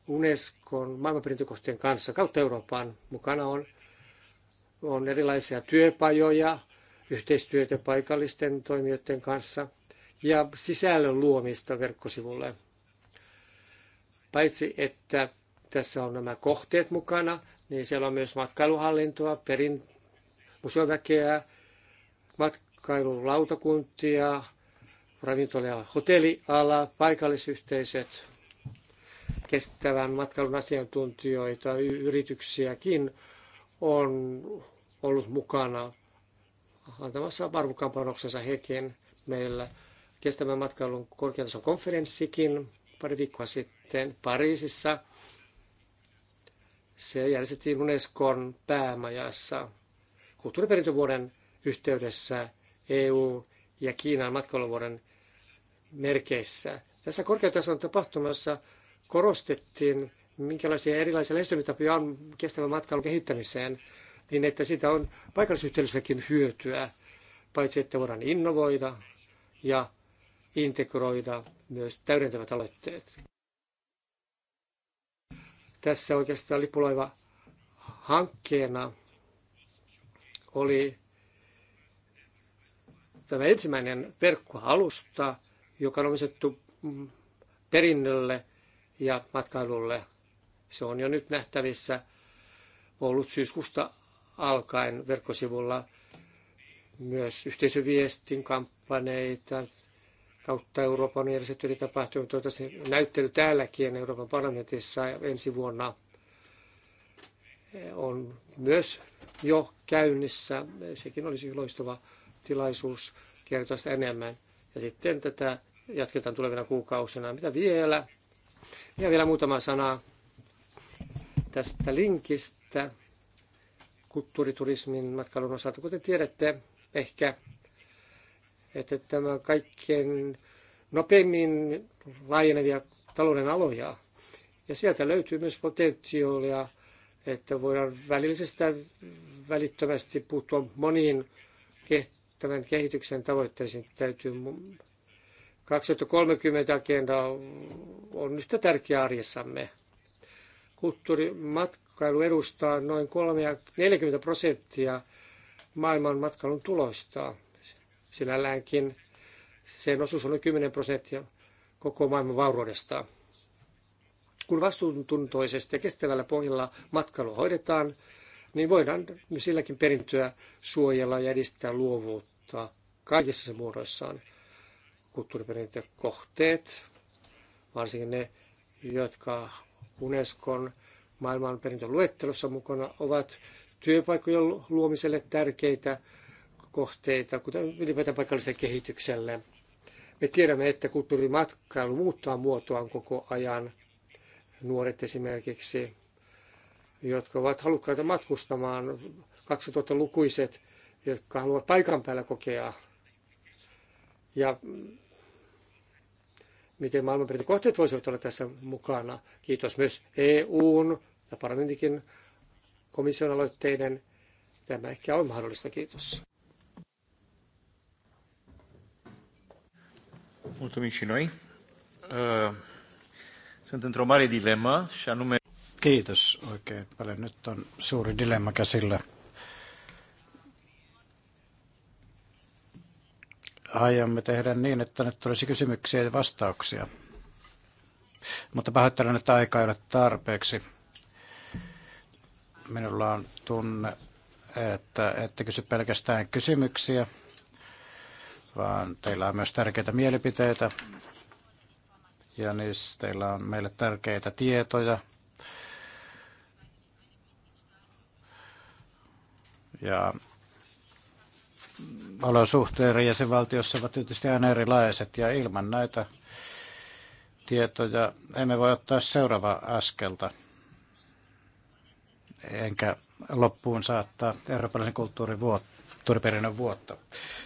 Unescon maailmanperintökohteen kanssa kautta Euroopan. Mukana on, on erilaisia työpajoja, yhteistyötä paikallisten toimijoiden kanssa ja sisällön luomista verkkosivulle. Paitsi että tässä on nämä kohteet mukana, niin siellä on myös matkailuhallintoa, perin museoväkeä, matkailulautakuntia, ravintola- ja hotelliala, paikallisyhteisöt, kestävän matkailun asiantuntijoita, yrityksiäkin on ollut mukana antamassa arvokkaan panoksensa hekin meillä. Kestävän matkailun korkeatason konferenssikin pari viikkoa sitten Pariisissa – se järjestettiin Unescon päämajassa kulttuuriperintövuoden yhteydessä EU- ja Kiinan matkailuvuoden merkeissä. Tässä korkeatason tapahtumassa korostettiin, minkälaisia erilaisia lähestymistapoja on kestävän matkailun kehittämiseen, niin että siitä on paikallisyhteisöllekin hyötyä, paitsi että voidaan innovoida ja integroida myös täydentävät aloitteet tässä oikeastaan lipuloiva hankkeena oli tämä ensimmäinen verkkoalusta, joka on omistettu perinnölle ja matkailulle. Se on jo nyt nähtävissä ollut syyskuusta alkaen verkkosivulla myös yhteisöviestin kampanjeita, kautta Euroopan järjestetty eri tapahtumia. Toivottavasti näyttely täälläkin Euroopan parlamentissa ensi vuonna on myös jo käynnissä. Sekin olisi loistava tilaisuus kertoa sitä enemmän. Ja sitten tätä jatketaan tulevina kuukausina. Mitä vielä? Ja vielä muutama sana tästä linkistä kulttuuriturismin matkailun osalta. Kuten tiedätte, ehkä että tämä kaikkein nopeimmin laajenevia talouden aloja. Ja sieltä löytyy myös potentiaalia, että voidaan välillisesti välittömästi puuttua moniin tämän kehityksen tavoitteisiin. Täytyy 2030 agenda on yhtä tärkeä arjessamme. Kulttuurimatkailu edustaa noin 40 prosenttia maailman matkailun tuloista. Sinälläänkin sen osuus on noin 10 prosenttia koko maailman vauruudesta. Kun vastuuntuntoisesti ja kestävällä pohjalla matkailu hoidetaan, niin voidaan silläkin perintöä suojella ja edistää luovuutta kaikissa se muodoissaan. Kulttuuriperintökohteet, varsinkin ne, jotka Unescon maailmanperintöluettelossa mukana ovat työpaikkojen luomiselle tärkeitä, kohteita, kuten ylipäätään paikalliselle kehitykselle. Me tiedämme, että kulttuurimatkailu muuttaa muotoaan koko ajan. Nuoret esimerkiksi, jotka ovat halukkaita matkustamaan, 2000-lukuiset, jotka haluavat paikan päällä kokea. Ja miten maailmanperintökohteet voisivat olla tässä mukana. Kiitos myös EUn ja parlamentikin komission aloitteiden. Tämä ehkä on mahdollista. Kiitos. Mulțumim și noi. Uh, sunt într-o mare dilemă și anume... Kiitos oikein paljon. Nyt on suuri dilemma käsillä. Aiomme tehdä niin, että nyt tulisi kysymyksiä ja vastauksia. Mutta pahoittelen, että aika ei ole tarpeeksi. Minulla on tunne, että ette kysy pelkästään kysymyksiä, vaan teillä on myös tärkeitä mielipiteitä ja niissä teillä on meille tärkeitä tietoja. Ja olosuhteet jäsenvaltiossa ovat tietysti aina erilaiset ja ilman näitä tietoja emme voi ottaa seuraavaa askelta enkä loppuun saattaa eurooppalaisen kulttuuriperinnön vuotta.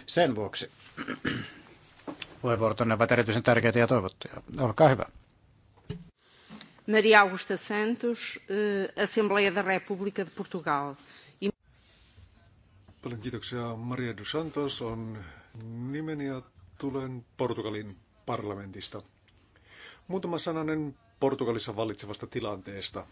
Sen vuoksi Puheenvuorot ovat erityisen tärkeitä ja toivottuja. Olkaa hyvä. Maria Augusta Santos, eh, Assembleia da República de Portugal. E- Paljon kiitoksia. Maria dos Santos on nimeni ja tulen Portugalin parlamentista. Muutama sananen Portugalissa vallitsevasta tilanteesta.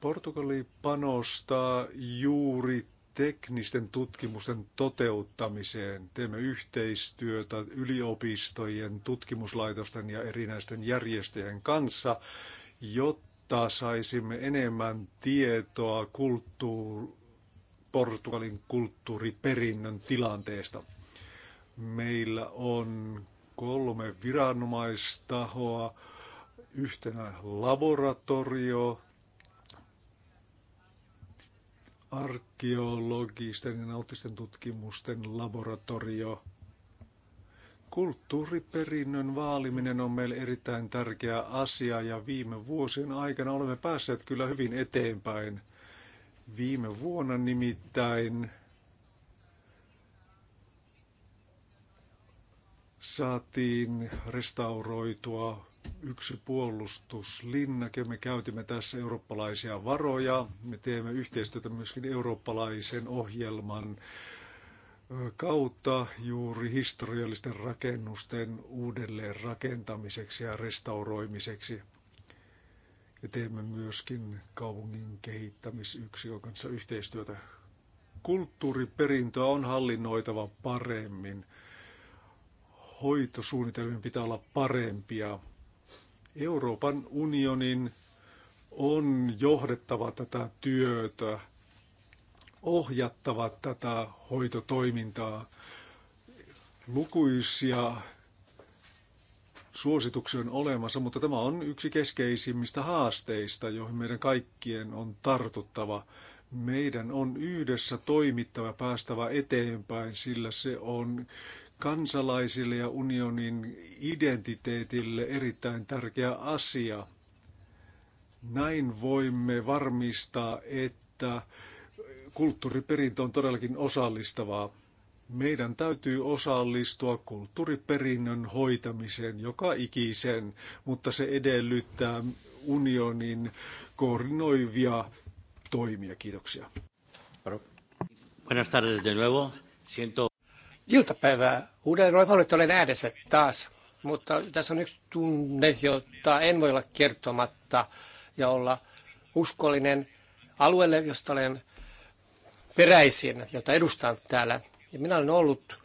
Portugali panostaa juuri teknisten tutkimusten toteuttamiseen. Teemme yhteistyötä yliopistojen, tutkimuslaitosten ja erinäisten järjestöjen kanssa, jotta saisimme enemmän tietoa kulttuur, Portugalin kulttuuriperinnön tilanteesta. Meillä on kolme viranomaistahoa, yhtenä laboratorio, arkeologisten ja nautisten tutkimusten laboratorio. Kulttuuriperinnön vaaliminen on meille erittäin tärkeä asia ja viime vuosien aikana olemme päässeet kyllä hyvin eteenpäin. Viime vuonna nimittäin saatiin restauroitua yksi puolustuslinnake. Me käytimme tässä eurooppalaisia varoja. Me teemme yhteistyötä myöskin eurooppalaisen ohjelman kautta juuri historiallisten rakennusten uudelleen rakentamiseksi ja restauroimiseksi. Ja teemme myöskin kaupungin kehittämisyksikön kanssa yhteistyötä. Kulttuuriperintöä on hallinnoitava paremmin. Hoitosuunnitelmien pitää olla parempia Euroopan unionin on johdettava tätä työtä, ohjattava tätä hoitotoimintaa. Lukuisia suosituksia on olemassa, mutta tämä on yksi keskeisimmistä haasteista, joihin meidän kaikkien on tartuttava. Meidän on yhdessä toimittava, päästävä eteenpäin, sillä se on kansalaisille ja unionin identiteetille erittäin tärkeä asia. Näin voimme varmistaa, että kulttuuriperintö on todellakin osallistavaa. Meidän täytyy osallistua kulttuuriperinnön hoitamiseen joka ikisen, mutta se edellyttää unionin koordinoivia toimia. Kiitoksia. Buenas tardes de nuevo. Siento iltapäivää. Uuden roimalle olen äänessä taas, mutta tässä on yksi tunne, jota en voi olla kertomatta ja olla uskollinen alueelle, josta olen peräisin, jota edustan täällä. Ja minä olen ollut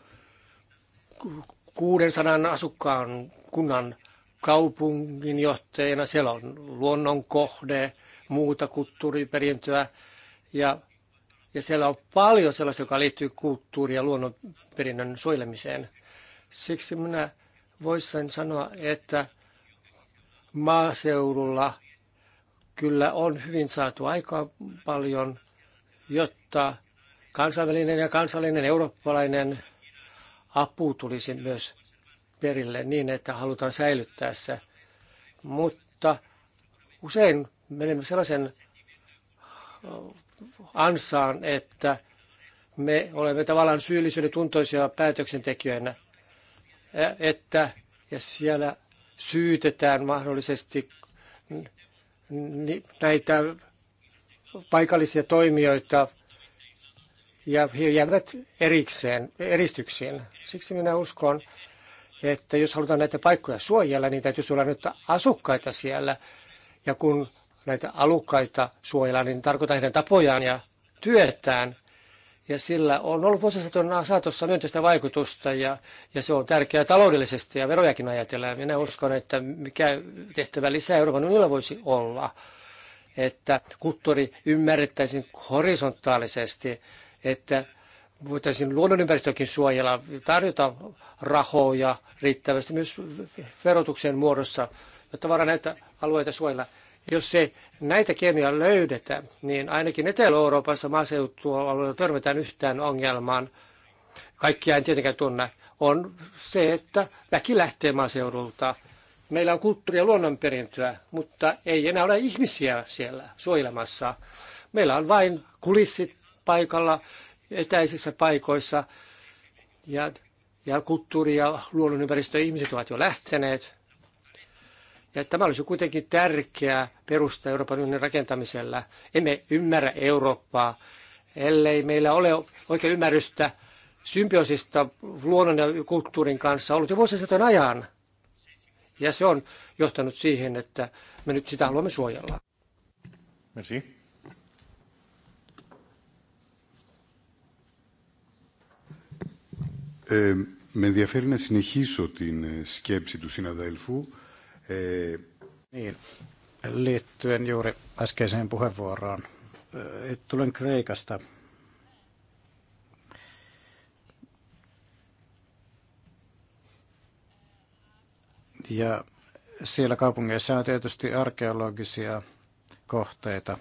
600 asukkaan kunnan kaupunginjohtajana. Siellä on luonnonkohde, muuta kulttuuriperintöä ja ja siellä on paljon sellaista, joka liittyy kulttuuri- ja luonnonperinnön suojelemiseen. Siksi minä voisin sanoa, että maaseudulla kyllä on hyvin saatu aikaa paljon, jotta kansainvälinen ja kansallinen eurooppalainen apu tulisi myös perille niin, että halutaan säilyttää se. Mutta usein menemme sellaisen ansaan, että me olemme tavallaan syyllisyyden tuntoisia päätöksentekijöinä, että ja siellä syytetään mahdollisesti näitä paikallisia toimijoita ja he jäävät erikseen, eristyksiin. Siksi minä uskon, että jos halutaan näitä paikkoja suojella, niin täytyy olla nyt asukkaita siellä. Ja kun näitä alukkaita suojellaan, niin tarkoitan heidän tapojaan ja työtään. Ja sillä on ollut vuosisatojen saatossa myönteistä vaikutusta ja, ja se on tärkeää taloudellisesti ja verojakin ajatellaan. Minä uskon, että mikä tehtävä lisää Euroopan unionilla voisi olla, että kulttuuri ymmärrettäisiin horisontaalisesti, että voitaisiin luonnonympäristökin suojella, tarjota rahoja riittävästi myös verotuksen muodossa, jotta voidaan näitä alueita suojella. Jos ei näitä keinoja löydetä, niin ainakin Etelä-Euroopassa maaseutualueella törmätään yhtään ongelmaan. Kaikkia en tietenkään tunne. On se, että väki lähtee maaseudulta. Meillä on kulttuuri- ja luonnonperintöä, mutta ei enää ole ihmisiä siellä suojelemassa. Meillä on vain kulissit paikalla, etäisissä paikoissa ja, ja kulttuuri- ja luonnonympäristö ihmiset ovat jo lähteneet. Ja tämä olisi kuitenkin tärkeä perusta Euroopan unionin rakentamisella. Emme ymmärrä Eurooppaa, ellei meillä ole oikein ymmärrystä symbioosista luonnon ja kulttuurin kanssa ollut jo vuosisatojen ajan. Ja se on johtanut siihen, että me nyt sitä haluamme suojella. Merci. Ε, με ενδιαφέρει να συνεχίσω την σκέψη του συναδέλφου. Niin, liittyen juuri äskeiseen puheenvuoroon. Tulen Kreikasta. Ja siellä kaupungeissa on tietysti arkeologisia kohteita.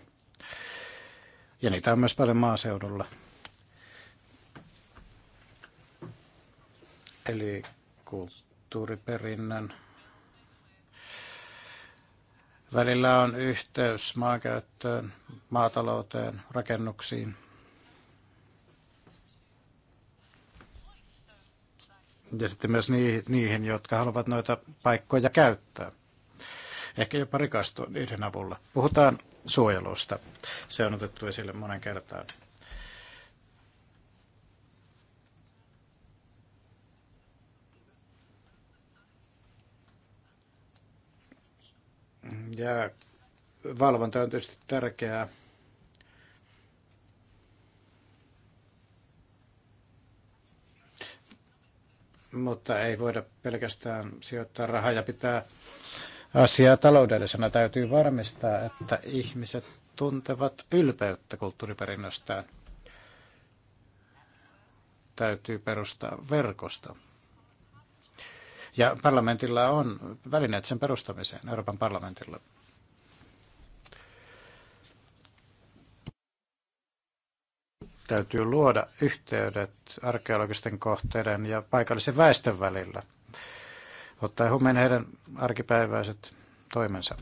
Ja niitä on myös paljon maaseudulla. Eli kulttuuriperinnön Välillä on yhteys maankäyttöön, maatalouteen, rakennuksiin. Ja sitten myös niihin, jotka haluavat noita paikkoja käyttää. Ehkä jopa rikastua niiden avulla. Puhutaan suojelusta. Se on otettu esille monen kertaan. Ja valvonta on tietysti tärkeää. Mutta ei voida pelkästään sijoittaa rahaa ja pitää asiaa taloudellisena. Täytyy varmistaa, että ihmiset tuntevat ylpeyttä kulttuuriperinnöstään. Täytyy perustaa verkosto. Ja parlamentilla on välineet sen perustamiseen, Euroopan parlamentilla. Täytyy luoda yhteydet arkeologisten kohteiden ja paikallisen väestön välillä, ottaen huomioon heidän arkipäiväiset toimensa.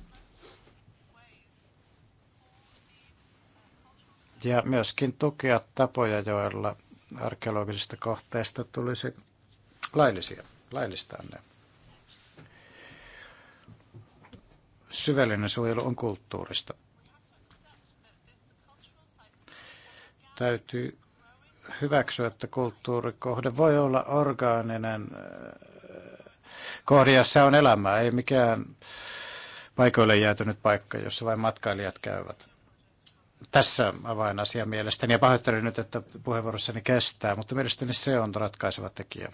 Ja myöskin tukea tapoja, joilla arkeologisista kohteista tulisi laillisia laillistaa ne. Syvällinen suojelu on kulttuurista. Täytyy hyväksyä, että kulttuurikohde voi olla orgaaninen äh, kohde, jossa on elämää, ei mikään paikoille jäätynyt paikka, jossa vain matkailijat käyvät. Tässä avainasia mielestäni, ja pahoittelen nyt, että puheenvuorossani kestää, mutta mielestäni se on ratkaiseva tekijä.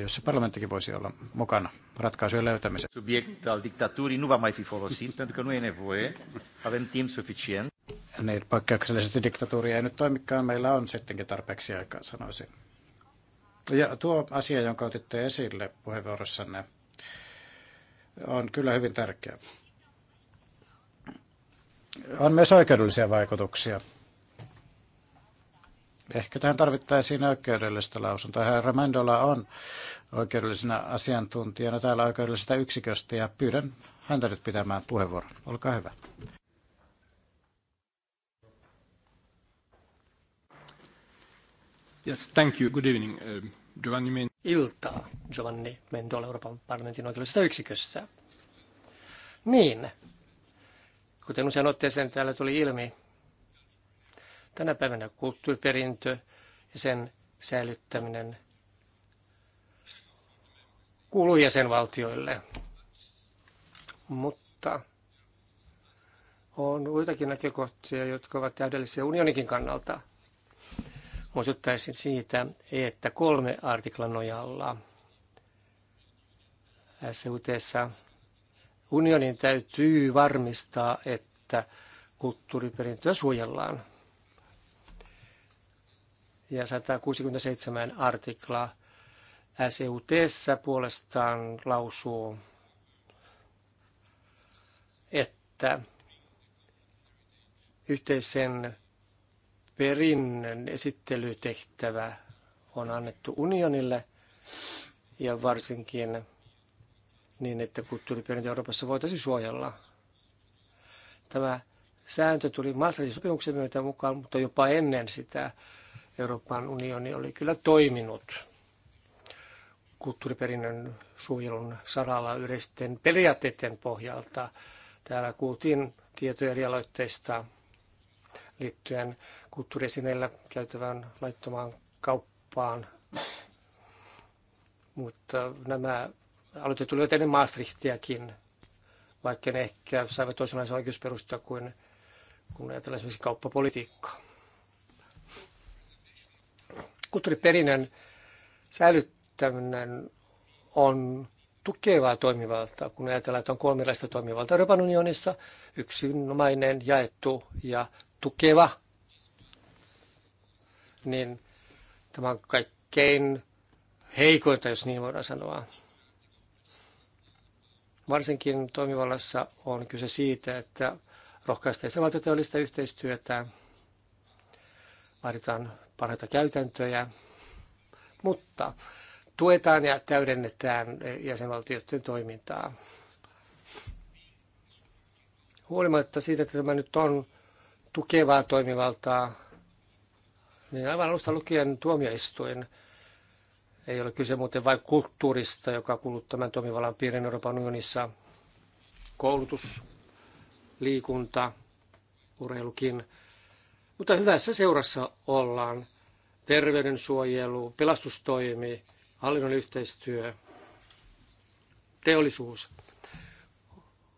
jossa parlamenttikin voisi olla mukana ratkaisujen löytämisessä. Subiect al diktatuuri nu va mai fi folosit, pentru că nu e nevoie. Avem timp suficient. Niin, poikkeuksellisesti diktatuuria ei nyt toimikaan. Meillä on sittenkin tarpeeksi aikaa, sanoisin. Ja tuo asia, jonka otitte esille puheenvuorossanne, on kyllä hyvin tärkeä. On myös oikeudellisia vaikutuksia Ehkä tähän tarvittaisiin oikeudellista lausuntoa. Herra Mendola on oikeudellisena asiantuntijana täällä oikeudellisesta yksiköstä ja pyydän häntä nyt pitämään puheenvuoron. Olkaa hyvä. Yes, thank you. Good evening, uh, Giovanni Men- Iltaa, Giovanni Mendola Euroopan parlamentin oikeudellisesta yksiköstä. Niin, kuten usein otteeseen täällä tuli ilmi, Tänä päivänä kulttuuriperintö ja sen säilyttäminen kuuluu jäsenvaltioille. Mutta on muitakin näkökohtia, jotka ovat täydellisiä unionikin kannalta. Muistuttaisin siitä, että kolme artiklan nojalla SUT unionin täytyy varmistaa, että kulttuuriperintöä suojellaan ja 167 artikla seut puolestaan lausuu, että yhteisen perinnön esittelytehtävä on annettu unionille ja varsinkin niin, että kulttuuriperintö Euroopassa voitaisiin suojella. Tämä sääntö tuli Maastrichtin sopimuksen myötä mukaan, mutta jopa ennen sitä Euroopan unioni oli kyllä toiminut kulttuuriperinnön suojelun saralla yleisten periaatteiden pohjalta. Täällä kuultiin tietoja eri aloitteista liittyen kulttuuriesineillä käytävään laittomaan kauppaan. Mutta nämä aloitteet tulivat ennen Maastrichtiakin, vaikka ne ehkä saivat toisenlaisen oikeusperusta kuin kun ajatellaan esimerkiksi kauppapolitiikkaa kulttuuriperinnön säilyttäminen on tukevaa toimivaltaa, kun ajatellaan, että on kolme erilaista toimivaltaa Euroopan unionissa, yksinomainen, jaettu ja tukeva, niin tämä on kaikkein heikointa, jos niin voidaan sanoa. Varsinkin toimivallassa on kyse siitä, että rohkaistaan valtioteollista yhteistyötä, vaaditaan parhaita käytäntöjä, mutta tuetaan ja täydennetään jäsenvaltioiden toimintaa. Huolimatta siitä, että tämä nyt on tukevaa toimivaltaa, niin aivan alusta lukien tuomioistuin ei ole kyse muuten vain kulttuurista, joka kuuluu tämän toimivallan piirin Euroopan unionissa. Koulutus, liikunta, urheilukin. Mutta hyvässä seurassa ollaan terveydensuojelu, pelastustoimi, hallinnon yhteistyö, teollisuus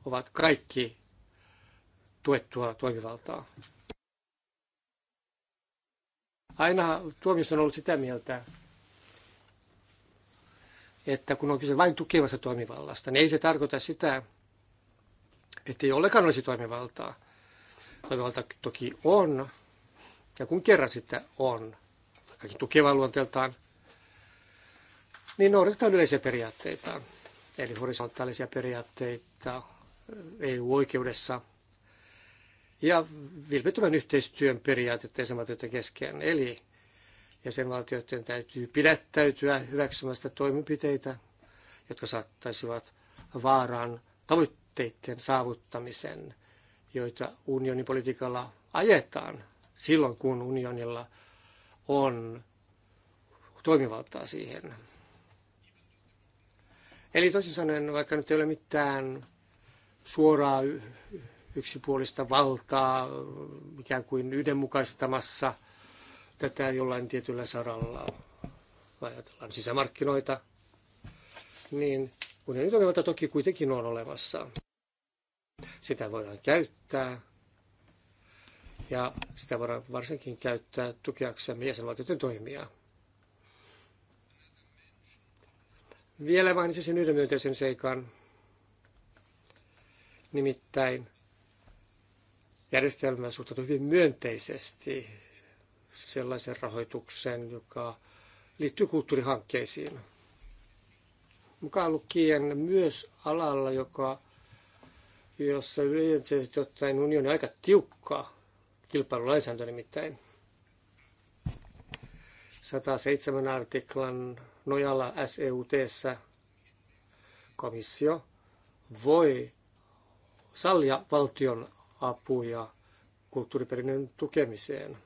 ovat kaikki tuettua toimivaltaa. Aina tuomioistuin on ollut sitä mieltä, että kun on kyse vain tukevasta toimivallasta, niin ei se tarkoita sitä, että ei olekaan olisi toimivaltaa. Toimivalta toki on, ja kun kerran sitä on, ainakin tukeva luonteeltaan, niin noudatetaan yleisiä periaatteita, eli horisontaalisia periaatteita EU-oikeudessa ja vilpittömän yhteistyön periaatteita jäsenvaltioiden kesken. Eli jäsenvaltioiden täytyy pidättäytyä hyväksymästä toimenpiteitä, jotka saattaisivat vaaraan tavoitteiden saavuttamisen, joita unionin politiikalla ajetaan silloin, kun unionilla – on toimivaltaa siihen. Eli toisin sanoen, vaikka nyt ei ole mitään suoraa yksipuolista valtaa ikään kuin yhdenmukaistamassa tätä jollain tietyllä saralla, ajatellaan sisämarkkinoita, niin unionin toimivalta toki kuitenkin on olemassa. Sitä voidaan käyttää ja sitä voidaan varsinkin käyttää tukeaksemme jäsenvaltioiden toimia. Vielä mainitsisin yhden myönteisen seikan, nimittäin järjestelmä suhtautuu hyvin myönteisesti sellaisen rahoituksen, joka liittyy kulttuurihankkeisiin. Mukaan lukien myös alalla, joka, jossa yleensä ottaen unioni on aika tiukkaa, kilpailulainsäädäntö nimittäin. 107 artiklan nojalla seut komissio voi sallia valtion apuja kulttuuriperinnön tukemiseen.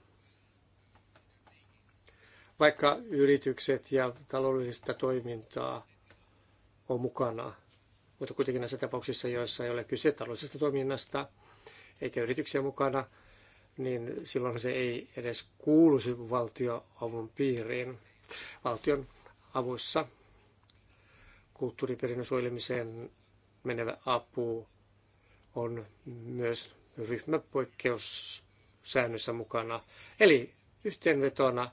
Vaikka yritykset ja taloudellista toimintaa on mukana, mutta kuitenkin näissä tapauksissa, joissa ei ole kyse taloudellisesta toiminnasta eikä yrityksiä mukana, niin silloin se ei edes kuuluisi valtioavun piiriin. Valtion avussa kulttuuriperinnön suojelemiseen menevä apu on myös ryhmäpoikkeussäännössä mukana. Eli yhteenvetona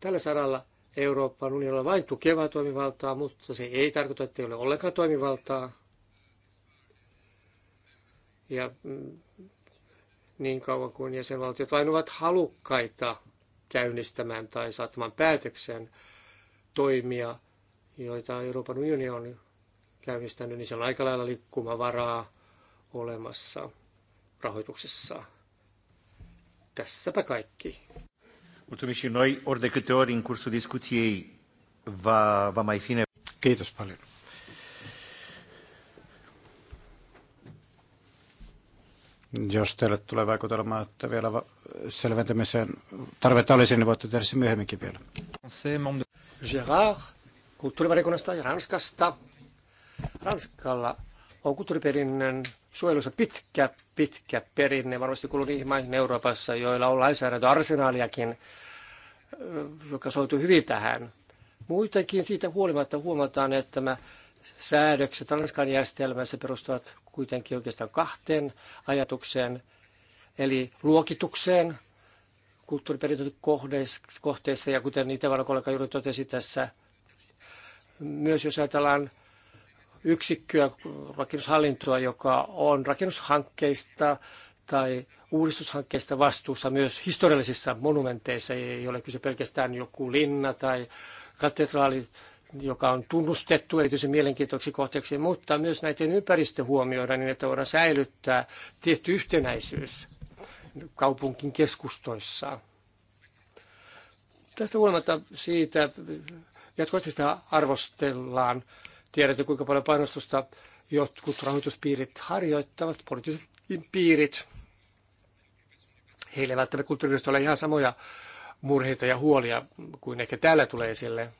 tällä saralla Euroopan unionilla vain tukevaa toimivaltaa, mutta se ei tarkoita, että ei ole ollenkaan toimivaltaa. Ja mm, niin kauan kuin jäsenvaltiot vain ovat halukkaita käynnistämään tai saattamaan päätöksen toimia, joita Euroopan unioni on käynnistänyt, niin siellä on aika lailla liikkumavaraa olemassa rahoituksessa. Tässäpä kaikki. va, va Kiitos paljon. Jos teille tulee vaikutelma, että vielä selventämiseen tarvetta olisi, niin voitte tehdä se myöhemminkin vielä. Gerard, kulttuurivalikunnasta ja Ranskasta. Ranskalla on kulttuuriperinnön suojelussa pitkä, pitkä perinne. Varmasti kuuluu niihin maihin Euroopassa, joilla on lainsäädäntöarsenaaliakin, joka soituu hyvin tähän. Muutenkin siitä huolimatta huomataan, että tämä säädökset Ranskan järjestelmässä perustuvat kuitenkin oikeastaan kahteen ajatukseen, eli luokitukseen kulttuuriperintökohteissa, ja kuten Itävallan kollega juuri totesi tässä, myös jos ajatellaan yksikköä, rakennushallintoa, joka on rakennushankkeista tai uudistushankkeista vastuussa myös historiallisissa monumenteissa. Ei ole kyse pelkästään joku linna tai katedraali joka on tunnustettu erityisen mielenkiintoiseksi kohteeksi, mutta myös näiden ympäristö huomioida niin, että voidaan säilyttää tietty yhtenäisyys kaupunkin keskustoissa. Tästä huolimatta siitä jatkuvasti sitä arvostellaan. Tiedätte, kuinka paljon painostusta jotkut rahoituspiirit harjoittavat, poliittiset piirit. Heille välttämättä ole ihan samoja murheita ja huolia kuin ehkä täällä tulee esille –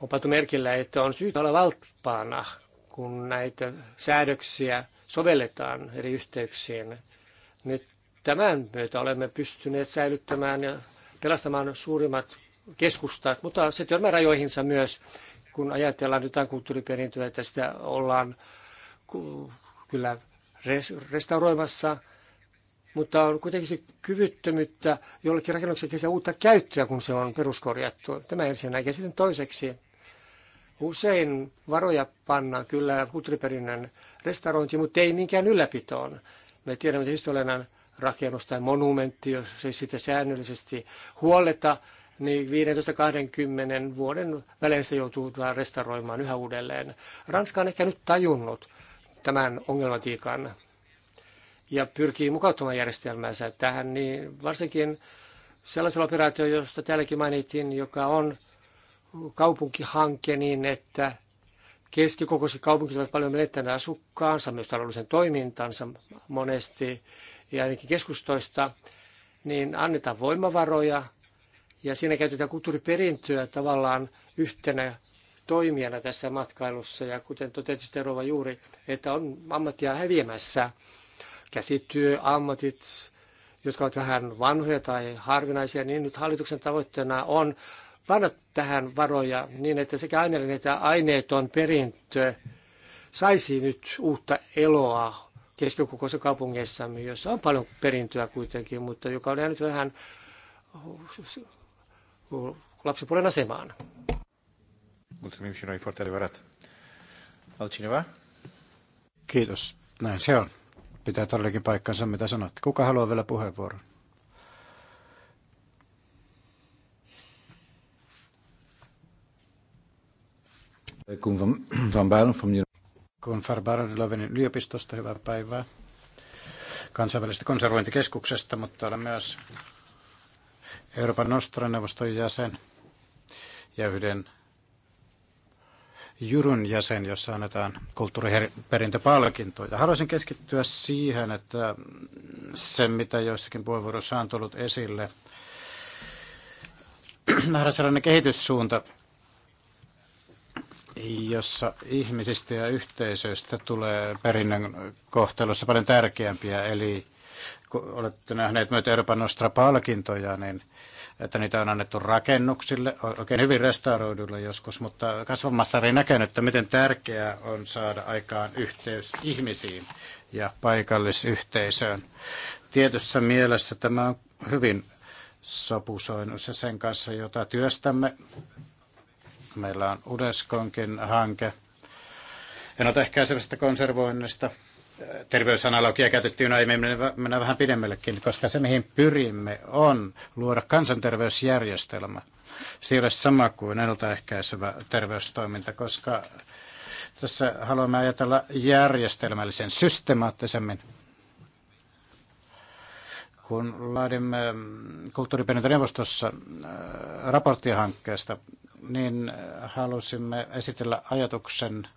on merkillä, että on syytä olla valppaana, kun näitä säädöksiä sovelletaan eri yhteyksiin. Nyt tämän myötä olemme pystyneet säilyttämään ja pelastamaan suurimmat keskustat, mutta se törmää rajoihinsa myös, kun ajatellaan jotain kulttuuriperintöä, että sitä ollaan kyllä restauroimassa, mutta on kuitenkin se kyvyttömyyttä jollekin rakennuksen kesä uutta käyttöä, kun se on peruskorjattu. Tämä ensinnäkin. Sitten toiseksi Usein varoja pannaan kyllä kulttuuriperinnön restaurointiin, mutta ei niinkään ylläpitoon. Me tiedämme, että historiallinen rakennus tai monumentti, jos ei sitä säännöllisesti huoleta, niin 15-20 vuoden välein sitä joutuu tuota restauroimaan yhä uudelleen. Ranska on ehkä nyt tajunnut tämän ongelmatiikan ja pyrkii mukauttamaan järjestelmäänsä tähän, niin varsinkin sellaisella operaatio, josta täälläkin mainittiin, joka on kaupunkihanke niin, että keskikokoiset kaupunkit ovat paljon menettäneet asukkaansa, myös taloudellisen toimintansa monesti ja ainakin keskustoista, niin annetaan voimavaroja ja siinä käytetään kulttuuriperintöä tavallaan yhtenä toimijana tässä matkailussa. Ja kuten totesit Rova juuri, että on ammattia häviämässä, ammatit, jotka ovat vähän vanhoja tai harvinaisia, niin nyt hallituksen tavoitteena on panna tähän varoja niin, että sekä aineellinen että aineeton perintö saisi nyt uutta eloa keskikokoisessa kaupungeissamme, jossa on paljon perintöä kuitenkin, mutta joka on jäänyt vähän lapsipuolen asemaan. Kiitos. Näin se on. Pitää todellakin paikkansa, mitä sanot. Kuka haluaa vielä puheenvuoron? Kun Van Baalen from Kun Farbaran yliopistosta, hyvää päivää kansainvälisestä konservointikeskuksesta, mutta olen myös Euroopan Nostran neuvoston jäsen ja yhden Jurun jäsen, jossa annetaan kulttuuriperintöpalkintoja. Haluaisin keskittyä siihen, että se mitä joissakin puheenvuoroissa on tullut esille, nähdään sellainen kehityssuunta, jossa ihmisistä ja yhteisöistä tulee perinnön kohtelussa paljon tärkeämpiä. Eli kun olette nähneet myös Euroopan Nostra-palkintoja, niin että niitä on annettu rakennuksille, oikein hyvin restauroidulle joskus, mutta kasvamassa oli näkenyt, että miten tärkeää on saada aikaan yhteys ihmisiin ja paikallisyhteisöön. Tietyssä mielessä tämä on hyvin sopusoinnussa sen kanssa, jota työstämme Meillä on Udeskonkin hanke ennaltaehkäisevästä konservoinnista. Terveysanalogia käytettiin aiemmin, mennään vähän pidemmällekin, koska se mihin pyrimme on luoda kansanterveysjärjestelmä. Se ei ole sama kuin ennaltaehkäisevä terveystoiminta, koska tässä haluamme ajatella järjestelmällisen systemaattisemmin kun laadimme kulttuuriperintöneuvostossa äh, raporttihankkeesta niin äh, halusimme esitellä ajatuksen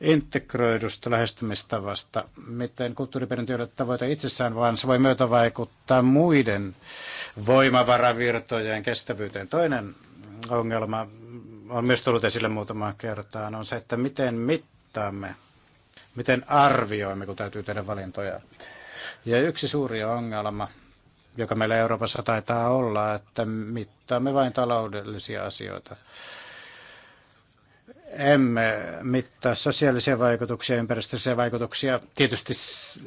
integroidusta lähestymistavasta, miten kulttuuriperintö ei ole tavoite itsessään, vaan se voi myötä vaikuttaa muiden voimavaravirtojen kestävyyteen. Toinen ongelma on myös tullut esille muutamaan kertaan, on se, että miten mittaamme, miten arvioimme, kun täytyy tehdä valintoja. Ja yksi suuri ongelma joka meillä Euroopassa taitaa olla, että mittaamme vain taloudellisia asioita. Emme mittaa sosiaalisia vaikutuksia, ympäristöllisiä vaikutuksia. Tietysti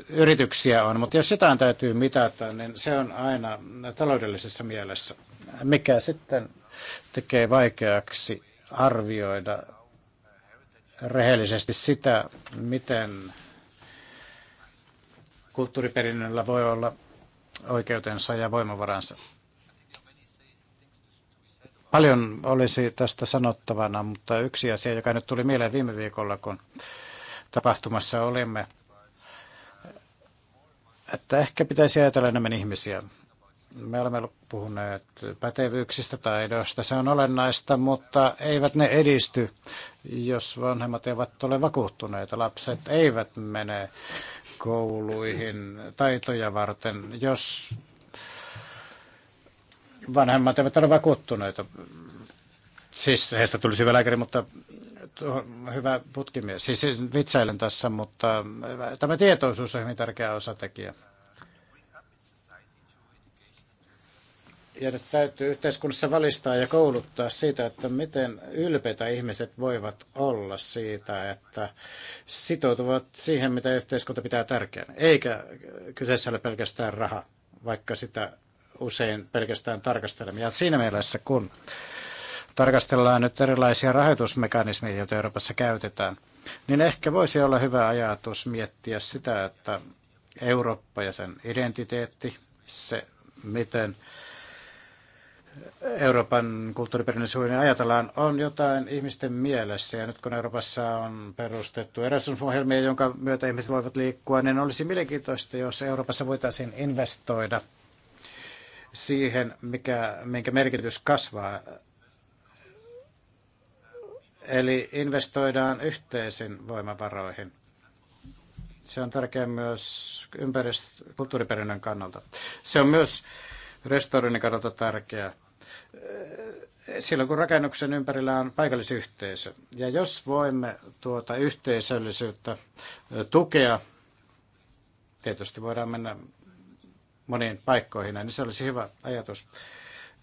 yrityksiä on, mutta jos jotain täytyy mitata, niin se on aina taloudellisessa mielessä, mikä sitten tekee vaikeaksi arvioida rehellisesti sitä, miten kulttuuriperinnöllä voi olla oikeutensa ja voimavaransa. Paljon olisi tästä sanottavana, mutta yksi asia, joka nyt tuli mieleen viime viikolla, kun tapahtumassa olimme, että ehkä pitäisi ajatella enemmän ihmisiä. Me olemme puhuneet pätevyyksistä, taidoista, se on olennaista, mutta eivät ne edisty, jos vanhemmat eivät ole vakuuttuneita. Lapset eivät mene kouluihin taitoja varten, jos vanhemmat eivät ole vakuuttuneita. Siis heistä tulisi hyvä lääkäri, mutta hyvä putkimies. Siis, siis, vitsailen tässä, mutta tämä tietoisuus on hyvin tärkeä osatekijä. ja täytyy yhteiskunnassa valistaa ja kouluttaa siitä, että miten ylpeitä ihmiset voivat olla siitä, että sitoutuvat siihen, mitä yhteiskunta pitää tärkeänä. Eikä kyseessä ole pelkästään raha, vaikka sitä usein pelkästään tarkastelemme. Ja siinä mielessä, kun tarkastellaan nyt erilaisia rahoitusmekanismeja, joita Euroopassa käytetään, niin ehkä voisi olla hyvä ajatus miettiä sitä, että Eurooppa ja sen identiteetti, se miten Euroopan kulttuuriperinnön suojelun ajatellaan, on jotain ihmisten mielessä. Ja nyt kun Euroopassa on perustettu Erasmus-ohjelmia, jonka myötä ihmiset voivat liikkua, niin olisi mielenkiintoista, jos Euroopassa voitaisiin investoida siihen, mikä, minkä merkitys kasvaa. Eli investoidaan yhteisin voimavaroihin. Se on tärkeää myös ympäristö- kulttuuriperinnön kannalta. Se on myös restauroinnin kannalta tärkeää. Silloin kun rakennuksen ympärillä on paikallisyhteisö. Ja jos voimme tuota yhteisöllisyyttä tukea, tietysti voidaan mennä moniin paikkoihin, niin se olisi hyvä ajatus.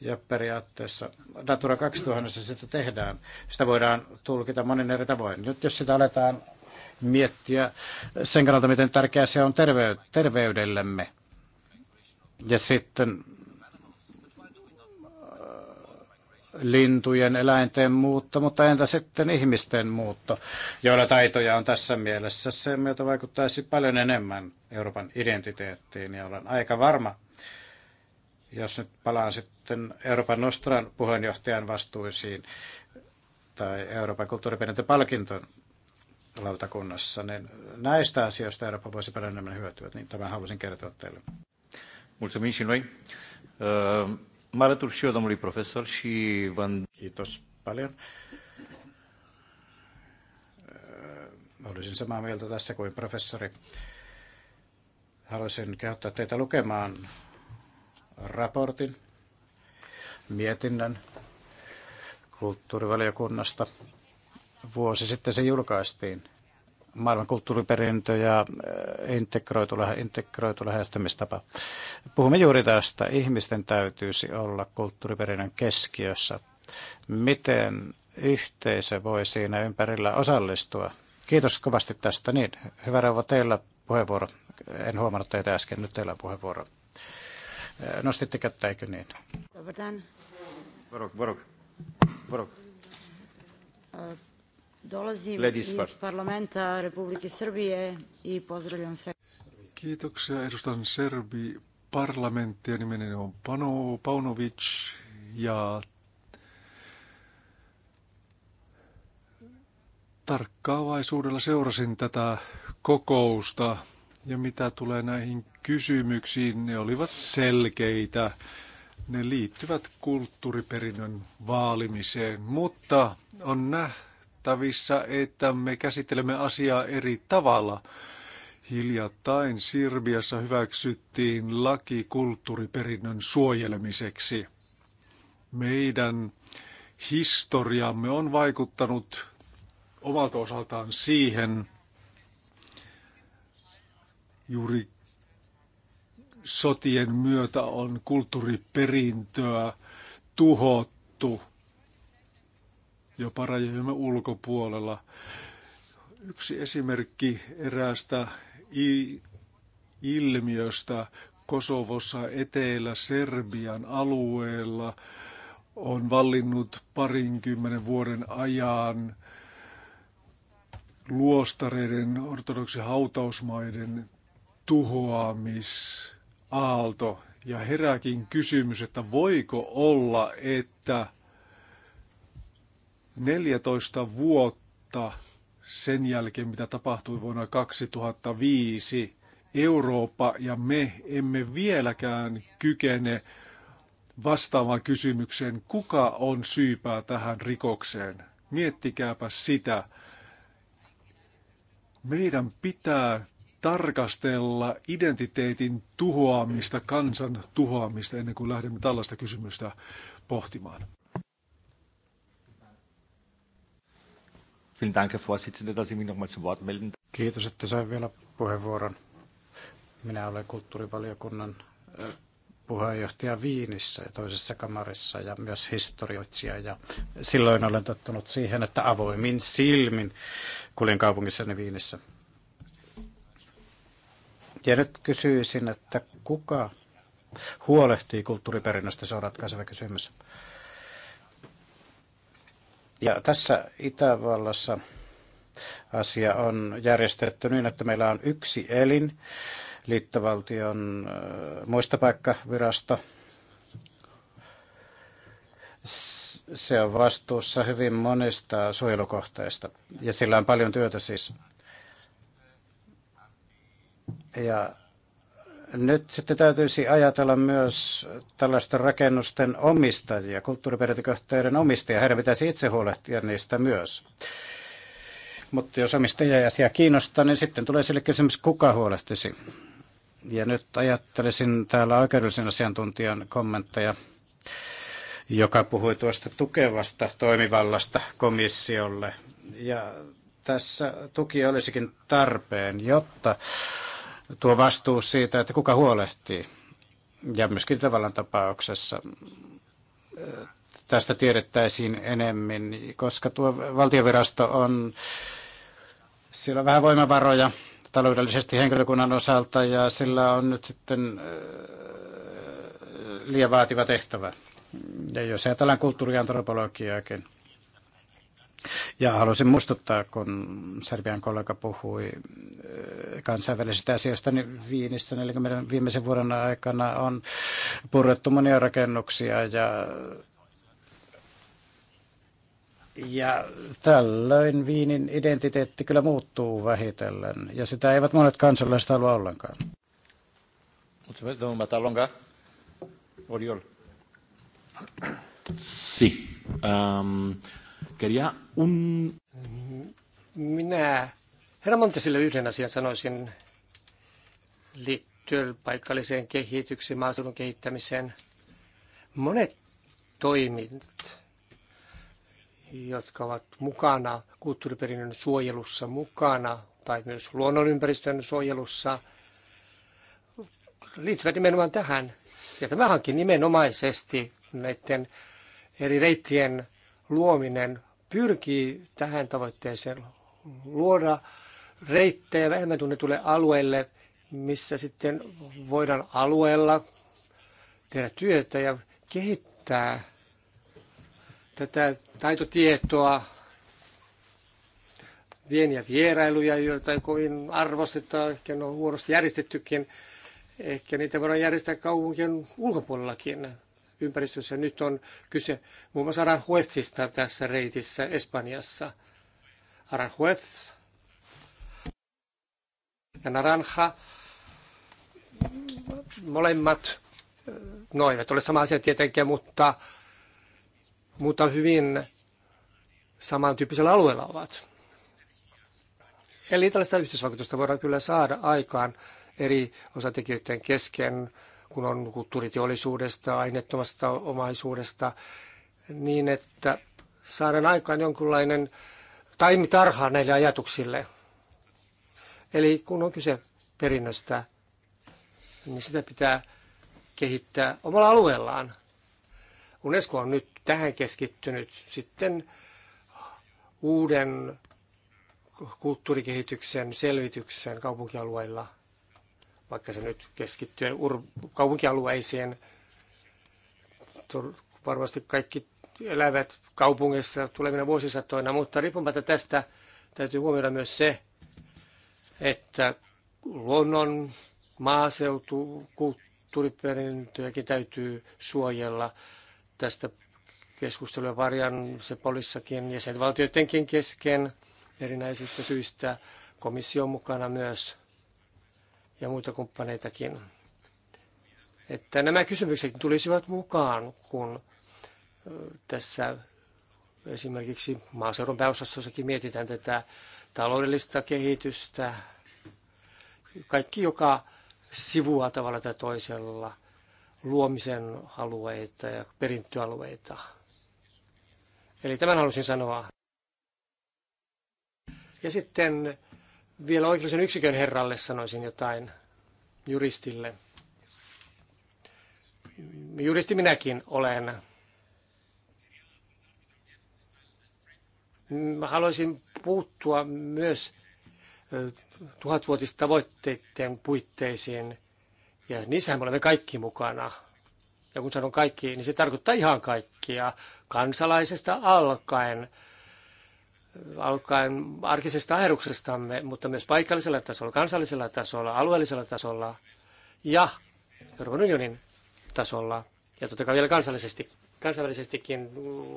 Ja periaatteessa Natura 2000 sitä tehdään. Sitä voidaan tulkita monin eri tavoin. Nyt jos sitä aletaan miettiä sen kannalta, miten tärkeää se on terveydellemme. Ja sitten lintujen, eläinten muutto, mutta entä sitten ihmisten muutto, joilla taitoja on tässä mielessä. Se meiltä vaikuttaisi paljon enemmän Euroopan identiteettiin ja olen aika varma, jos nyt palaan sitten Euroopan Nostran puheenjohtajan vastuisiin tai Euroopan kulttuuriperintöpalkinton lautakunnassa, niin näistä asioista Eurooppa voisi paljon enemmän hyötyä, niin tämän halusin kertoa teille. Mulțumim și noi. Mă alătur și eu, domnului profesor, și vă... Kiitos paljon. Äh, olisin samaa mieltä tässä kuin professori. Haluaisin kehottaa teitä lukemaan raportin, mietinnän kulttuurivaliokunnasta. Vuosi sitten se julkaistiin maailman kulttuuriperintö ja eh, integroitu, integroitu lähestymistapa. Puhumme juuri tästä. Ihmisten täytyisi olla kulttuuriperinnön keskiössä. Miten yhteisö voi siinä ympärillä osallistua? Kiitos kovasti tästä. Niin, hyvä rauha teillä puheenvuoro. En huomannut teitä äsken, nyt teillä puheenvuoro. Eh, nostitte kättä, eikö niin? Varok, varok, varok. Dolazim iz parlamenta Republike Srbije i pozdravljam sve. Kiitoksia. Edustan Serbi ja Nimeni on Pano, Paunovic ja tarkkaavaisuudella seurasin tätä kokousta ja mitä tulee näihin kysymyksiin, ne olivat selkeitä. Ne liittyvät kulttuuriperinnön vaalimiseen, mutta on nähty, havaittavissa, että me käsittelemme asiaa eri tavalla. Hiljattain Sirbiassa hyväksyttiin laki kulttuuriperinnön suojelemiseksi. Meidän historiamme on vaikuttanut omalta osaltaan siihen juuri sotien myötä on kulttuuriperintöä tuhottu jopa rajojemme ulkopuolella. Yksi esimerkki eräästä ilmiöstä Kosovossa Etelä-Serbian alueella on vallinnut parinkymmenen vuoden ajan luostareiden ortodoksi hautausmaiden tuhoamisaalto. Ja herääkin kysymys, että voiko olla, että 14 vuotta sen jälkeen, mitä tapahtui vuonna 2005, Eurooppa ja me emme vieläkään kykene vastaamaan kysymykseen, kuka on syypää tähän rikokseen. Miettikääpä sitä. Meidän pitää tarkastella identiteetin tuhoamista, kansan tuhoamista, ennen kuin lähdemme tällaista kysymystä pohtimaan. Vielen Dank, Herr Vorsitzender, dass ich mich Wort melden. Kiitos, että sain vielä puheenvuoron. Minä olen kulttuurivaliokunnan puheenjohtaja Viinissä ja toisessa kamarissa ja myös historioitsija. Ja silloin olen tottunut siihen, että avoimin silmin kuljen kaupungissani Viinissä. Ja nyt kysyisin, että kuka huolehtii kulttuuriperinnöstä? Se on ratkaiseva kysymys. Ja tässä Itävallassa asia on järjestetty niin, että meillä on yksi elin, liittovaltion äh, muistopaikkavirasto. Se on vastuussa hyvin monista suojelukohteista ja sillä on paljon työtä siis. Ja nyt sitten täytyisi ajatella myös tällaisten rakennusten omistajia, kulttuuriperintökohteiden omistajia. Heidän pitäisi itse huolehtia niistä myös. Mutta jos omistajia asia kiinnostaa, niin sitten tulee sille kysymys, kuka huolehtisi. Ja nyt ajattelisin täällä oikeudellisen asiantuntijan kommentteja, joka puhui tuosta tukevasta toimivallasta komissiolle. Ja tässä tuki olisikin tarpeen, jotta tuo vastuu siitä, että kuka huolehtii. Ja myöskin tavallaan tapauksessa tästä tiedettäisiin enemmän, koska tuo valtiovirasto on, sillä on vähän voimavaroja taloudellisesti henkilökunnan osalta ja sillä on nyt sitten äh, liian vaativa tehtävä. Ja jos ajatellaan kulttuuriantropologiaakin, ja haluaisin muistuttaa, kun Serbian kollega puhui äh, kansainvälisistä asioista, niin Viinissä 40 viimeisen vuoden aikana on purrettu monia rakennuksia ja ja tällöin viinin identiteetti kyllä muuttuu vähitellen, ja sitä eivät monet kansalaiset halua ollenkaan. Mulțumesc, Oriol. Si. Um, Quería un... Minä herra Montesille yhden asian sanoisin liittyen paikalliseen kehitykseen, maaseudun kehittämiseen. Monet toiminnat, jotka ovat mukana kulttuuriperinnön suojelussa mukana tai myös luonnonympäristön suojelussa, liittyvät nimenomaan tähän. Ja tämä hankin nimenomaisesti näiden eri reittien luominen pyrkii tähän tavoitteeseen luoda reittejä vähemmän tunnetulle alueelle, missä sitten voidaan alueella tehdä työtä ja kehittää tätä taitotietoa, pieniä vierailuja, joita ei kovin arvosteta, ehkä ne on huonosti järjestettykin. Ehkä niitä voidaan järjestää kaupunkien ulkopuolellakin ympäristössä. Nyt on kyse muun muassa Aranjuezista tässä reitissä Espanjassa. Aranjuez ja Naranja, molemmat, no eivät ole sama asia tietenkin, mutta, mutta hyvin samantyyppisellä alueella ovat. Eli tällaista yhteisvaikutusta voidaan kyllä saada aikaan eri osatekijöiden kesken kun on kulttuuriteollisuudesta, aineettomasta omaisuudesta, niin että saadaan aikaan jonkunlainen taimitarha näille ajatuksille. Eli kun on kyse perinnöstä, niin sitä pitää kehittää omalla alueellaan. Unesco on nyt tähän keskittynyt sitten uuden kulttuurikehityksen selvityksen kaupunkialueilla – vaikka se nyt keskittyy kaupunkialueisiin. Varmasti kaikki elävät kaupungissa tulevina vuosisatoina, mutta riippumatta tästä täytyy huomioida myös se, että luonnon maaseutu, kulttuuriperintöjäkin täytyy suojella. Tästä keskustelua varjan se polissakin jäsenvaltioidenkin kesken erinäisistä syistä. Komissio mukana myös ja muita kumppaneitakin, että nämä kysymykset tulisivat mukaan, kun tässä esimerkiksi maaseudun pääosastossakin mietitään tätä taloudellista kehitystä, kaikki joka sivuaa tavalla tai toisella luomisen alueita ja perintöalueita. Eli tämän halusin sanoa. Ja sitten vielä oikeudellisen yksikön herralle sanoisin jotain, juristille. Juristi minäkin olen. Mä haluaisin puuttua myös tavoitteiden puitteisiin, ja niissähän me olemme kaikki mukana. Ja kun sanon kaikki, niin se tarkoittaa ihan kaikkia, kansalaisesta alkaen – alkaen arkisesta ajatuksestamme, mutta myös paikallisella tasolla, kansallisella tasolla, alueellisella tasolla ja Euroopan unionin tasolla ja totta kai vielä kansallisesti, kansainvälisestikin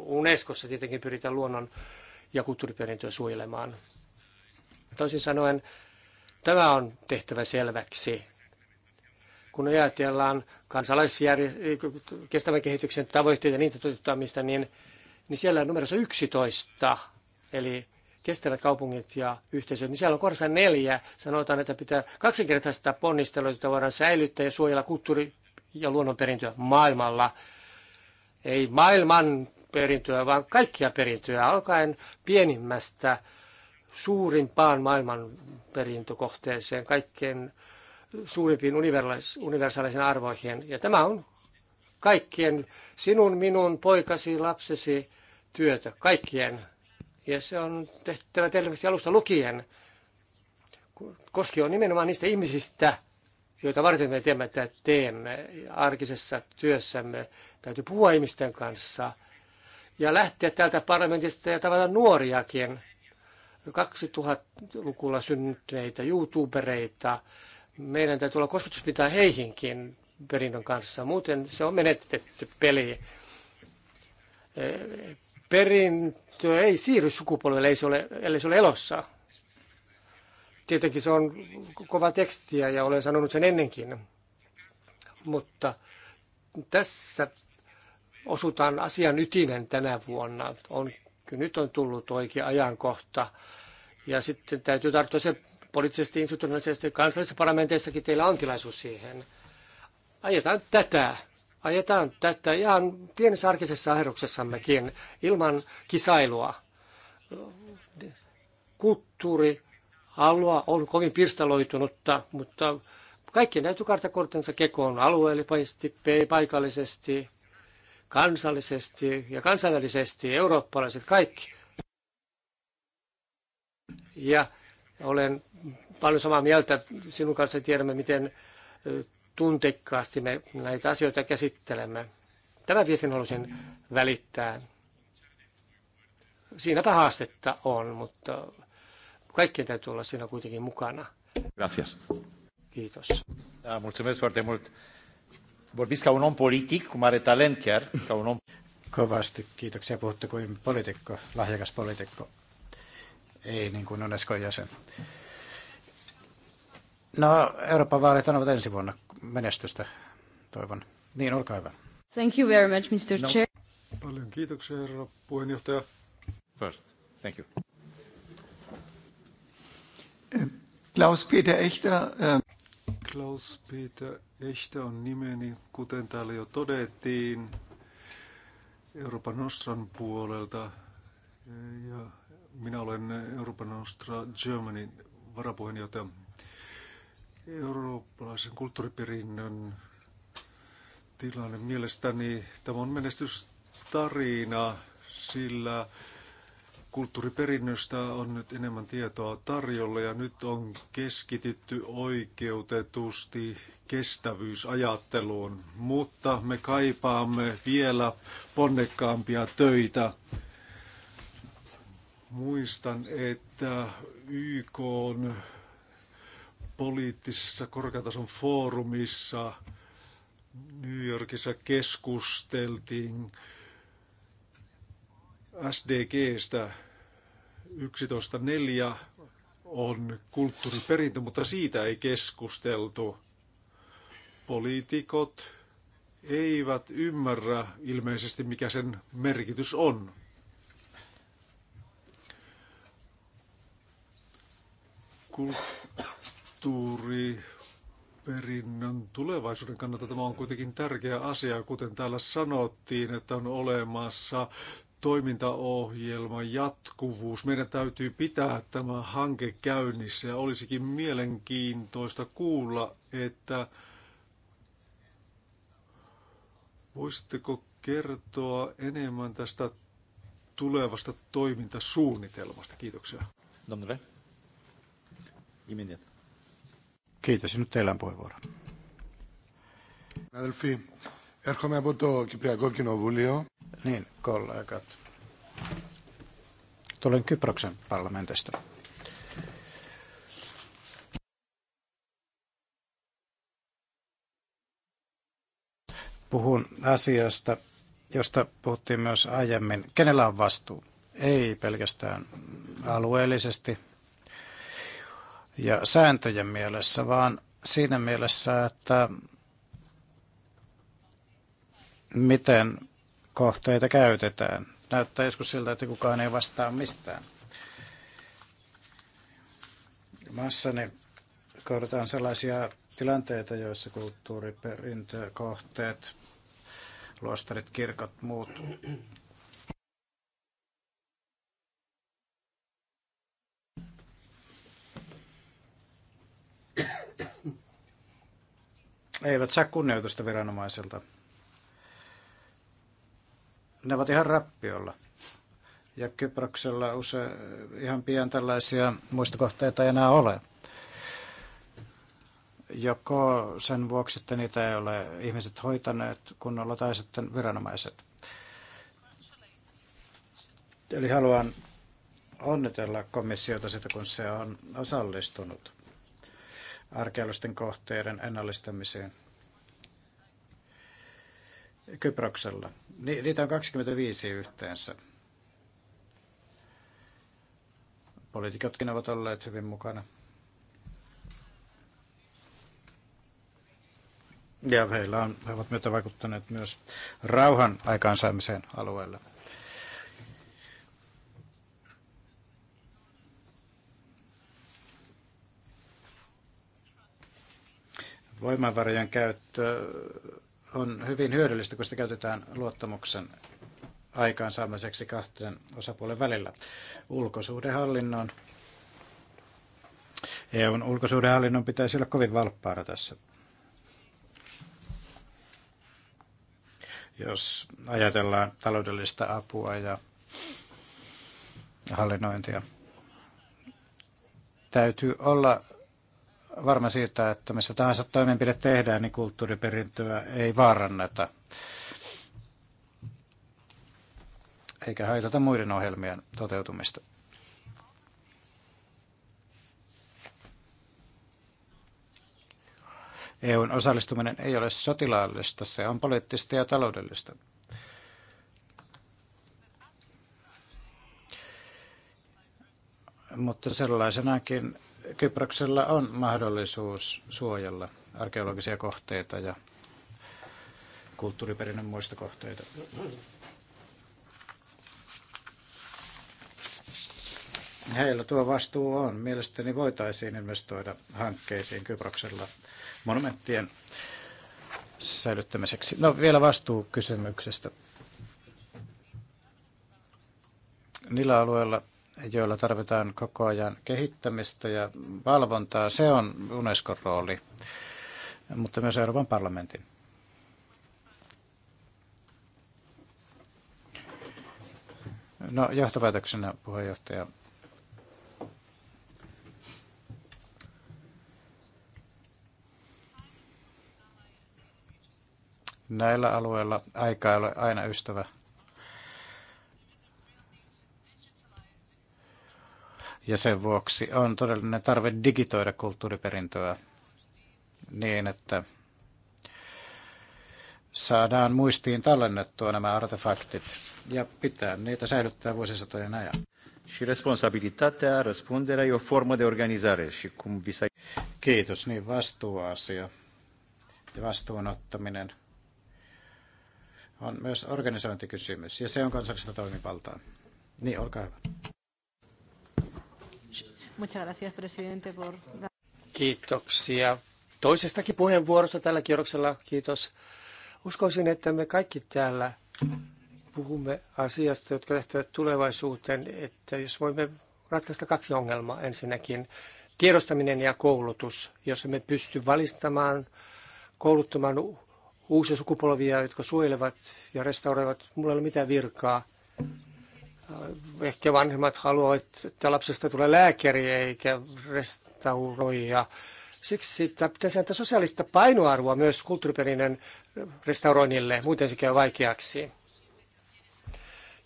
Unescossa tietenkin pyritään luonnon ja kulttuuriperintöä suojelemaan. Toisin sanoen tämä on tehtävä selväksi, kun ajatellaan kansalaisjärj- kestävän kehityksen tavoitteita ja niitä toteuttamista, niin, niin siellä numerossa 11 eli kestävät kaupungit ja yhteisöt, niin siellä on kohdassa neljä. Sanotaan, että pitää kaksinkertaista ponnistelua, jota voidaan säilyttää ja suojella kulttuuri- ja luonnonperintöä maailmalla. Ei maailman perintöä, vaan kaikkia perintöä, alkaen pienimmästä suurimpaan maailman perintökohteeseen, kaikkein suurimpiin universaalisiin arvoihin. Ja tämä on kaikkien, sinun, minun, poikasi, lapsesi työtä, kaikkien ja se on tehtävä terveeksi alusta lukien. Koski on nimenomaan niistä ihmisistä, joita varten me teemme, että teemme arkisessa työssämme. Täytyy puhua ihmisten kanssa ja lähteä täältä parlamentista ja tavata nuoriakin. 2000 lukulla syntyneitä youtubereita. Meidän täytyy olla kosketuspintaa heihinkin perinnön kanssa. Muuten se on menetetty peli. Perin, eh, työ ei siirry sukupolvelle, ei se ole, ellei se ole elossa. Tietenkin se on kova tekstiä ja olen sanonut sen ennenkin. Mutta tässä osutaan asian ytimen tänä vuonna. On, nyt on tullut oikea ajankohta. Ja sitten täytyy tarttua se poliittisesti, institutionaalisesti, kansallisessa parlamenteissakin teillä on tilaisuus siihen. Ajetaan tätä ajetaan tätä ihan pienessä arkisessa ehdoksessammekin ilman kisailua. alua on kovin pirstaloitunutta, mutta kaikki näytyy kartakortensa kekoon alueellisesti, paikallisesti, kansallisesti ja kansainvälisesti, eurooppalaiset kaikki. Ja olen paljon samaa mieltä sinun kanssa, tiedämme miten tuntekkaasti me näitä asioita käsittelemme. Tämän viestin halusin välittää. Siinäpä haastetta on, mutta kaikkien täytyy olla siinä kuitenkin mukana. Gracias. Kiitos. Mulțumesc foarte mult. Vorbiți ca un om politic, cu mare talent chiar, ca un om... Kovasti, kiitoksia. Puhutte kuin poliitikko, lahjakas poliitikko. Ei niin kuin unesco jäsen. No, Euroopan vaalit on ensi vuonna menestystä toivon. Niin, olkaa hyvä. Thank you very much, Mr. No. Chair. Paljon kiitoksia, herra puheenjohtaja. First, thank you. Klaus-Peter Echter. Ähm, Klaus-Peter Echter on nimeni, kuten täällä jo todettiin, Euroopan Nostran puolelta. Ja minä olen Euroopan Nostra Germanyn varapuheenjohtaja eurooppalaisen kulttuuriperinnön tilanne. Mielestäni tämä on menestystarina, sillä kulttuuriperinnöstä on nyt enemmän tietoa tarjolla ja nyt on keskitytty oikeutetusti kestävyysajatteluun, mutta me kaipaamme vielä ponnekkaampia töitä. Muistan, että YK on poliittisissa korkeatason foorumissa New Yorkissa keskusteltiin SDGstä 11.4 on kulttuuriperintö, mutta siitä ei keskusteltu. Poliitikot eivät ymmärrä ilmeisesti, mikä sen merkitys on. Kul- kulttuuri perinnön tulevaisuuden kannalta tämä on kuitenkin tärkeä asia, kuten täällä sanottiin, että on olemassa toimintaohjelma, jatkuvuus. Meidän täytyy pitää tämä hanke käynnissä ja olisikin mielenkiintoista kuulla, että voisitteko kertoa enemmän tästä tulevasta toimintasuunnitelmasta? Kiitoksia. Domnule, imediat. Kiitos. Nyt teillä on puheenvuoro. Αδελφοί, έρχομαι από το Κυπριακό Κοινοβούλιο. Niin, kollegat. Tulen Kyproksen parlamentista. Puhun asiasta, josta puhuttiin myös aiemmin. Kenellä on vastuu? Ei pelkästään alueellisesti, ja sääntöjen mielessä, vaan siinä mielessä, että miten kohteita käytetään. Näyttää joskus siltä, että kukaan ei vastaa mistään. Massani kohdataan sellaisia tilanteita, joissa kulttuuriperintökohteet, luostarit, kirkot, muut eivät saa kunnioitusta viranomaiselta. Ne ovat ihan rappiolla. Ja Kyproksella usein ihan pian tällaisia muistokohteita ei enää ole. Joko sen vuoksi, että niitä ei ole ihmiset hoitaneet kunnolla tai sitten viranomaiset. Eli haluan onnitella komissiota sitä, kun se on osallistunut arkeologisten kohteiden ennallistamiseen Kyproksella. Ni, niitä on 25 yhteensä. Poliitikotkin ovat olleet hyvin mukana. Ja heillä on, he ovat myötä vaikuttaneet myös rauhan aikaansaamiseen alueella. Voimavarojen käyttö on hyvin hyödyllistä, kun sitä käytetään luottamuksen aikaansaamiseksi kahteen osapuolen välillä. Ulkosuhdehallinnon, EUn ulkosuhdehallinnon pitäisi olla kovin valppaana tässä. Jos ajatellaan taloudellista apua ja hallinnointia, täytyy olla varma siitä, että missä tahansa toimenpide tehdään, niin kulttuuriperintöä ei vaaranneta eikä haitata muiden ohjelmien toteutumista. EUn osallistuminen ei ole sotilaallista, se on poliittista ja taloudellista. Mutta sellaisenakin Kyproksella on mahdollisuus suojella arkeologisia kohteita ja kulttuuriperinnön muistokohteita. Heillä tuo vastuu on. Mielestäni voitaisiin investoida hankkeisiin Kyproksella monumenttien säilyttämiseksi. No vielä vastuukysymyksestä. Niillä alueilla joilla tarvitaan koko ajan kehittämistä ja valvontaa. Se on Unescon rooli, mutta myös Euroopan parlamentin. No johtopäätöksenä puheenjohtaja. Näillä alueilla aika ei ole aina ystävä. Ja sen vuoksi on todellinen tarve digitoida kulttuuriperintöä niin, että saadaan muistiin tallennettua nämä artefaktit ja pitää niitä säilyttää vuosisatojen ajan. Și responsabilitatea, răspunderea e o formă de organizare și cum vi Kiitos, niin vastuuasia ja vastuunottaminen on myös organisointikysymys ja se on kansallista toimivaltaa. Niin, olkaa hyvä. Muchas gracias, presidente, por... Kiitoksia toisestakin puheenvuorosta tällä kierroksella. Kiitos. Uskoisin, että me kaikki täällä puhumme asiasta, jotka lähtevät tulevaisuuteen, että jos voimme ratkaista kaksi ongelmaa ensinnäkin, tiedostaminen ja koulutus, jos me pysty valistamaan, kouluttamaan uusia sukupolvia, jotka suojelevat ja restauroivat, mulla ei ole mitään virkaa ehkä vanhemmat haluavat, että lapsesta tulee lääkäri eikä restauroija. Siksi pitäisi antaa sosiaalista painoarvoa myös kulttuuriperinnön restauroinnille, muuten se käy vaikeaksi.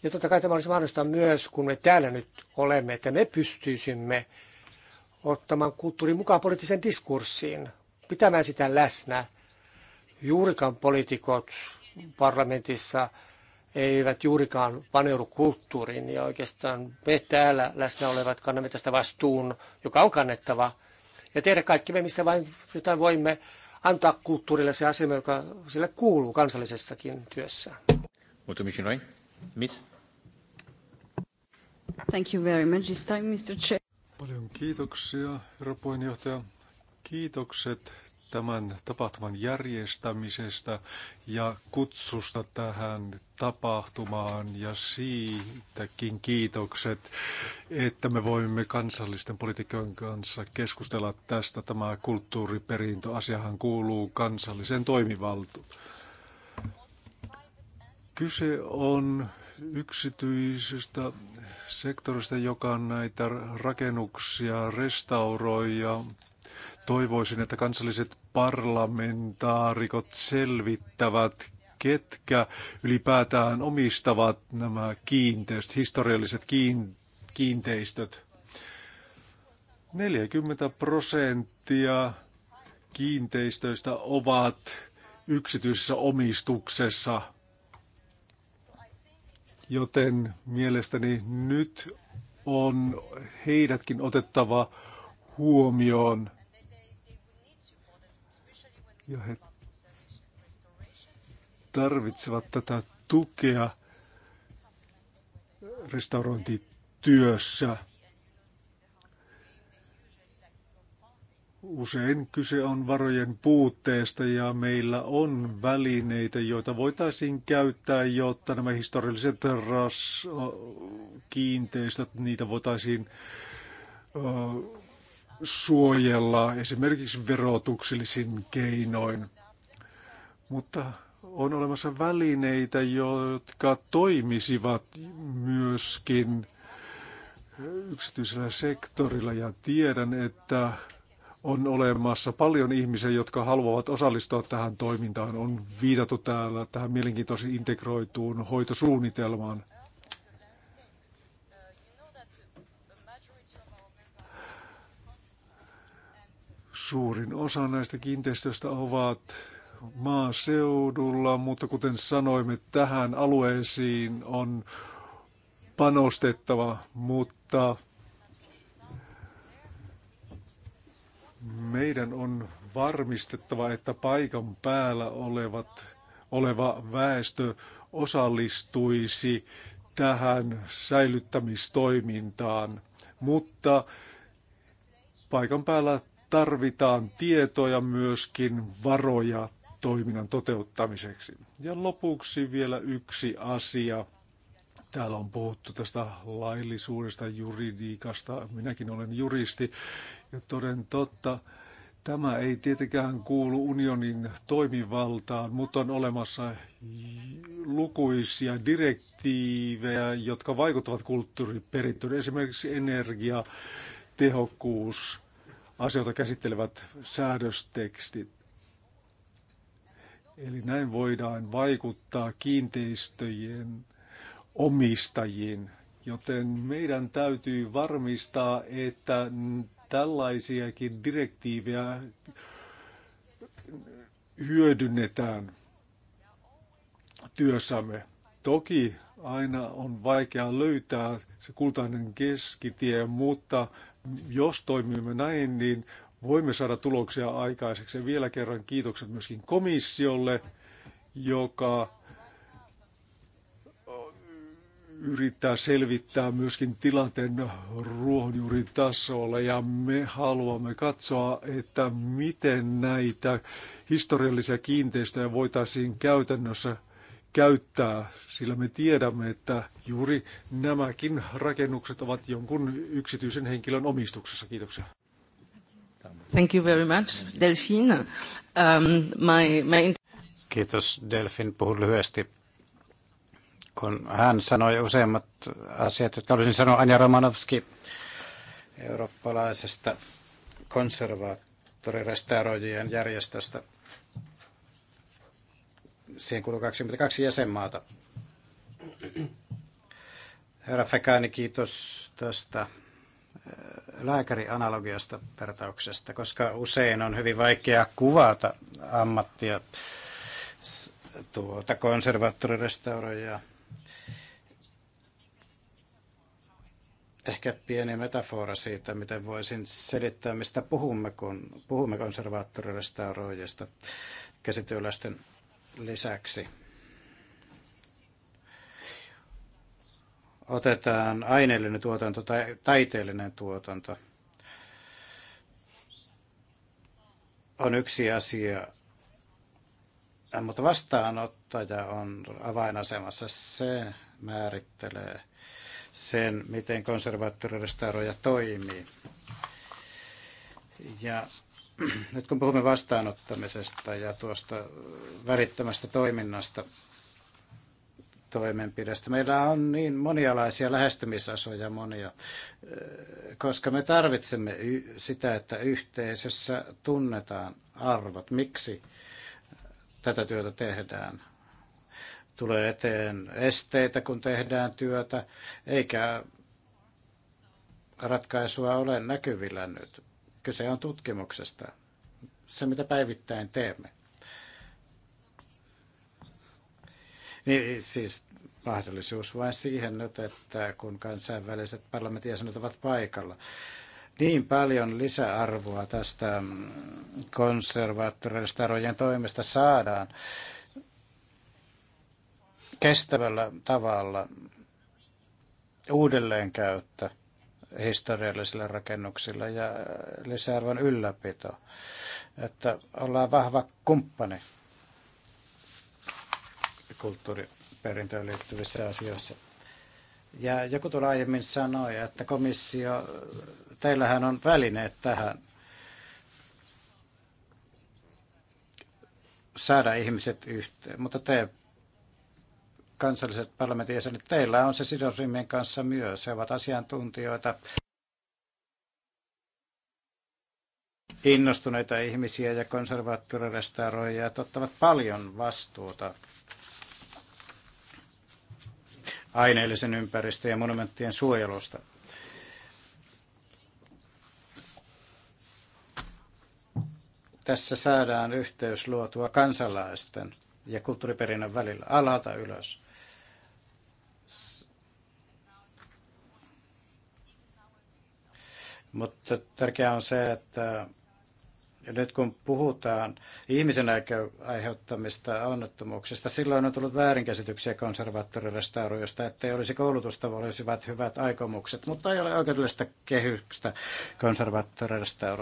Ja totta kai tämä olisi mahdollista myös, kun me täällä nyt olemme, että me pystyisimme ottamaan kulttuurin mukaan poliittiseen diskurssiin, pitämään sitä läsnä. Juurikaan poliitikot parlamentissa eivät juurikaan paneudu kulttuuriin, ja oikeastaan me täällä läsnä olevat kannamme tästä vastuun, joka on kannettava, ja tehdä kaikki me, missä vain jotain voimme antaa kulttuurille se asema, joka sille kuuluu kansallisessakin työssä. Miss? Thank you very much. This time, Mr. Chair. Paljon kiitoksia, herra puheenjohtaja. Kiitokset tämän tapahtuman järjestämisestä ja kutsusta tähän tapahtumaan ja siitäkin kiitokset, että me voimme kansallisten poliitikkojen kanssa keskustella tästä. Tämä kulttuuriperintöasiahan kuuluu kansalliseen toimivaltuun. Kyse on yksityisestä sektorista, joka näitä rakennuksia restauroi ja toivoisin, että kansalliset parlamentaarikot selvittävät, ketkä ylipäätään omistavat nämä kiinteistöt, historialliset kiinteistöt. 40 prosenttia kiinteistöistä ovat yksityisessä omistuksessa, joten mielestäni nyt on heidätkin otettava huomioon – ja he tarvitsevat tätä tukea restaurointityössä. Usein kyse on varojen puutteesta ja meillä on välineitä, joita voitaisiin käyttää, jotta nämä historialliset ras- kiinteistöt, niitä voitaisiin suojella esimerkiksi verotuksellisin keinoin. Mutta on olemassa välineitä, jotka toimisivat myöskin yksityisellä sektorilla ja tiedän, että on olemassa paljon ihmisiä, jotka haluavat osallistua tähän toimintaan. On viitattu täällä tähän mielenkiintoisen integroituun hoitosuunnitelmaan. Suurin osa näistä kiinteistöistä ovat maaseudulla, mutta kuten sanoimme, tähän alueisiin on panostettava, mutta meidän on varmistettava, että paikan päällä olevat, oleva väestö osallistuisi tähän säilyttämistoimintaan, mutta paikan päällä tarvitaan tietoja myöskin varoja toiminnan toteuttamiseksi. Ja lopuksi vielä yksi asia. Täällä on puhuttu tästä laillisuudesta, juridiikasta. Minäkin olen juristi ja toden totta. Tämä ei tietenkään kuulu unionin toimivaltaan, mutta on olemassa lukuisia direktiivejä, jotka vaikuttavat kulttuuriperintöön. Esimerkiksi energia, tehokkuus, asioita käsittelevät säädöstekstit. Eli näin voidaan vaikuttaa kiinteistöjen omistajiin, joten meidän täytyy varmistaa, että tällaisiakin direktiivejä hyödynnetään työssämme. Toki aina on vaikea löytää se kultainen keskitie, mutta jos toimimme näin, niin voimme saada tuloksia aikaiseksi. Ja vielä kerran kiitokset myöskin komissiolle, joka yrittää selvittää myöskin tilanteen tasolla. ja me haluamme katsoa, että miten näitä historiallisia kiinteistöjä voitaisiin käytännössä käyttää, sillä me tiedämme, että juuri nämäkin rakennukset ovat jonkun yksityisen henkilön omistuksessa. Kiitoksia. Thank you very much, Delphine. Um, my, my... Kiitos, Delphine. Puhun lyhyesti. Kun hän sanoi useimmat asiat, jotka olisin sanoa Anja Romanovski eurooppalaisesta konservaattorirestaurojien järjestöstä – Siihen kuuluu 22 jäsenmaata. Herra Fekani, kiitos tästä äh, lääkärianalogiasta vertauksesta, koska usein on hyvin vaikea kuvata ammattia tuota konservaattorirestauroijaa. Ehkä pieni metafora siitä, miten voisin selittää, mistä puhumme, kun puhumme konservaattorirestauroijasta käsityöläisten lisäksi otetaan aineellinen tuotanto tai taiteellinen tuotanto. On yksi asia, mutta vastaanottaja on avainasemassa. Se määrittelee sen, miten konservaattorirestauroja toimii. Ja nyt kun puhumme vastaanottamisesta ja tuosta värittömästä toiminnasta, toimenpidestä. Meillä on niin monialaisia lähestymisasoja monia, eh, koska me tarvitsemme sitä, että yhteisössä tunnetaan arvot, miksi tätä työtä tehdään. Tulee eteen esteitä, kun tehdään työtä, eikä ratkaisua ole näkyvillä nyt. Kyse on tutkimuksesta, se mitä päivittäin teemme. Niin, siis mahdollisuus vain siihen nyt, että kun kansainväliset parlamentit ovat paikalla. Niin paljon lisäarvoa tästä konservaattoreistarojen toimesta saadaan kestävällä tavalla uudelleenkäyttö – historiallisilla rakennuksilla ja lisäarvon ylläpito. Että ollaan vahva kumppani kulttuuriperintöön liittyvissä asioissa. Ja joku tuolla aiemmin sanoi, että komissio, teillähän on välineet tähän saada ihmiset yhteen, mutta te kansalliset parlamentin jäsenet, teillä on se sidosryhmien kanssa myös. He ovat asiantuntijoita, innostuneita ihmisiä ja että ottavat paljon vastuuta aineellisen ympäristön ja monumenttien suojelusta. Tässä saadaan yhteys luotua kansalaisten ja kulttuuriperinnön välillä alalta ylös. Mutta tärkeää on se, että nyt kun puhutaan ihmisen aiheuttamista onnettomuuksista, silloin on tullut väärinkäsityksiä konservaattoreista että ei olisi koulutusta, olisivat hyvät aikomukset, mutta ei ole oikeudellista kehystä konservaattoreista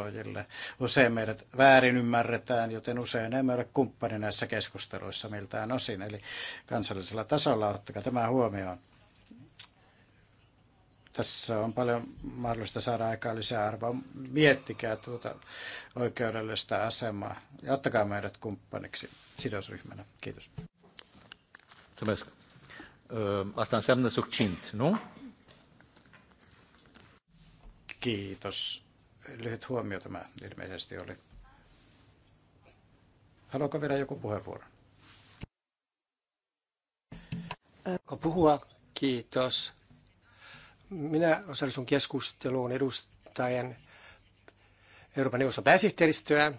Usein meidät väärin ymmärretään, joten usein emme ole kumppani näissä keskusteluissa miltään osin, eli kansallisella tasolla ottakaa tämä huomioon. Tässä on paljon mahdollista saada aikaa lisää arvoa. Miettikää tuota oikeudellista asemaa ja ottakaa meidät kumppaniksi sidosryhmänä. Kiitos. Mulțumesc. Asta înseamnă succint, nu? Kiitos. Lyhyt huomio tämä ilmeisesti oli. Haluaako vielä joku puheenvuoro? Puhua. Kiitos. Minä osallistun keskusteluun edustajan Euroopan neuvoston pääsihteeristöä.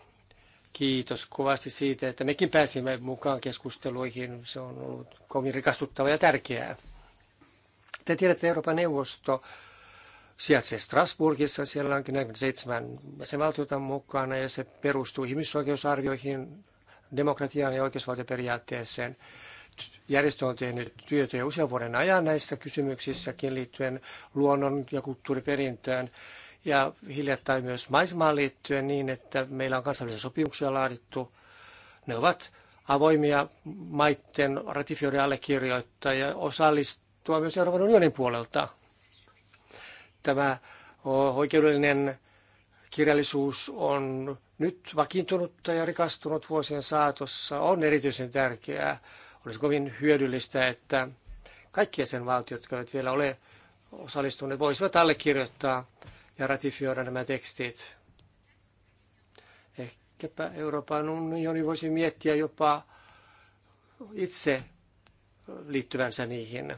Kiitos kovasti siitä, että mekin pääsimme mukaan keskusteluihin. Se on ollut kovin rikastuttava ja tärkeää. Te tiedätte, Euroopan neuvosto sijaitsee Strasbourgissa. Siellä onkin 47 jäsenvaltiota mukana ja se perustuu ihmisoikeusarvioihin, demokratiaan ja oikeusvaltioperiaatteeseen järjestö on tehnyt työtä jo usean vuoden ajan näissä kysymyksissäkin liittyen luonnon ja kulttuuriperintöön ja hiljattain myös maisemaan liittyen niin, että meillä on kansainvälisiä sopimuksia laadittu. Ne ovat avoimia maiden ratifioiden allekirjoittajia ja osallistua myös Euroopan unionin puolelta. Tämä oikeudellinen kirjallisuus on nyt vakiintunutta ja rikastunut vuosien saatossa, on erityisen tärkeää olisi kovin hyödyllistä, että kaikki jäsenvaltiot, jotka eivät vielä ole osallistuneet, voisivat allekirjoittaa ja ratifioida nämä tekstit. Ehkäpä Euroopan unioni voisi miettiä jopa itse liittyvänsä niihin.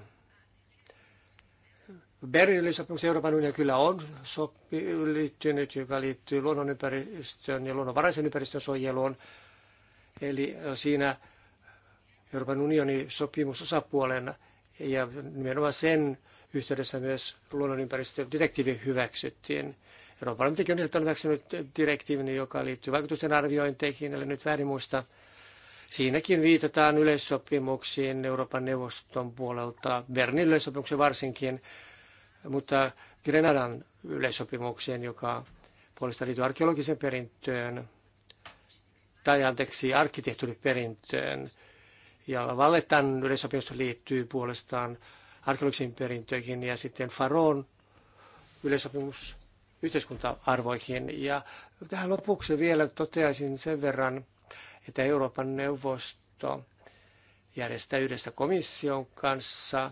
Berliinin sopimus Euroopan unioni kyllä on sopi, liittynyt, joka liittyy luonnonympäristön ja luonnonvaraisen ympäristön suojeluun. Eli siinä Euroopan unionin sopimusosapuolena ja nimenomaan sen yhteydessä myös luonnonympäristödirektiivi hyväksyttiin. Euroopan parlamentti on nyt hyväksynyt direktiivin, joka liittyy vaikutusten arviointeihin, eli nyt väärin muista. Siinäkin viitataan yleissopimuksiin Euroopan neuvoston puolelta, Bernin yleissopimuksen varsinkin, mutta Grenadan yleissopimukseen, joka puolestaan liittyy arkeologisen perintöön, tai anteeksi, arkkitehtuuriperintöön, ja Vallettan yleissopimus liittyy puolestaan arkeologisiin perintöihin ja sitten Faron yleisopimus yhteiskunta-arvoihin. Ja tähän lopuksi vielä toteaisin sen verran, että Euroopan neuvosto järjestää yhdessä komission kanssa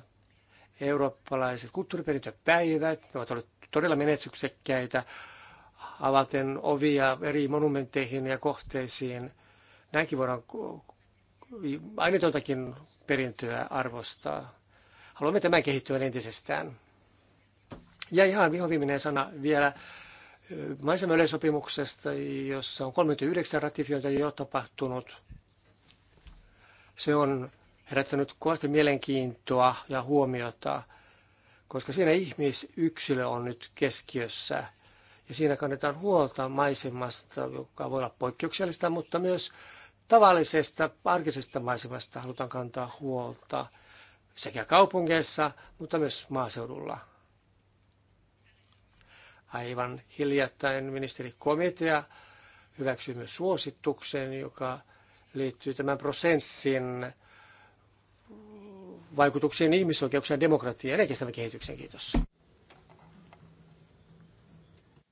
eurooppalaiset kulttuuriperintöpäivät. Ne ovat olleet todella menestyksekkäitä avaten ovia eri monumentteihin ja kohteisiin. Näinkin voidaan aineetontakin perintöä arvostaa. Haluamme tämän kehittyvän entisestään. Ja ihan vihoviimeinen sana vielä Maisemman jossa on 39 ratifiointia jo tapahtunut. Se on herättänyt kovasti mielenkiintoa ja huomiota, koska siinä ihmisyksilö on nyt keskiössä. Ja siinä kannetaan huolta maisemasta, joka voi olla poikkeuksellista, mutta myös tavallisesta arkisesta maisemasta halutaan kantaa huolta sekä kaupungeissa, mutta myös maaseudulla. Aivan hiljattain ministerikomitea hyväksyi myös suosituksen, joka liittyy tämän prosessin vaikutuksiin ihmisoikeuksien, demokratiaan ja kestävän kehityksen Kiitos.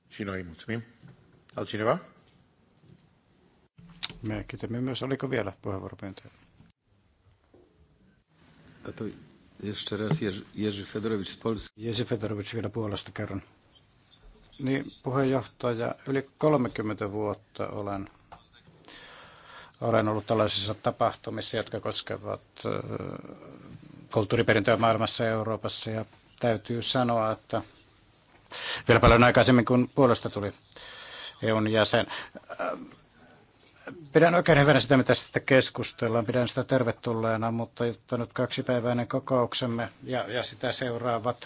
Sinoi, mutsumin. Altcineva. Me kiitämme myös, oliko vielä puheenvuoropyyntöjä? To jeszcze Jerzy, Fedorowicz Jerzy Fedorowicz vielä puolesta kerran. Niin, puheenjohtaja, yli 30 vuotta olen, olen ollut tällaisissa tapahtumissa, jotka koskevat kulttuuriperintöä maailmassa ja Euroopassa. Ja täytyy sanoa, että vielä paljon aikaisemmin kuin puolesta tuli EUn jäsen. Pidän oikein hyvänä sitä, mitä sitä keskustellaan. Pidän sitä tervetulleena, mutta jotta nyt kaksipäiväinen kokouksemme ja, ja sitä seuraavat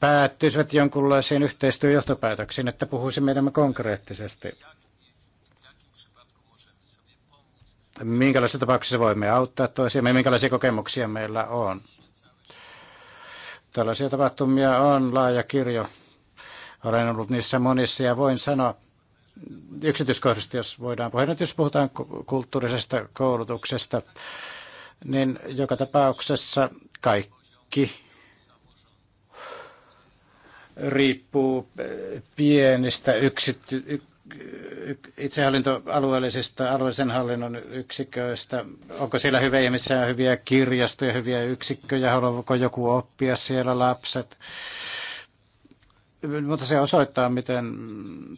päättyisivät jonkunlaisiin yhteistyöjohtopäätöksiin, että puhuisimme enemmän konkreettisesti. Minkälaisissa tapauksissa voimme auttaa toisiamme, minkälaisia kokemuksia meillä on. Tällaisia tapahtumia on laaja kirjo. Olen ollut niissä monissa ja voin sanoa, yksityiskohdista, jos voidaan puhua. Nyt jos puhutaan kulttuurisesta koulutuksesta, niin joka tapauksessa kaikki riippuu eh, pienistä yksity- itsehallintoalueellisista, alueellisen hallinnon yksiköistä. Onko siellä hyviä ihmisiä, hyviä kirjastoja, hyviä yksikköjä, haluaako joku oppia siellä lapset? mutta se osoittaa, miten,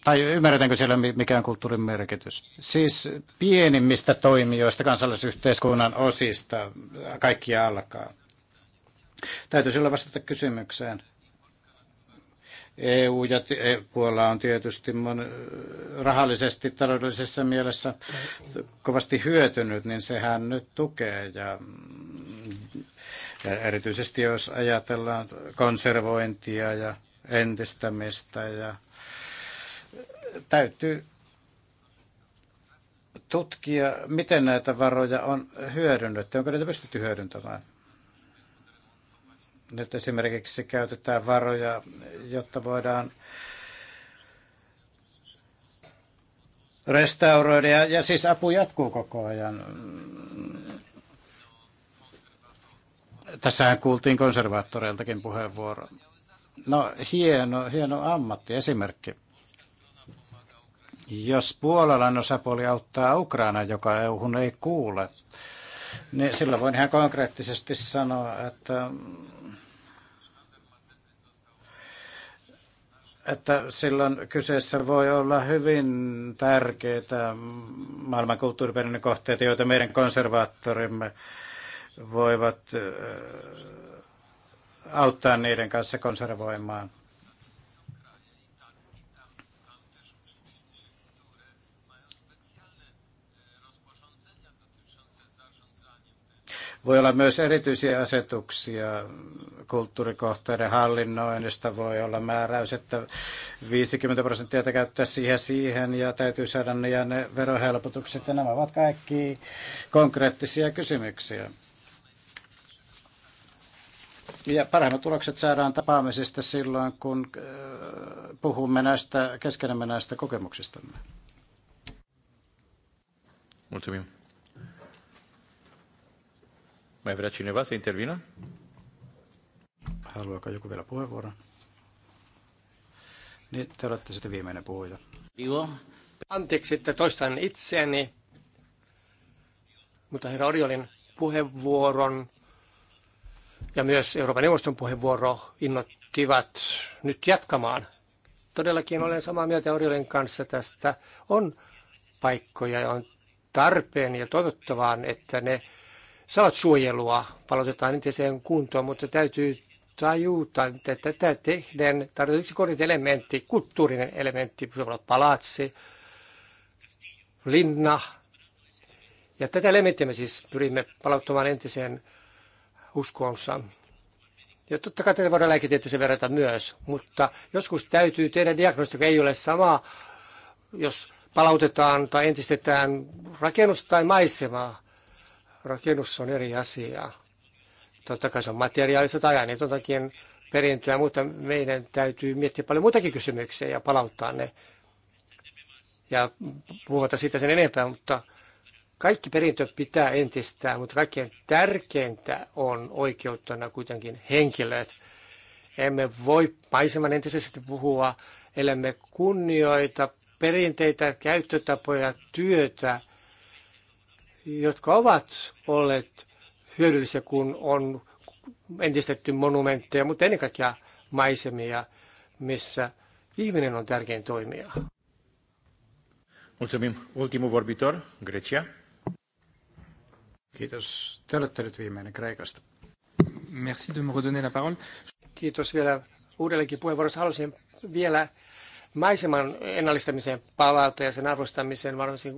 tai ymmärretäänkö siellä mikään kulttuurin merkitys. Siis pienimmistä toimijoista kansalaisyhteiskunnan osista kaikki alkaa. Täytyisi olla vastata kysymykseen. EU ja e- Puola on tietysti mon, rahallisesti, taloudellisessa mielessä kovasti hyötynyt, niin sehän nyt tukee ja mm, ja erityisesti jos ajatellaan konservointia ja entistämistä ja täytyy tutkia, miten näitä varoja on hyödynnetty, onko niitä pystytty hyödyntämään. Nyt esimerkiksi käytetään varoja, jotta voidaan restauroida ja, ja siis apu jatkuu koko ajan. Tässähän kuultiin konservaattoreiltakin puheenvuoro. No hieno, hieno ammatti, esimerkki. Jos puolalainen osapuoli auttaa Ukraina, joka EU ei kuule, niin silloin voin ihan konkreettisesti sanoa, että että silloin kyseessä voi olla hyvin tärkeitä maailman kulttuuriperinnön kohteita, joita meidän konservaattorimme voivat auttaa niiden kanssa konservoimaan. Voi olla myös erityisiä asetuksia kulttuurikohteiden hallinnoinnista. Voi olla määräys, että 50 prosenttia käyttää siihen siihen ja täytyy saada ne, ja ne verohelpotukset. Ja nämä ovat kaikki konkreettisia kysymyksiä. Ja parhaimmat tulokset saadaan tapaamisesta silloin, kun äh, puhumme näistä keskenämme näistä kokemuksistamme. Mulțumim. Mai vrea cineva să intervină? Haluaako joku vielä puheenvuoron? Niin, te olette sitten viimeinen puhuja. Joo. Anteeksi, että toistan itseäni, mutta herra Oriolin puheenvuoron ja myös Euroopan neuvoston puheenvuoro innoittivat nyt jatkamaan. Todellakin olen samaa mieltä Orjolen kanssa tästä. On paikkoja ja on tarpeen ja toivottavaan, että ne saavat suojelua, palautetaan entiseen kuntoon, mutta täytyy tajuta, että tätä tehden tarvitaan yksi kodit elementti, kulttuurinen elementti, se voi olla palatsi, linna. Ja tätä elementtiä me siis pyrimme palauttamaan entiseen uskonsa. Ja totta kai tätä voidaan lääketieteeseen verrata myös, mutta joskus täytyy tehdä diagnoosi, joka ei ole sama, jos palautetaan tai entistetään rakennus tai maisemaa. Rakennus on eri asia. Totta kai se on materiaalista tai aineetontakin perintöä, mutta meidän täytyy miettiä paljon muitakin kysymyksiä ja palauttaa ne. Ja puhumatta siitä sen enempää, mutta kaikki perintö pitää entistää, mutta kaikkein tärkeintä on oikeuttana kuitenkin henkilöt. Emme voi maiseman entisesti puhua, elämme kunnioita perinteitä, käyttötapoja, työtä, jotka ovat olleet hyödyllisiä, kun on entistetty monumentteja, mutta ennen kaikkea maisemia, missä ihminen on tärkein toimija. Mulțumim. Ultimul vorbitor, Grecia. Kiitos. Te olette nyt viimeinen Kreikasta. Merci de me redonner la parole. Kiitos vielä uudellekin puheenvuorossa. Haluaisin vielä maiseman ennallistamiseen palata ja sen arvostamiseen varmasti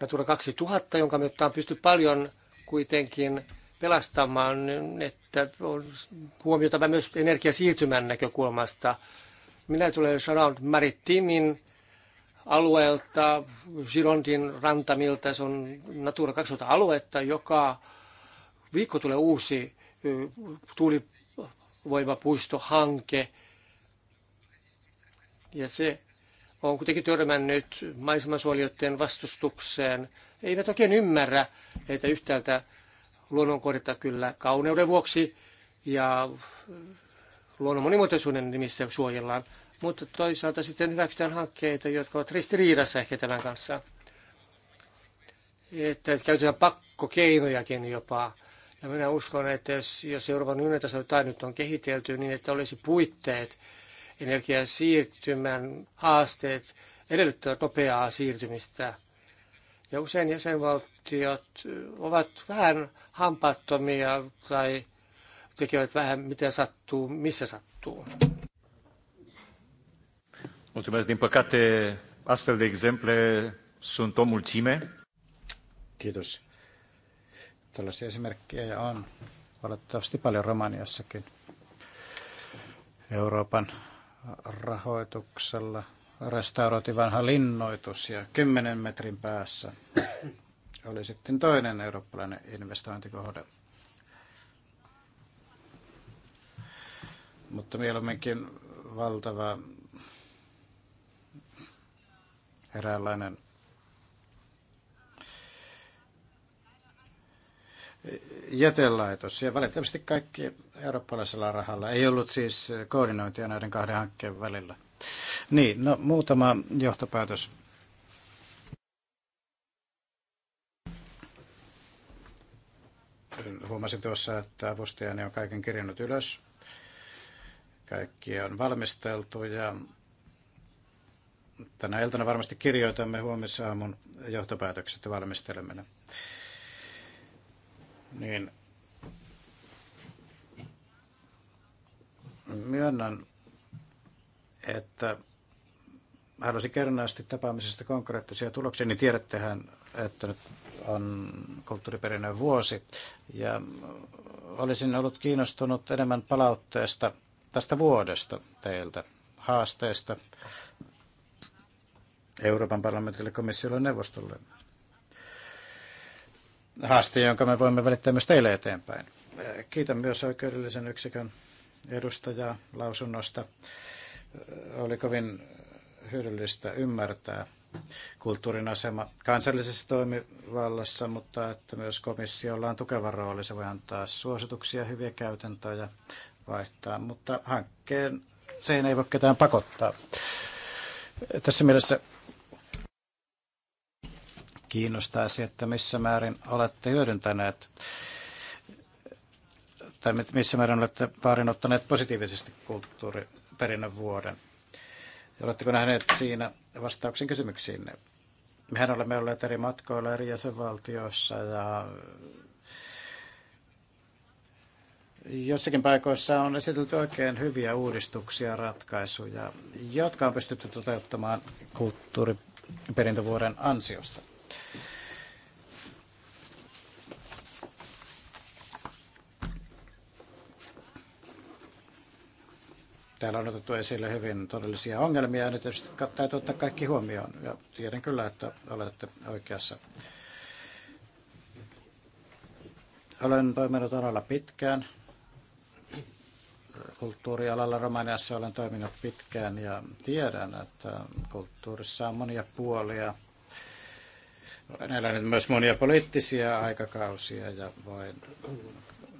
Natura 2000, jonka me on pysty paljon kuitenkin pelastamaan, että on huomioitava myös energiasiirtymän näkökulmasta. Minä tulen Sharon Maritimin alueelta, Girondin rantamilta, se on Natura 2000 aluetta, joka viikko tulee uusi tuulivoimapuistohanke. Ja se on kuitenkin törmännyt maisemansuolijoiden vastustukseen. Eivät oikein ymmärrä, että yhtäältä luonnonkohdetta kyllä kauneuden vuoksi ja luonnon monimuotoisuuden nimissä suojellaan, mutta toisaalta sitten hyväksytään hankkeita, jotka ovat ristiriidassa ehkä tämän kanssa. Että käytetään pakkokeinojakin jopa. Ja minä uskon, että jos, jos Euroopan unionitaso jotain nyt on kehitelty, niin että olisi puitteet, energiasiirtymän haasteet edellyttävät nopeaa siirtymistä. Ja usein jäsenvaltiot ovat vähän hampaattomia tai tekevät vähän mitä sattuu, missä sattuu. Mulțumesc. Din păcate, astfel de exemple sunt o mulțime. Kiitos. Tällaisia esimerkkejä on valitettavasti paljon Romaniassakin. Euroopan rahoituksella restauroitiin vanha linnoitus ja kymmenen metrin päässä oli sitten toinen eurooppalainen investointikohde. Mutta mieluumminkin valtava eräänlainen eh, jätelaitos. Ja valitettavasti kaikki eurooppalaisella rahalla. Ei ollut siis koordinointia näiden kahden hankkeen välillä. Niin, no muutama johtopäätös. Huomasin tuossa, että avustajani on kaiken kirjannut ylös. Kaikki on valmisteltu ja tänä iltana varmasti kirjoitamme aamun johtopäätökset ja valmistelemme ne. Niin. Myönnän, että haluaisin kernaasti tapaamisesta konkreettisia tuloksia, niin tiedättehän, että nyt on kulttuuriperinnön vuosi. Ja olisin ollut kiinnostunut enemmän palautteesta tästä vuodesta teiltä, haasteista, Euroopan parlamentille, komissiolle ja neuvostolle. Haaste, jonka me voimme välittää myös teille eteenpäin. Kiitän myös oikeudellisen yksikön edustajaa lausunnosta. Oli kovin hyödyllistä ymmärtää kulttuurin asema kansallisessa toimivallassa, mutta että myös komissiolla on tukeva rooli. Se voi antaa suosituksia, hyviä käytäntöjä vaihtaa, mutta hankkeen, siihen ei voi ketään pakottaa. Tässä mielessä kiinnostaisi, että missä määrin olette hyödyntäneet tai missä määrin olette vaarin ottaneet positiivisesti kulttuuriperinnön vuoden. Ja oletteko nähneet siinä vastauksen kysymyksiin? Mehän olemme olleet eri matkoilla eri jäsenvaltioissa ja jossakin paikoissa on esitelty oikein hyviä uudistuksia ja ratkaisuja, jotka on pystytty toteuttamaan kulttuuriperintövuoden ansiosta. Täällä on otettu esille hyvin todellisia ongelmia ja ne tietysti täytyy ottaa kaikki huomioon. Ja tiedän kyllä, että olette oikeassa. Olen toiminut alalla pitkään. Kulttuurialalla Romaniassa olen toiminut pitkään ja tiedän, että kulttuurissa on monia puolia. Olen elänyt myös monia poliittisia aikakausia ja voin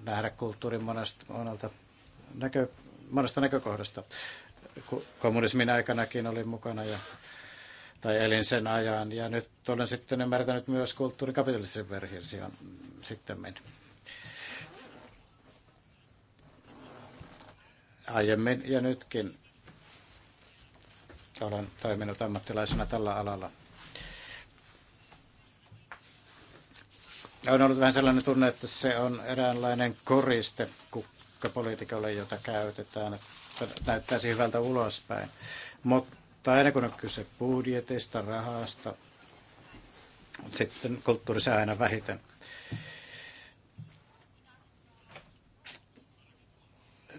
nähdä kulttuurin monesta, monelta näkökulmasta monesta näkökohdasta. Kommunismin aikanakin olin mukana ja, tai elin sen ajan ja nyt olen sitten ymmärtänyt myös kulttuurikapitalistisen version sitten. Aiemmin ja nytkin olen toiminut ammattilaisena tällä alalla. on ollut vähän sellainen tunne, että se on eräänlainen koriste politiikalle, jota käytetään, että näyttäisi hyvältä ulospäin. Mutta aina kun on kyse budjetista, rahasta, sitten kulttuurissa aina vähiten.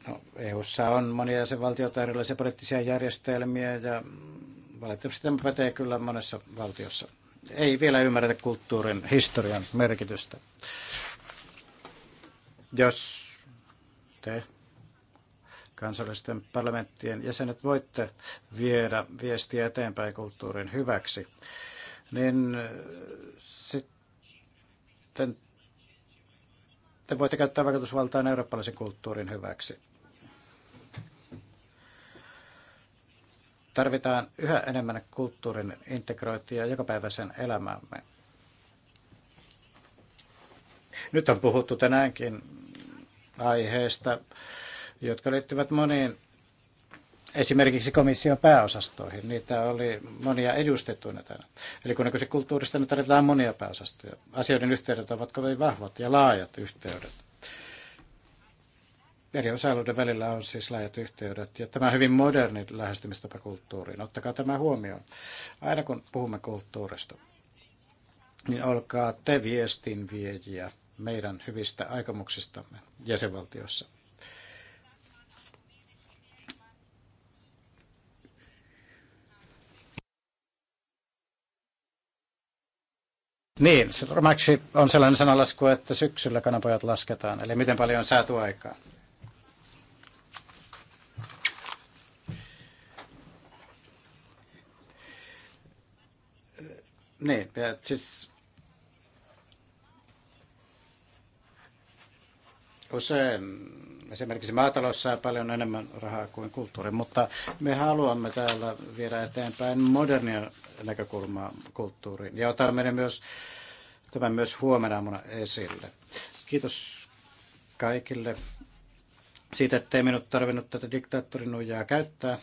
No, EU:ssa on monia jäsenvaltioita erilaisia poliittisia järjestelmiä ja valitettavasti tämä pätee kyllä monessa valtiossa. Ei vielä ymmärretä kulttuurin historian merkitystä. Jos te kansallisten parlamenttien jäsenet voitte viedä viestiä eteenpäin kulttuurin hyväksi, niin sitten te voitte käyttää vaikutusvaltaan eurooppalaisen kulttuurin hyväksi. Tarvitaan yhä enemmän kulttuurin integrointia jokapäiväisen elämäämme. Nyt on puhuttu tänäänkin aiheesta, jotka liittyvät moniin esimerkiksi komission pääosastoihin. Niitä oli monia edustettuina tänä. Eli kun kyse kulttuurista, niin tarvitaan monia pääosastoja. Asioiden yhteydet ovat kovin vahvat ja laajat yhteydet. Eri osa välillä on siis laajat yhteydet, ja tämä hyvin moderni lähestymistapa kulttuuriin. Ottakaa tämä huomioon. Aina kun puhumme kulttuurista, niin olkaa te viejiä meidän hyvistä aikomuksistamme jäsenvaltiossa. Niin, romaksi on sellainen sanalasku, että syksyllä kanapojat lasketaan, eli miten paljon on saatu aikaa. Niin, siis Usein esimerkiksi maatalous saa paljon enemmän rahaa kuin kulttuuri, mutta me haluamme täällä viedä eteenpäin modernia näkökulmaa kulttuuriin ja otamme myös, tämän myös huomenna aamuna esille. Kiitos kaikille siitä, ettei minut tarvinnut tätä diktaattorin nujaa käyttää.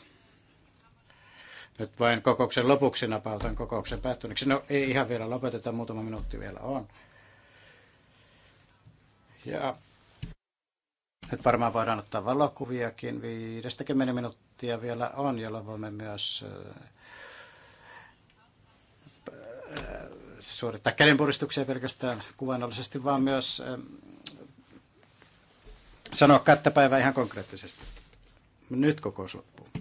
Nyt vain kokouksen lopuksi napautan kokouksen päättyneeksi. No ei ihan vielä lopeteta, muutama minuutti vielä on. Ja nyt varmaan voidaan ottaa valokuviakin. 50 minuuttia vielä on, jolla voimme myös suorittaa kädenpuristuksia pelkästään kuvainnollisesti, vaan myös sanoa kättäpäivää ihan konkreettisesti. Nyt kokous loppuu.